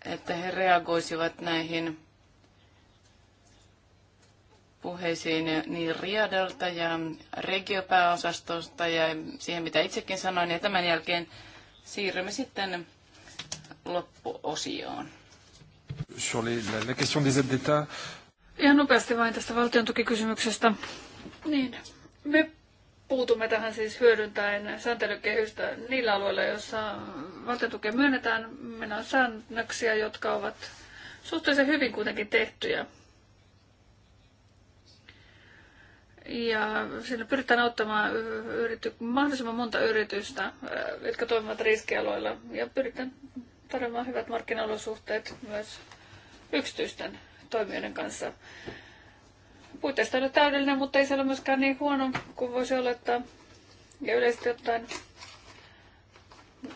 että he reagoisivat näihin puheisiin niin Riadalta ja regiopääosastosta ja siihen, mitä itsekin sanoin. Ja tämän jälkeen siirrymme sitten loppuosioon. Sur la, la question des aides Ihan nopeasti vain tästä valtion tukikysymyksestä. Niin. Me puutumme tähän siis hyödyntäen sääntelykehystä niillä alueilla, joissa valtiontukea myönnetään. Meillä on säännöksiä, jotka ovat suhteellisen hyvin kuitenkin tehtyjä. Ja siinä pyritään auttamaan yrity, mahdollisimman monta yritystä, äh, jotka toimivat riskialoilla. Ja pyritään tarjoamaan hyvät markkinaolosuhteet myös yksityisten toimijoiden kanssa. Puitteista ole täydellinen, mutta ei se ole myöskään niin huono kuin voisi olettaa. Ja yleisesti ottaen,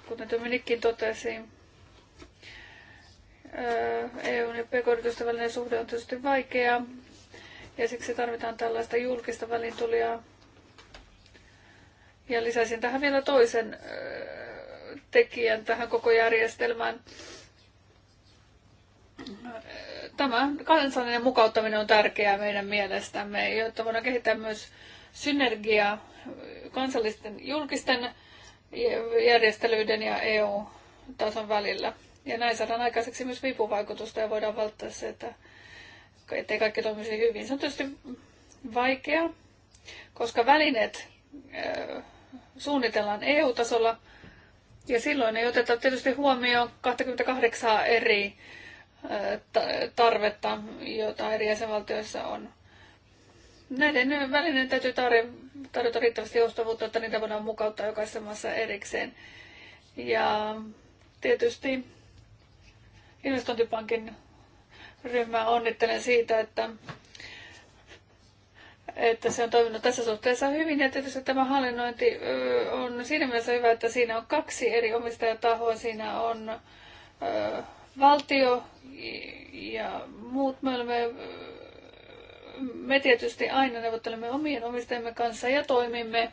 kuten Dominikkin totesi, EUn ja pk välinen suhde on tietysti vaikea. Ja siksi tarvitaan tällaista julkista välintulijaa. Ja lisäisin tähän vielä toisen tekijän tähän koko järjestelmään Tämä kansallinen mukauttaminen on tärkeää meidän mielestämme, jotta voidaan kehittää myös synergiaa kansallisten julkisten järjestelyiden ja EU-tason välillä. Ja näin saadaan aikaiseksi myös vipuvaikutusta ja voidaan välttää se, että ettei kaikki toimisi hyvin. Se on tietysti vaikea, koska välineet suunnitellaan EU-tasolla ja silloin ei oteta tietysti huomioon 28 eri tarvetta, jota eri jäsenvaltioissa on. Näiden välineiden täytyy tarjota riittävästi joustavuutta, että niitä voidaan mukauttaa jokaisessa maassa erikseen. Ja tietysti investointipankin ryhmä onnittelen siitä, että, että se on toiminut tässä suhteessa hyvin. Ja tietysti tämä hallinnointi on siinä mielessä hyvä, että siinä on kaksi eri omistajatahoa. Siinä on valtio ja muut me olemme me tietysti aina neuvottelemme omien omistajamme kanssa ja toimimme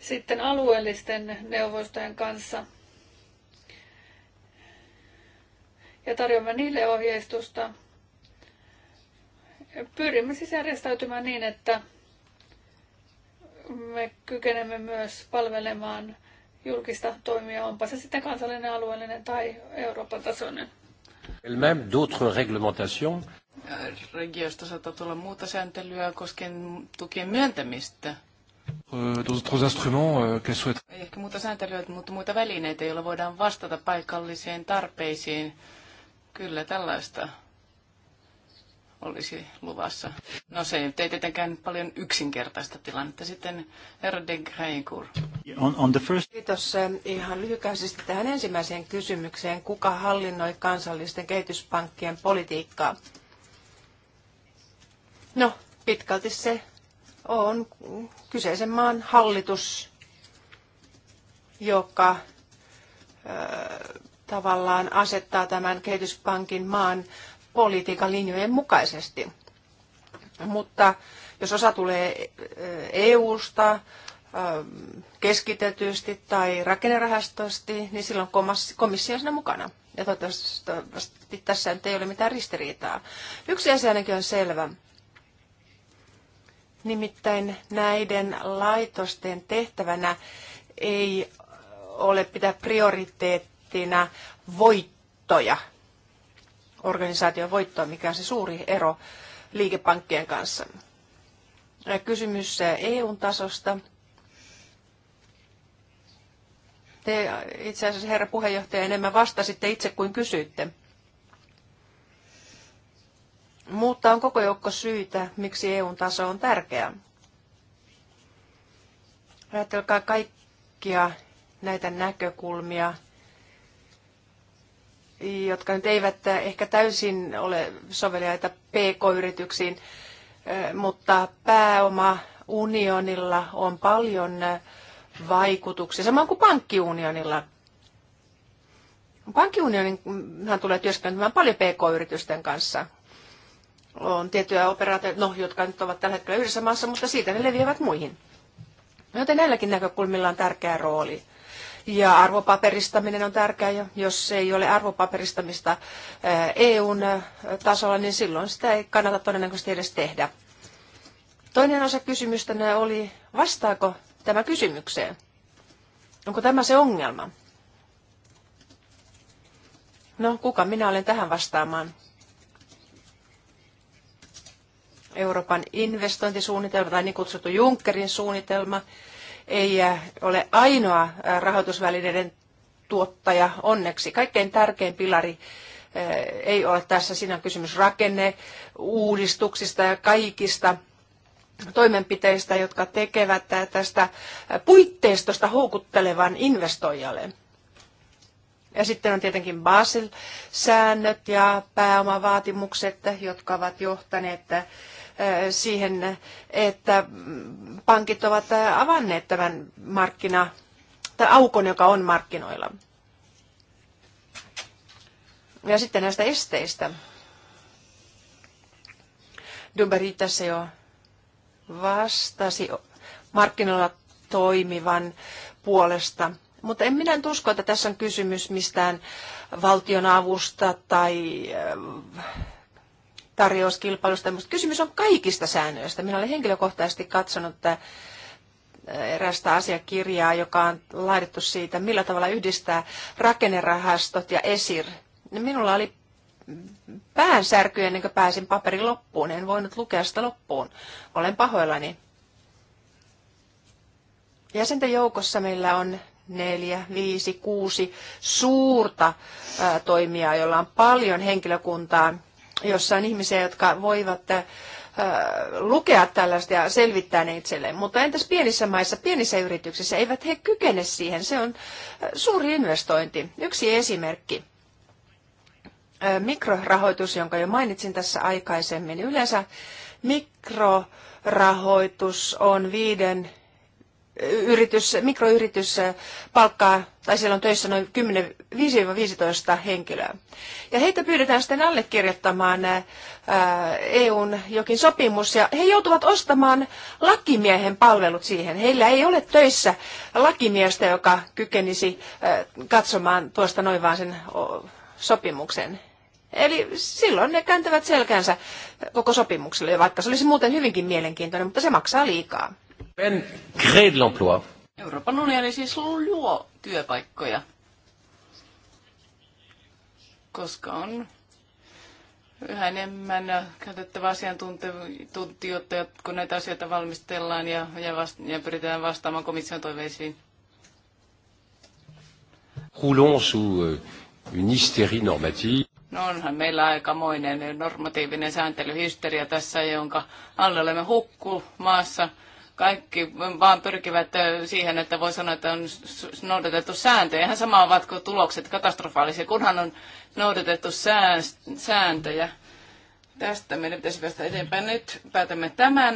sitten alueellisten neuvostojen kanssa. Ja tarjoamme niille ohjeistusta. Pyrimme siis järjestäytymään niin, että me kykenemme myös palvelemaan julkista toimia, onpa se sitten kansallinen, alueellinen tai Euroopan tasoinen. Elle-même d'autres réglementations. Regiosta saattaa tulla muuta sääntelyä koskien tukien myöntämistä. Euh, d'autres instruments euh, qu'elle souhaite. Ei ehkä muuta sääntelyä, mutta muita välineitä, joilla voidaan vastata paikallisiin tarpeisiin. Kyllä, tällaista olisi luvassa. No se ei tietenkään paljon yksinkertaista tilannetta. Sitten herra de Greigur. On, on the first... Kiitos ihan lyhykäisesti tähän ensimmäiseen kysymykseen. Kuka hallinnoi kansallisten kehityspankkien politiikkaa? No, pitkälti se on kyseisen maan hallitus, joka ö, tavallaan asettaa tämän kehityspankin maan politiikan linjojen mukaisesti. Mutta jos osa tulee EU-sta eh, e eh, keskitetysti tai rakennerahastosti, niin silloin komissio on siinä mukana. Ja toivottavasti tässä nyt ei ole mitään ristiriitaa. Yksi asia ainakin on selvä. Nimittäin näiden laitosten tehtävänä ei ole pitää prioriteettina voittoja, organisaation voittoa, mikä on se suuri ero liikepankkien kanssa. Kysymys eu tasosta. Te itse asiassa, herra puheenjohtaja, enemmän vastasitte itse kuin kysyitte. Mutta on koko joukko syitä, miksi eu taso on tärkeä. Ajatelkaa kaikkia näitä näkökulmia, jotka nyt eivät ehkä täysin ole soveliaita PK-yrityksiin, mutta pääoma unionilla on paljon vaikutuksia, samoin kuin pankkiunionilla. Pankkiunioninhan tulee työskentelemään paljon PK-yritysten kanssa. On tiettyjä operaatioita, no, jotka nyt ovat tällä hetkellä yhdessä maassa, mutta siitä ne leviävät muihin. Joten näilläkin näkökulmilla on tärkeä rooli. Ja arvopaperistaminen on tärkeää, ja jos ei ole arvopaperistamista EUn eh, e eh, tasolla, niin silloin sitä ei kannata todennäköisesti edes tehdä. Toinen osa kysymystä oli, vastaako tämä kysymykseen? Onko tämä se ongelma? No, kuka minä olen tähän vastaamaan? Euroopan investointisuunnitelma tai niin kutsuttu Junckerin suunnitelma, ei äh, ole ainoa äh, rahoitusvälineiden tuottaja onneksi. Kaikkein tärkein pilari äh, ei ole tässä. Siinä on kysymys rakenne, uudistuksista ja kaikista toimenpiteistä, jotka tekevät tästä puitteistosta houkuttelevan investoijalle. Ja sitten on tietenkin Basel-säännöt ja pääomavaatimukset, jotka ovat johtaneet siihen, että pankit ovat avanneet tämän markkina, tai aukon, joka on markkinoilla. Ja sitten näistä esteistä. Duberi tässä jo vastasi markkinoilla toimivan puolesta. Mutta en minä usko, että tässä on kysymys mistään valtionavusta tai tarjouskilpailusta, mutta kysymys on kaikista säännöistä. Minä olen henkilökohtaisesti katsonut että erästä asiakirjaa, joka on laadittu siitä, millä tavalla yhdistää rakennerahastot ja ESIR. Niin minulla oli päänsärky ennen kuin pääsin paperin loppuun. En voinut lukea sitä loppuun. Olen pahoillani. Jäsenten joukossa meillä on neljä, viisi, kuusi suurta toimijaa, joilla on paljon henkilökuntaa jossa on ihmisiä, jotka voivat äh, lukea tällaista ja selvittää ne itselleen. Mutta entäs pienissä maissa, pienissä yrityksissä, eivät he kykene siihen. Se on äh, suuri investointi. Yksi esimerkki. Äh, mikrorahoitus, jonka jo mainitsin tässä aikaisemmin. Yleensä mikrorahoitus on viiden yritys, mikroyritys äh, palkkaa, tai siellä on töissä noin 10, 5-15 henkilöä. Ja heitä pyydetään sitten allekirjoittamaan äh, EUn jokin sopimus, ja he joutuvat ostamaan lakimiehen palvelut siihen. Heillä ei ole töissä lakimiestä, joka kykenisi äh, katsomaan tuosta noin vaan sen sopimuksen. Eli silloin ne kääntävät selkänsä koko sopimukselle, vaikka se olisi muuten hyvinkin mielenkiintoinen, mutta se maksaa liikaa. Pen crée de l'emploi. Euroopan unioni siis luo työpaikkoja, koska on yhä enemmän käytettävä asiantuntijoita, kun näitä asioita valmistellaan ja, ja, vast, ja pyritään vastaamaan komission toiveisiin. Roulons sous euh, une hystérie normative. No onhan meillä aikamoinen normatiivinen sääntelyhysteria tässä, jonka alle olemme hukku maassa kaikki vaan pyrkivät siihen, että voi sanoa, että on noudatettu sääntöjä. Ihan sama kuin tulokset katastrofaalisia, kunhan on noudatettu sääntöjä. Tästä meidän pitäisi päästä eteenpäin. Nyt päätämme tämän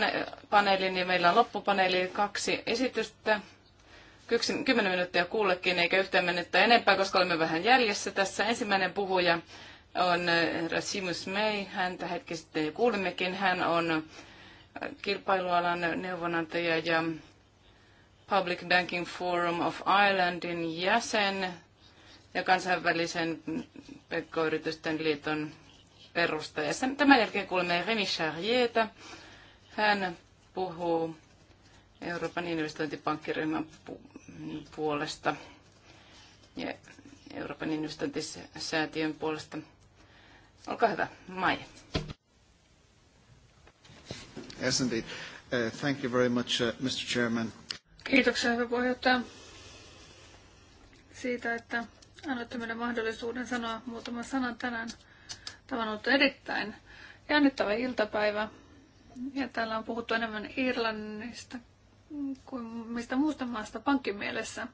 paneelin ja meillä on loppupaneeli kaksi esitystä. Kymmenen minuuttia kullekin, eikä yhtään menettä enempää, koska olemme vähän jäljessä. Tässä ensimmäinen puhuja on Rasimus May. Häntä hetki sitten jo kuulimmekin. Hän on kilpailualan neuvonantaja ja Public Banking Forum of Irelandin jäsen ja kansainvälisen pk-yritysten liiton perustaja. Tämän jälkeen kuulemme Remi Charrieta. Hän puhuu Euroopan investointipankkiryhmän puolesta ja Euroopan investointisäätiön puolesta. Olkaa hyvä, Mai. Yes, indeed. Uh, thank you very much, uh, Mr. Chairman. Kiitoksia, hyvä puheenjohtaja, siitä, että annoitte meille mahdollisuuden sanoa muutaman sanan tänään. Tämä on ollut erittäin jännittävä iltapäivä. Ja täällä on puhuttu enemmän Irlannista kuin mistä muusta maasta mielessä.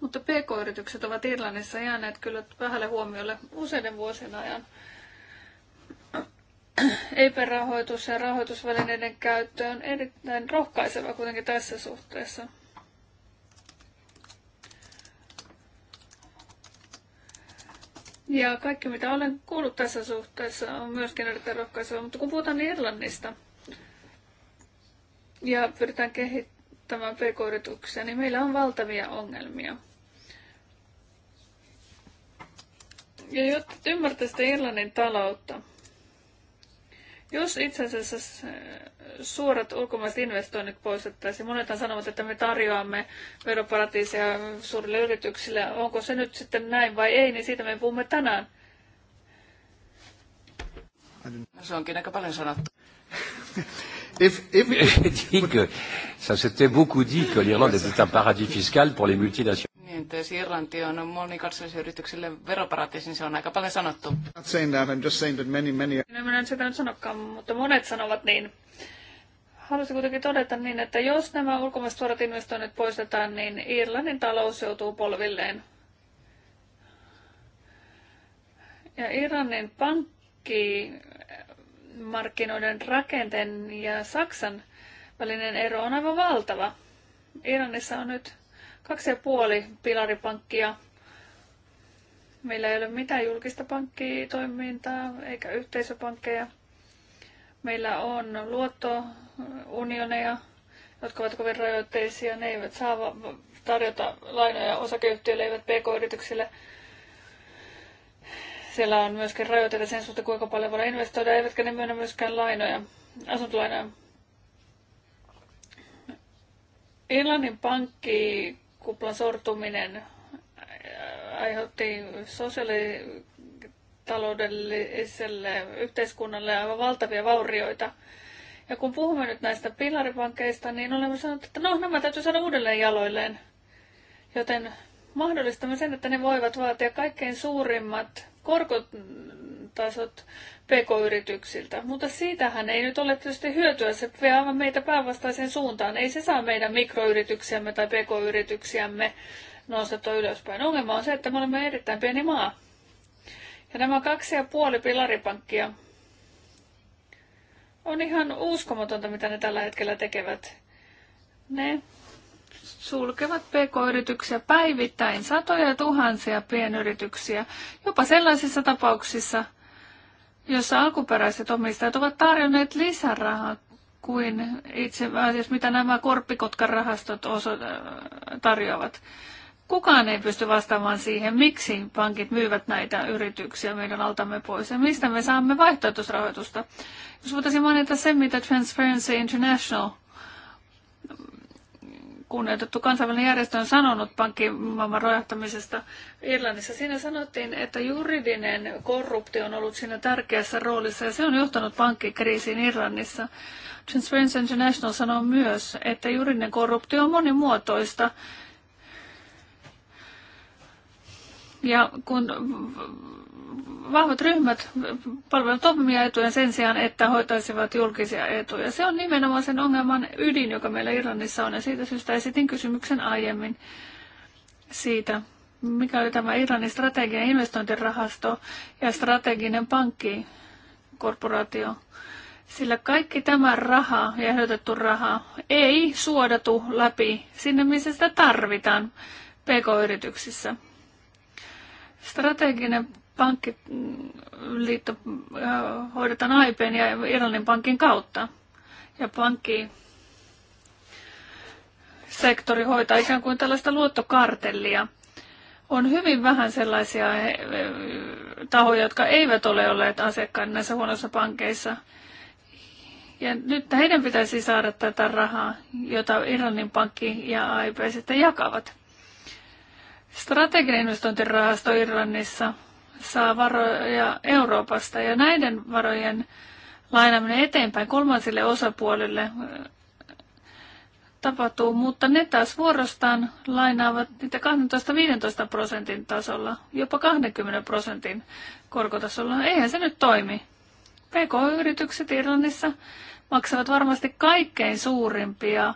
Mutta PK-yritykset ovat Irlannissa jääneet kyllä vähälle huomiolle useiden vuosien ajan ep rahoitus ja rahoitusvälineiden käyttö on erittäin rohkaiseva kuitenkin tässä suhteessa. Ja kaikki mitä olen kuullut tässä suhteessa on myöskin erittäin rohkaisevaa, mutta kun puhutaan Irlannista ja pyritään kehittämään pk niin meillä on valtavia ongelmia. Ja jotta ymmärtäisitte Irlannin taloutta, jos itse asiassa suorat ulkomaiset investoinnit poistettaisiin, monet sanovat, että me tarjoamme veroparatiiseja suurille yrityksille. Onko se nyt sitten näin vai ei, niin siitä me puhumme tänään. Se onkin aika paljon sanottu. If, if... Ça s'était beaucoup dit que l'Irlande était un paradis fiscal pour les multinationales hinta. Irlanti on monikansallisille yrityksille veroparatiisi, se on aika paljon sanottu. Minä en sitä nyt sanokaan, mutta monet sanovat niin. Haluaisin kuitenkin todeta niin, että jos nämä ulkomaiset suorat investoinnit poistetaan, niin Irlannin talous joutuu polvilleen. Ja Irlannin pankkimarkkinoiden rakenteen ja Saksan välinen ero on aivan valtava. Iranissa on nyt Kaksi ja puoli pilaripankkia. Meillä ei ole mitään julkista pankkitoimintaa eikä yhteisöpankkeja. Meillä on luottounioneja, jotka ovat kovin rajoitteisia. Ne eivät saa tarjota lainoja osakeyhtiöille, eivät pk-yrityksille. Siellä on myöskin rajoitteita sen suhteen, kuinka paljon voidaan investoida, eivätkä ne myönnä myöskään lainoja, asuntolainoja. Irlannin pankki kuplan sortuminen äh, aiheutti sosiaalitaloudelliselle yhteiskunnalle aivan valtavia vaurioita. Ja kun puhumme nyt näistä pilaripankkeista, niin olemme sanoneet, että no, nämä täytyy saada uudelleen jaloilleen. Joten mahdollistamme sen, että ne voivat vaatia kaikkein suurimmat korkot tulotasot pk-yrityksiltä. Mutta siitähän ei nyt ole tietysti hyötyä, se vie aivan meitä päinvastaiseen suuntaan. Ei se saa meidän mikroyrityksiämme tai pk-yrityksiämme nostettua ylöspäin. Ongelma on se, että me olemme erittäin pieni maa. Ja nämä kaksi ja puoli pilaripankkia on ihan uskomatonta, mitä ne tällä hetkellä tekevät. Ne sulkevat pk-yrityksiä päivittäin, satoja tuhansia pienyrityksiä, jopa sellaisissa tapauksissa, jossa alkuperäiset omistajat ovat tarjonneet lisärahaa kuin itse asiassa, äh, mitä nämä korppikotkan rahastot äh, tarjoavat. Kukaan ei pysty vastaamaan siihen, miksi pankit myyvät näitä yrityksiä meidän altamme pois ja mistä me saamme vaihtoehtoisrahoitusta. Jos voitaisiin mainita sen, mitä Transparency International kunnioitettu kansainvälinen järjestö on sanonut pankkimaailman rojahtamisesta Irlannissa. Siinä sanottiin, että juridinen korruptio on ollut siinä tärkeässä roolissa ja se on johtanut pankkikriisiin Irlannissa. Transparency International sanoo myös, että juridinen korruptio on monimuotoista. Ja kun vahvat ryhmät palvelevat omia etuja sen sijaan, että hoitaisivat julkisia etuja. Se on nimenomaan sen ongelman ydin, joka meillä Irlannissa on, ja siitä syystä esitin kysymyksen aiemmin siitä, mikä oli tämä Irlannin strateginen investointirahasto ja strateginen pankkikorporaatio. Sillä kaikki tämä raha ja ehdotettu raha ei suodatu läpi sinne, missä sitä tarvitaan pk-yrityksissä. Strateginen pankkiliitto äh, hoidetaan Aipen ja Irlannin pankin kautta. Ja pankki sektori hoitaa ikään kuin tällaista luottokartellia. On hyvin vähän sellaisia äh, tahoja, jotka eivät ole olleet asiakkaina näissä huonoissa pankeissa. Ja nyt heidän pitäisi saada tätä rahaa, jota Irlannin pankki ja AIP sitten jakavat. Strateginen investointirahasto Irlannissa saa varoja Euroopasta ja näiden varojen lainaminen eteenpäin kolmansille osapuolille tapahtuu, mutta ne taas vuorostaan lainaavat niitä 12-15 prosentin tasolla, jopa 20 prosentin korkotasolla. Eihän se nyt toimi. PK-yritykset Irlannissa maksavat varmasti kaikkein suurimpia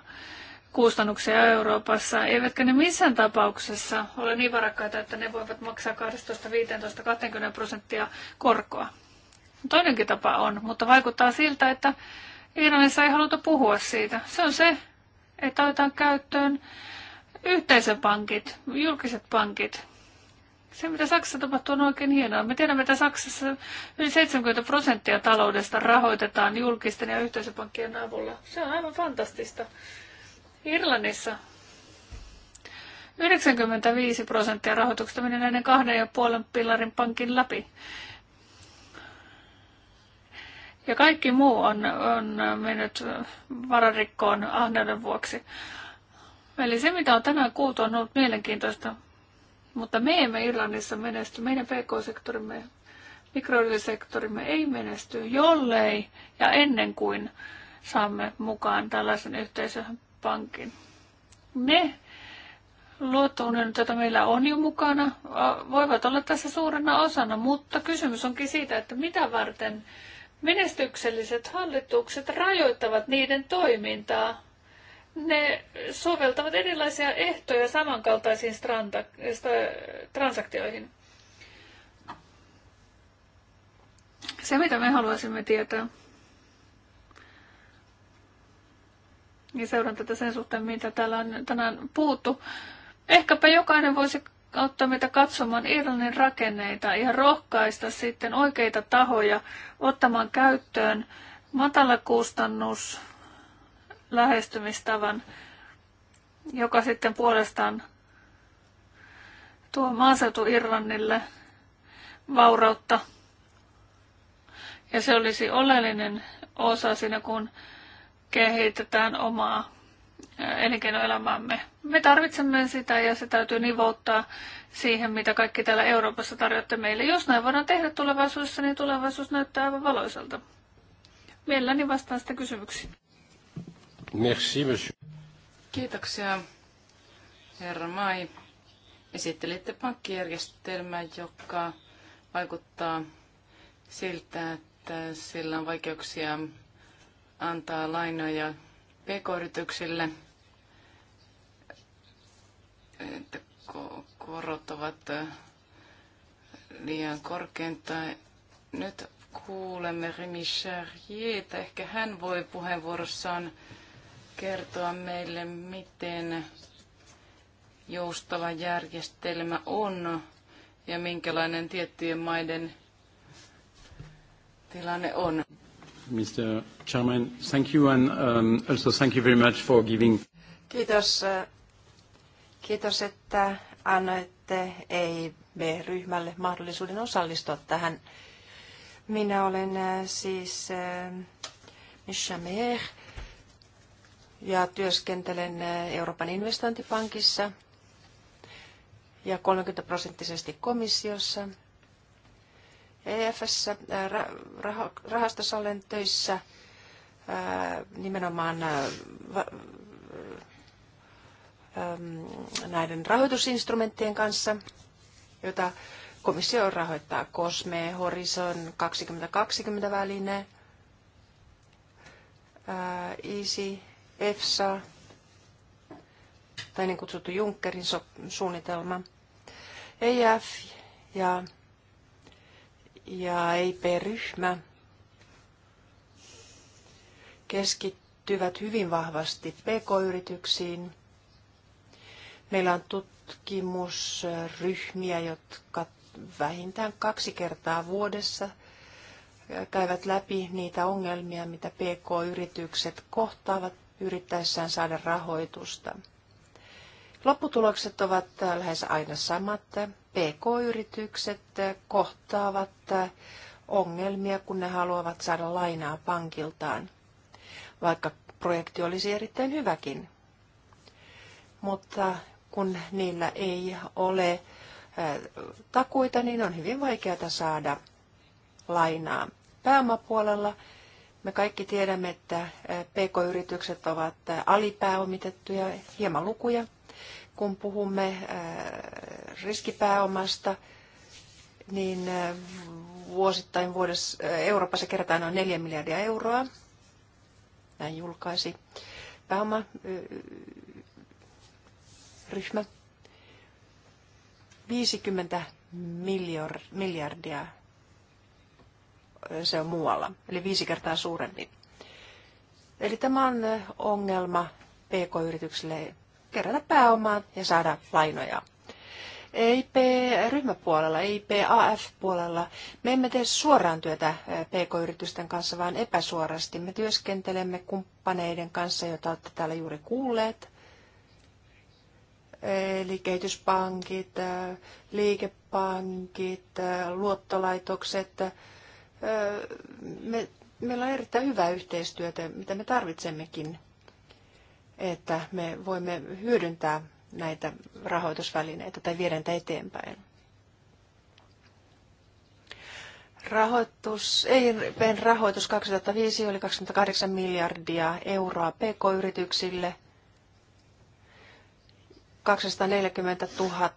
kustannuksia Euroopassa, eivätkä ne missään tapauksessa ole niin varakkaita, että ne voivat maksaa 12, 15, 20 prosenttia korkoa. Toinenkin tapa on, mutta vaikuttaa siltä, että Irlannissa ei haluta puhua siitä. Se on se, että otetaan käyttöön yhteisöpankit, julkiset pankit. Se, mitä Saksassa tapahtuu, on oikein hienoa. Me tiedämme, että Saksassa yli 70 prosenttia taloudesta rahoitetaan julkisten ja yhteisöpankkien avulla. Se on aivan fantastista. Irlannissa 95 prosenttia rahoituksesta meni näiden kahden ja puolen pilarin pankin läpi. Ja kaikki muu on, on mennyt vararikkoon ahneuden vuoksi. Eli se, mitä on tänään kuultu, on ollut mielenkiintoista. Mutta me emme Irlannissa menesty. Meidän pk-sektorimme, mikroyrityssektorimme ei menesty, jollei ja ennen kuin saamme mukaan tällaisen yhteisön pankin. Ne luottounionit, joita meillä on jo mukana, voivat olla tässä suurena osana, mutta kysymys onkin siitä, että mitä varten menestykselliset hallitukset rajoittavat niiden toimintaa. Ne soveltavat erilaisia ehtoja samankaltaisiin transaktioihin. Se, mitä me haluaisimme tietää, Niin seuran tätä sen suhteen, mitä täällä on tänään puhuttu. Ehkäpä jokainen voisi auttaa meitä katsomaan Irlannin rakenneita ja rohkaista sitten oikeita tahoja ottamaan käyttöön matalakustannus lähestymistavan, joka sitten puolestaan tuo maaseutu Irlannille vaurautta. Ja se olisi oleellinen osa siinä, kun kehitetään omaa elinkeinoelämäämme. Me tarvitsemme sitä ja se täytyy nivouttaa siihen, mitä kaikki täällä Euroopassa tarjotte meille. Jos näin voidaan tehdä tulevaisuudessa, niin tulevaisuus näyttää aivan valoisalta. Mielelläni vastaan sitä kysymyksiin. Merci, monsieur. Kiitoksia, herra Mai. Esittelitte pankkijärjestelmää, joka vaikuttaa siltä, että sillä on vaikeuksia antaa lainoja pk-yrityksille, että korot ovat liian korkeinta. Nyt kuulemme Remi Charrierta. Ehkä hän voi puheenvuorossaan kertoa meille, miten joustava järjestelmä on ja minkälainen tiettyjen maiden tilanne on. Mr. Chairman. Thank you and um, also thank you very much for giving. Kiitos. Eh, kiitos, että annoitte EIB-ryhmälle mahdollisuuden osallistua tähän. Minä olen eh, siis eh, Michamer ja työskentelen Euroopan investointipankissa ja 30 prosenttisesti komissiossa – EFS äh, rahastossa olen töissä äh, nimenomaan äh, ähm, näiden rahoitusinstrumenttien kanssa, jota komissio rahoittaa COSME, Horizon 2020 väline, EASY, EFSA tai niin kutsuttu Junckerin suunnitelma, EF ja ja IP-ryhmä e keskittyvät hyvin vahvasti PK-yrityksiin. Meillä on tutkimusryhmiä, jotka vähintään kaksi kertaa vuodessa käyvät läpi niitä ongelmia, mitä PK-yritykset kohtaavat yrittäessään saada rahoitusta. Lopputulokset ovat lähes aina samat. PK-yritykset kohtaavat ongelmia, kun ne haluavat saada lainaa pankiltaan, vaikka projekti olisi erittäin hyväkin. Mutta kun niillä ei ole takuita, niin on hyvin vaikeaa saada lainaa. Pääomapuolella me kaikki tiedämme, että pk-yritykset ovat alipääomitettuja, hieman lukuja kun puhumme äh, riskipääomasta, niin äh, vuosittain vuodessa äh, Euroopassa kerätään noin 4 miljardia euroa. Näin julkaisi pääomaryhmä. 50 miljardia se on muualla, eli viisi kertaa suurempi. Eli tämä on ongelma PK-yrityksille kerätä pääomaa ja saada lainoja. EIP-ryhmäpuolella, EIP-AF-puolella, me emme tee suoraan työtä eh, PK-yritysten kanssa, vaan epäsuorasti. Me työskentelemme kumppaneiden kanssa, joita olette täällä juuri kuulleet, eli kehityspankit, eh, liikepankit, eh, luottolaitokset. Me, meillä on erittäin hyvää yhteistyötä, mitä me tarvitsemmekin että me voimme hyödyntää näitä rahoitusvälineitä tai viedä niitä eteenpäin. Rahoitus, EIPn rahoitus 2005 oli 28 miljardia euroa pk-yrityksille, 240 000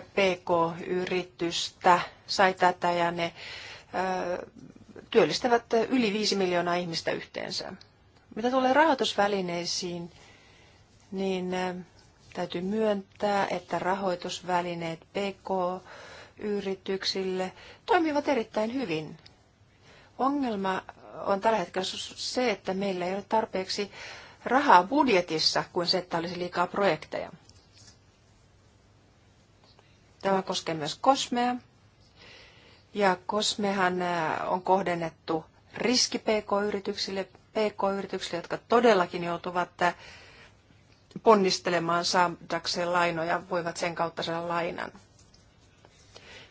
pk-yritystä sai tätä ja ne työllistävät yli 5 miljoonaa ihmistä yhteensä. Mitä tulee rahoitusvälineisiin, niin äh, täytyy myöntää, että rahoitusvälineet PK-yrityksille toimivat erittäin hyvin. Ongelma on tällä hetkellä se, että meillä ei ole tarpeeksi rahaa budjetissa kuin se, että olisi liikaa projekteja. Tämä koskee myös Kosmea. Ja Kosmehan äh, on kohdennettu riski PK-yrityksille PK-yrityksille, jotka todellakin joutuvat eh, ponnistelemaan saadakseen lainoja, voivat sen kautta saada lainan.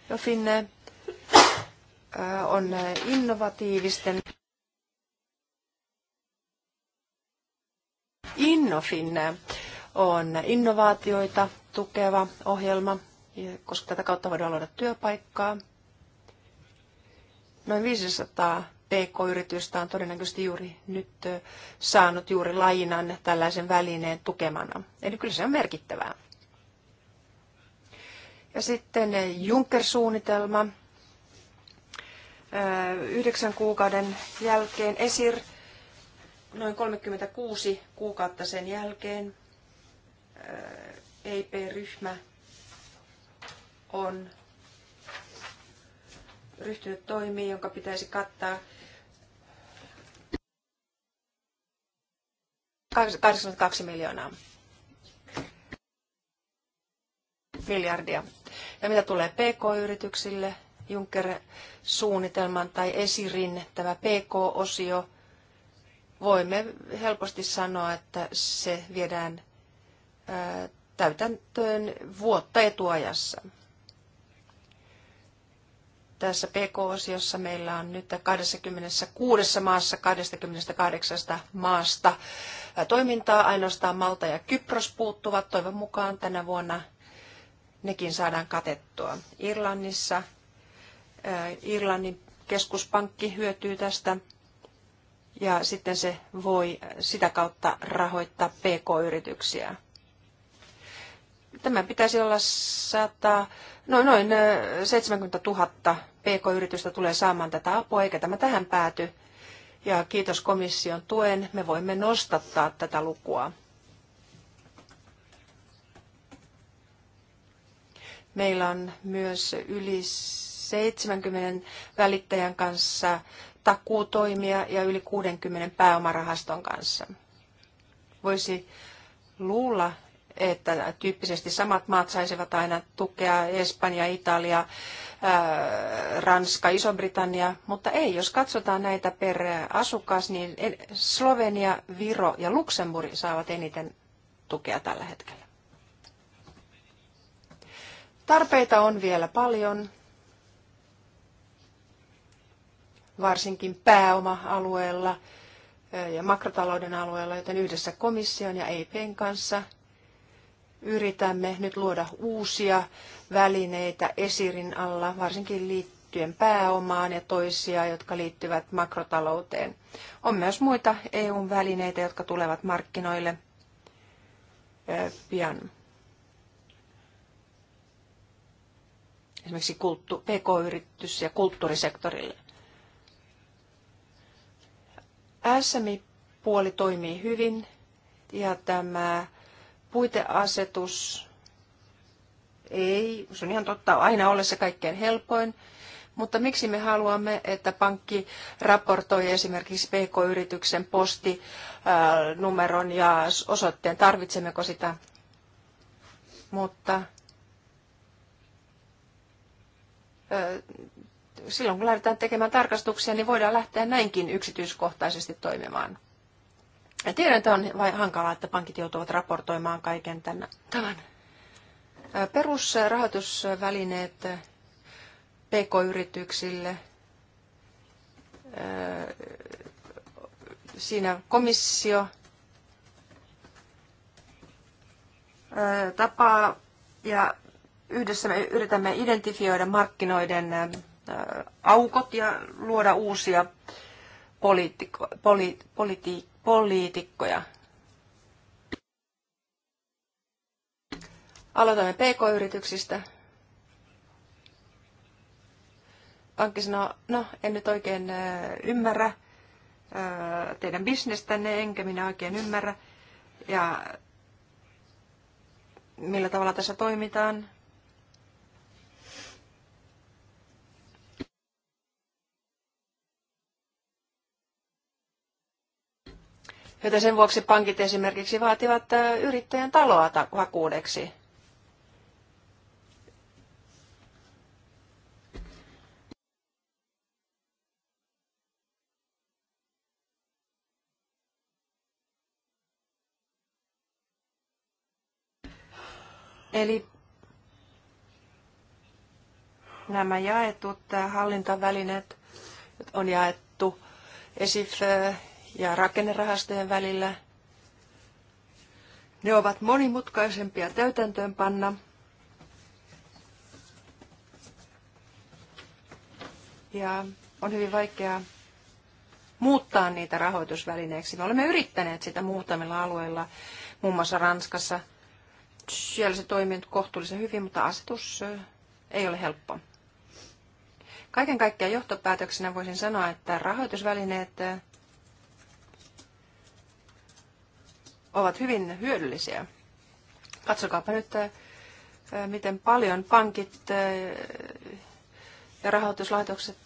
Jofinne eh, eh, on innovatiivisten Innofin on innovaatioita tukeva ohjelma, koska tätä kautta voidaan luoda työpaikkaa. Noin 500 PK-yritystä on todennäköisesti juuri nyt saanut juuri lainan tällaisen välineen tukemana. Eli kyllä se on merkittävää. Ja sitten Junker-suunnitelma. Yhdeksän kuukauden jälkeen ESIR, noin 36 kuukautta sen jälkeen, EIP-ryhmä on ryhtynyt toimiin, jonka pitäisi kattaa 82 miljoonaa miljardia. Ja mitä tulee PK-yrityksille, Juncker-suunnitelman tai esirin tämä PK-osio, voimme helposti sanoa, että se viedään täytäntöön vuotta etuajassa. Tässä PK-osiossa meillä on nyt 26 maassa 28 maasta toimintaa. Ainoastaan Malta ja Kypros puuttuvat. Toivon mukaan tänä vuonna nekin saadaan katettua. Irlannissa eh, Irlannin keskuspankki hyötyy tästä ja sitten se voi sitä kautta rahoittaa PK-yrityksiä. Tämä pitäisi olla 100, no noin, noin 70 000 pk-yritystä tulee saamaan tätä apua, eikä tämä tähän pääty. Ja kiitos komission tuen, me voimme nostattaa tätä lukua. Meillä on myös yli 70 välittäjän kanssa takuutoimia ja yli 60 pääomarahaston kanssa. Voisi luulla, että tyyppisesti samat maat saisivat aina tukea, Espanja, Italia, Ranska, Iso-Britannia, mutta ei, jos katsotaan näitä per asukas, niin Slovenia, Viro ja Luxemburg saavat eniten tukea tällä hetkellä. Tarpeita on vielä paljon, varsinkin pääoma-alueella ja makrotalouden alueella, joten yhdessä komission ja EIPn kanssa – yritämme nyt luoda uusia välineitä esirin alla, varsinkin liittyen pääomaan ja toisia, jotka liittyvät makrotalouteen. On myös muita EUn välineitä, jotka tulevat markkinoille pian. Esimerkiksi kulttu- pk-yritys- ja kulttuurisektorille. SMI-puoli toimii hyvin ja tämä puiteasetus ei, se on ihan totta, aina ole se kaikkein helpoin, mutta miksi me haluamme, että pankki raportoi esimerkiksi PK-yrityksen postinumeron äh, ja osoitteen, tarvitsemmeko sitä? Mutta äh, silloin kun lähdetään tekemään tarkastuksia, niin voidaan lähteä näinkin yksityiskohtaisesti toimimaan. Tiedän, että on hankalaa, että pankit joutuvat raportoimaan kaiken tämän. Perusrahoitusvälineet PK-yrityksille. Siinä komissio tapaa ja yhdessä me yritämme identifioida markkinoiden aukot ja luoda uusia politi- poliitikkoja. Aloitamme PK-yrityksistä. Pankki sanoo, no en nyt oikein ymmärrä teidän bisnestänne, enkä minä oikein ymmärrä. Ja millä tavalla tässä toimitaan. Joten sen vuoksi pankit esimerkiksi vaativat äh, yrittäjän taloa vakuudeksi. Eli nämä jaetut äh, hallintavälineet on jaettu ESIF äh, ja rakennerahastojen välillä. Ne ovat monimutkaisempia täytäntöönpanna. Ja on hyvin vaikeaa muuttaa niitä rahoitusvälineeksi. Me olemme yrittäneet sitä muutamilla alueilla, muun muassa Ranskassa. Siellä se toimii nyt kohtuullisen hyvin, mutta asetus ei ole helppo. Kaiken kaikkiaan johtopäätöksenä voisin sanoa, että rahoitusvälineet ovat hyvin hyödyllisiä. Katsokaapa nyt, miten paljon pankit ja rahoituslaitokset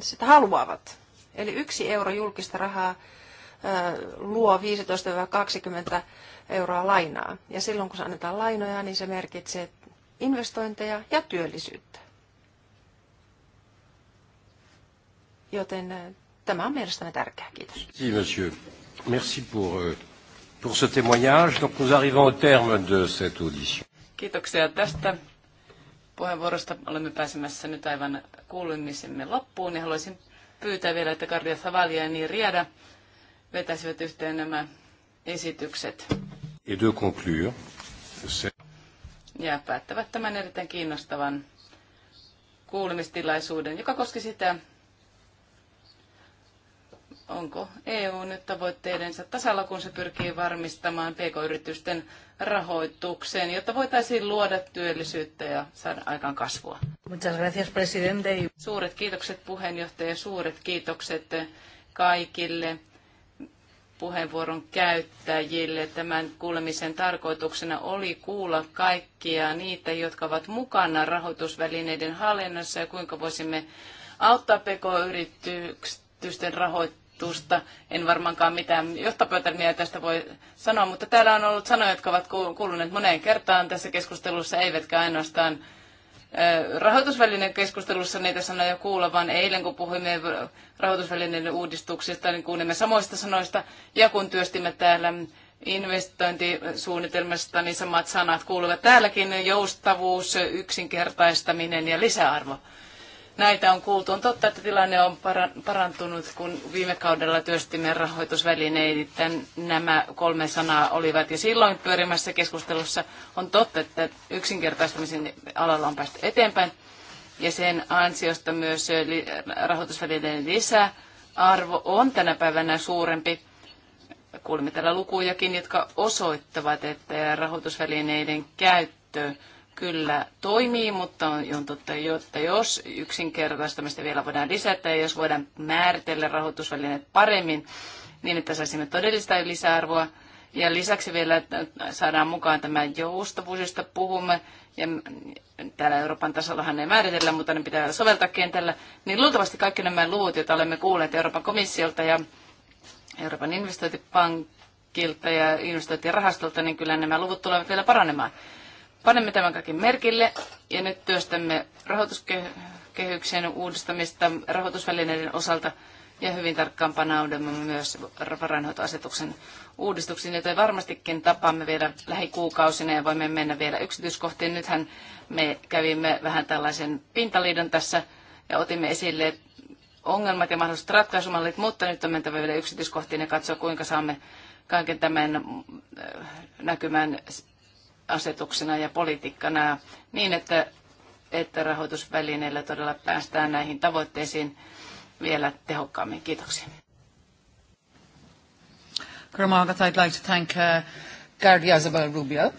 sitä haluavat. Eli yksi euro julkista rahaa luo 15-20 euroa lainaa. Ja silloin kun se annetaan lainoja, niin se merkitsee investointeja ja työllisyyttä. Joten tämä on mielestäni tärkeää. Kiitos. Merci, Merci pour pour ce témoignage. Donc nous arrivons au terme de cette audition. Kiitoksia tästä puheenvuorosta. Olemme pääsemässä nyt aivan kuulemisemme loppuun ja haluaisin pyytää vielä, että Kardia Savalia ja niin Riada vetäisivät yhteen nämä esitykset. Et de conclure. Ja päättävät tämän erittäin kiinnostavan kuulemistilaisuuden, joka koski sitä, onko EU nyt tavoitteidensa tasalla, kun se pyrkii varmistamaan pk-yritysten rahoitukseen, jotta voitaisiin luoda työllisyyttä ja saada aikaan kasvua. Muchas gracias, presidente. Suuret kiitokset puheenjohtaja, suuret kiitokset kaikille puheenvuoron käyttäjille. Tämän kuulemisen tarkoituksena oli kuulla kaikkia niitä, jotka ovat mukana rahoitusvälineiden hallinnassa ja kuinka voisimme auttaa pk yritysten rahoit- ehdotusta. En varmaankaan mitään johtopäätelmiä tästä voi sanoa, mutta täällä on ollut sanoja, jotka ovat kuuluneet moneen kertaan tässä keskustelussa, eivätkä ainoastaan rahoitusvälineen keskustelussa niitä sanoja kuulla, vaan eilen kun puhuimme rahoitusvälineiden uudistuksista, niin kuulimme samoista sanoista. Ja kun työstimme täällä investointisuunnitelmasta, niin samat sanat kuuluvat täälläkin, joustavuus, yksinkertaistaminen ja lisäarvo näitä on kuultu. On totta, että tilanne on parantunut, kun viime kaudella työstimme rahoitusvälineitä. Nämä kolme sanaa olivat jo silloin pyörimässä keskustelussa. On totta, että yksinkertaistamisen alalla on päästy eteenpäin. Ja sen ansiosta myös rahoitusvälineiden lisäarvo on tänä päivänä suurempi. Kuulimme täällä lukujakin, jotka osoittavat, että rahoitusvälineiden käyttö kyllä toimii, mutta on, on totta, että jos yksinkertaistamista vielä voidaan lisätä ja jos voidaan määritellä rahoitusvälineet paremmin, niin että saisimme todellista lisäarvoa. Ja lisäksi vielä että saadaan mukaan tämä joustavuus, josta puhumme, ja täällä Euroopan tasollahan ei määritellä, mutta ne pitää soveltaa kentällä, niin luultavasti kaikki nämä luvut, joita olemme kuulleet Euroopan komissiolta ja Euroopan investointipankilta ja investointirahastolta, niin kyllä nämä luvut tulevat vielä paranemaan. Panemme tämän kaiken merkille ja nyt työstämme rahoituskehyksen uudistamista rahoitusvälineiden osalta ja hyvin tarkkaan panaudemme myös varainhoitoasetuksen uudistuksiin, joten varmastikin tapaamme vielä lähikuukausina ja voimme mennä vielä yksityiskohtiin. Nythän me kävimme vähän tällaisen pintaliidon tässä ja otimme esille ongelmat ja mahdolliset ratkaisumallit, mutta nyt on mentävä vielä yksityiskohtiin ja katsoa, kuinka saamme kaiken tämän äh, näkymään asetuksena ja politiikkana niin, että, että rahoitusvälineillä todella päästään näihin tavoitteisiin vielä tehokkaammin. Kiitoksia. Kermagat, I'd like to thank uh, Gardia Rubio.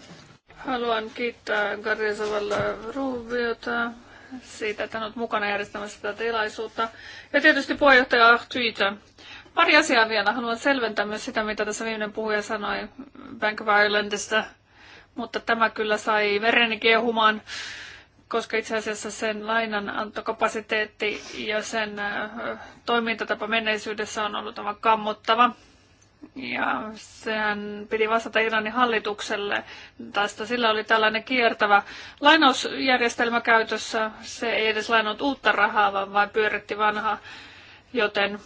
Haluan kiittää Gardia Zabal Rubiota siitä, että on mukana järjestämässä tätä tilaisuutta. Ja tietysti puheenjohtaja Ahtyitä. Pari asiaa vielä. Haluan selventää myös sitä, mitä tässä viimeinen puhuja sanoi Bank of Irelandista mutta tämä kyllä sai vereni kiehumaan, koska itse asiassa sen lainan antokapasiteetti ja sen äh, toimintatapa menneisyydessä on ollut aivan kammottava. Ja sehän piti vastata Iranin hallitukselle. Tästä sillä oli tällainen kiertävä lainausjärjestelmä käytössä. Se ei edes lainannut uutta rahaa, vaan vain pyöritti vanhaa. Joten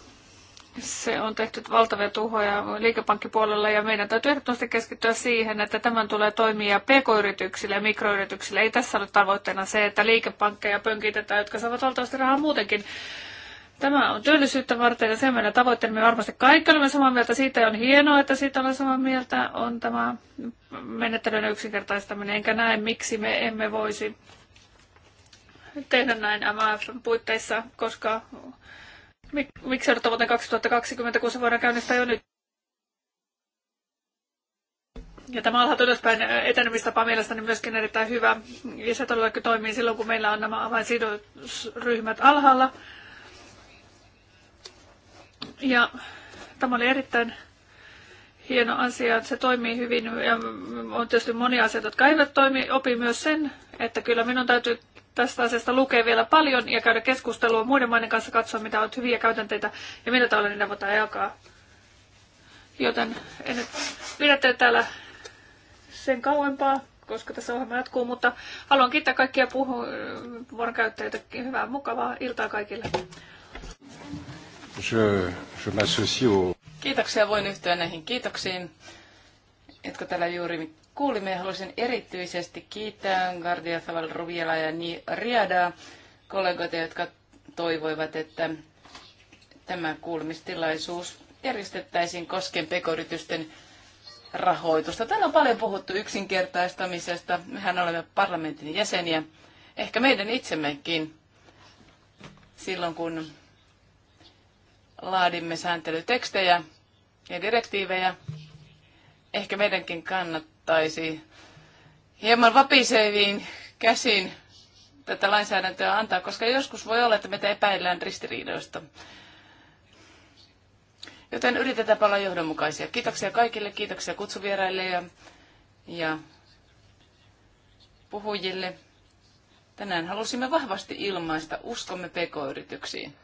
se on tehty valtavia tuhoja liikepankkipuolella ja meidän täytyy ehdottomasti keskittyä siihen, että tämän tulee toimia pk-yrityksille ja mikroyrityksille. Ei tässä ole tavoitteena se, että liikepankkeja pönkitetään, jotka saavat valtavasti rahaa muutenkin. Tämä on työllisyyttä varten ja se meidän tavoitteemme varmasti kaikki olemme samaa mieltä. Siitä on hienoa, että siitä olemme samaa mieltä. On tämä menettelyn yksinkertaistaminen, enkä näe miksi me emme voisi tehdä näin MAFn puitteissa, koska Mik, miksi odottaa vuoteen 2020, kun se voidaan käynnistää jo nyt? Ja tämä alhaalta ylöspäin etenemistapa mielestäni myöskin erittäin hyvä. Ja se todellakin toimii silloin, kun meillä on nämä avainsidosryhmät alhaalla. Ja tämä oli erittäin hieno asia, että se toimii hyvin ja on tietysti monia asioita, jotka eivät toimi. Opi myös sen, että kyllä minun täytyy tästä asiasta lukea vielä paljon ja käydä keskustelua muiden maiden kanssa, katsoa mitä on hyviä käytänteitä ja millä tavalla niitä voidaan jakaa. Joten en nyt pidä täällä sen kauempaa, koska tässä ohjelma jatkuu, mutta haluan kiittää kaikkia puheenvuoron käyttäjiä. Hyvää, mukavaa iltaa kaikille. Je, je m'associe Kiitoksia, voin yhtyä näihin kiitoksiin, jotka täällä juuri kuulimme. Haluaisin erityisesti kiittää Gardia Zaval Ruviela ja Ni Riada, kollegoita, jotka toivoivat, että tämä kuulemistilaisuus järjestettäisiin Kosken pekoritysten rahoitusta. Täällä on paljon puhuttu yksinkertaistamisesta. Mehän olemme parlamentin jäseniä, ehkä meidän itsemmekin, silloin kun laadimme sääntelytekstejä ja direktiivejä. Ehkä meidänkin kannattaisi hieman vapiseviin käsin tätä lainsäädäntöä antaa, koska joskus voi olla, että meitä epäillään ristiriidoista. Joten yritetään olla johdonmukaisia. Kiitoksia kaikille, kiitoksia kutsuvieraille ja, ja puhujille. Tänään halusimme vahvasti ilmaista uskomme pk-yrityksiin.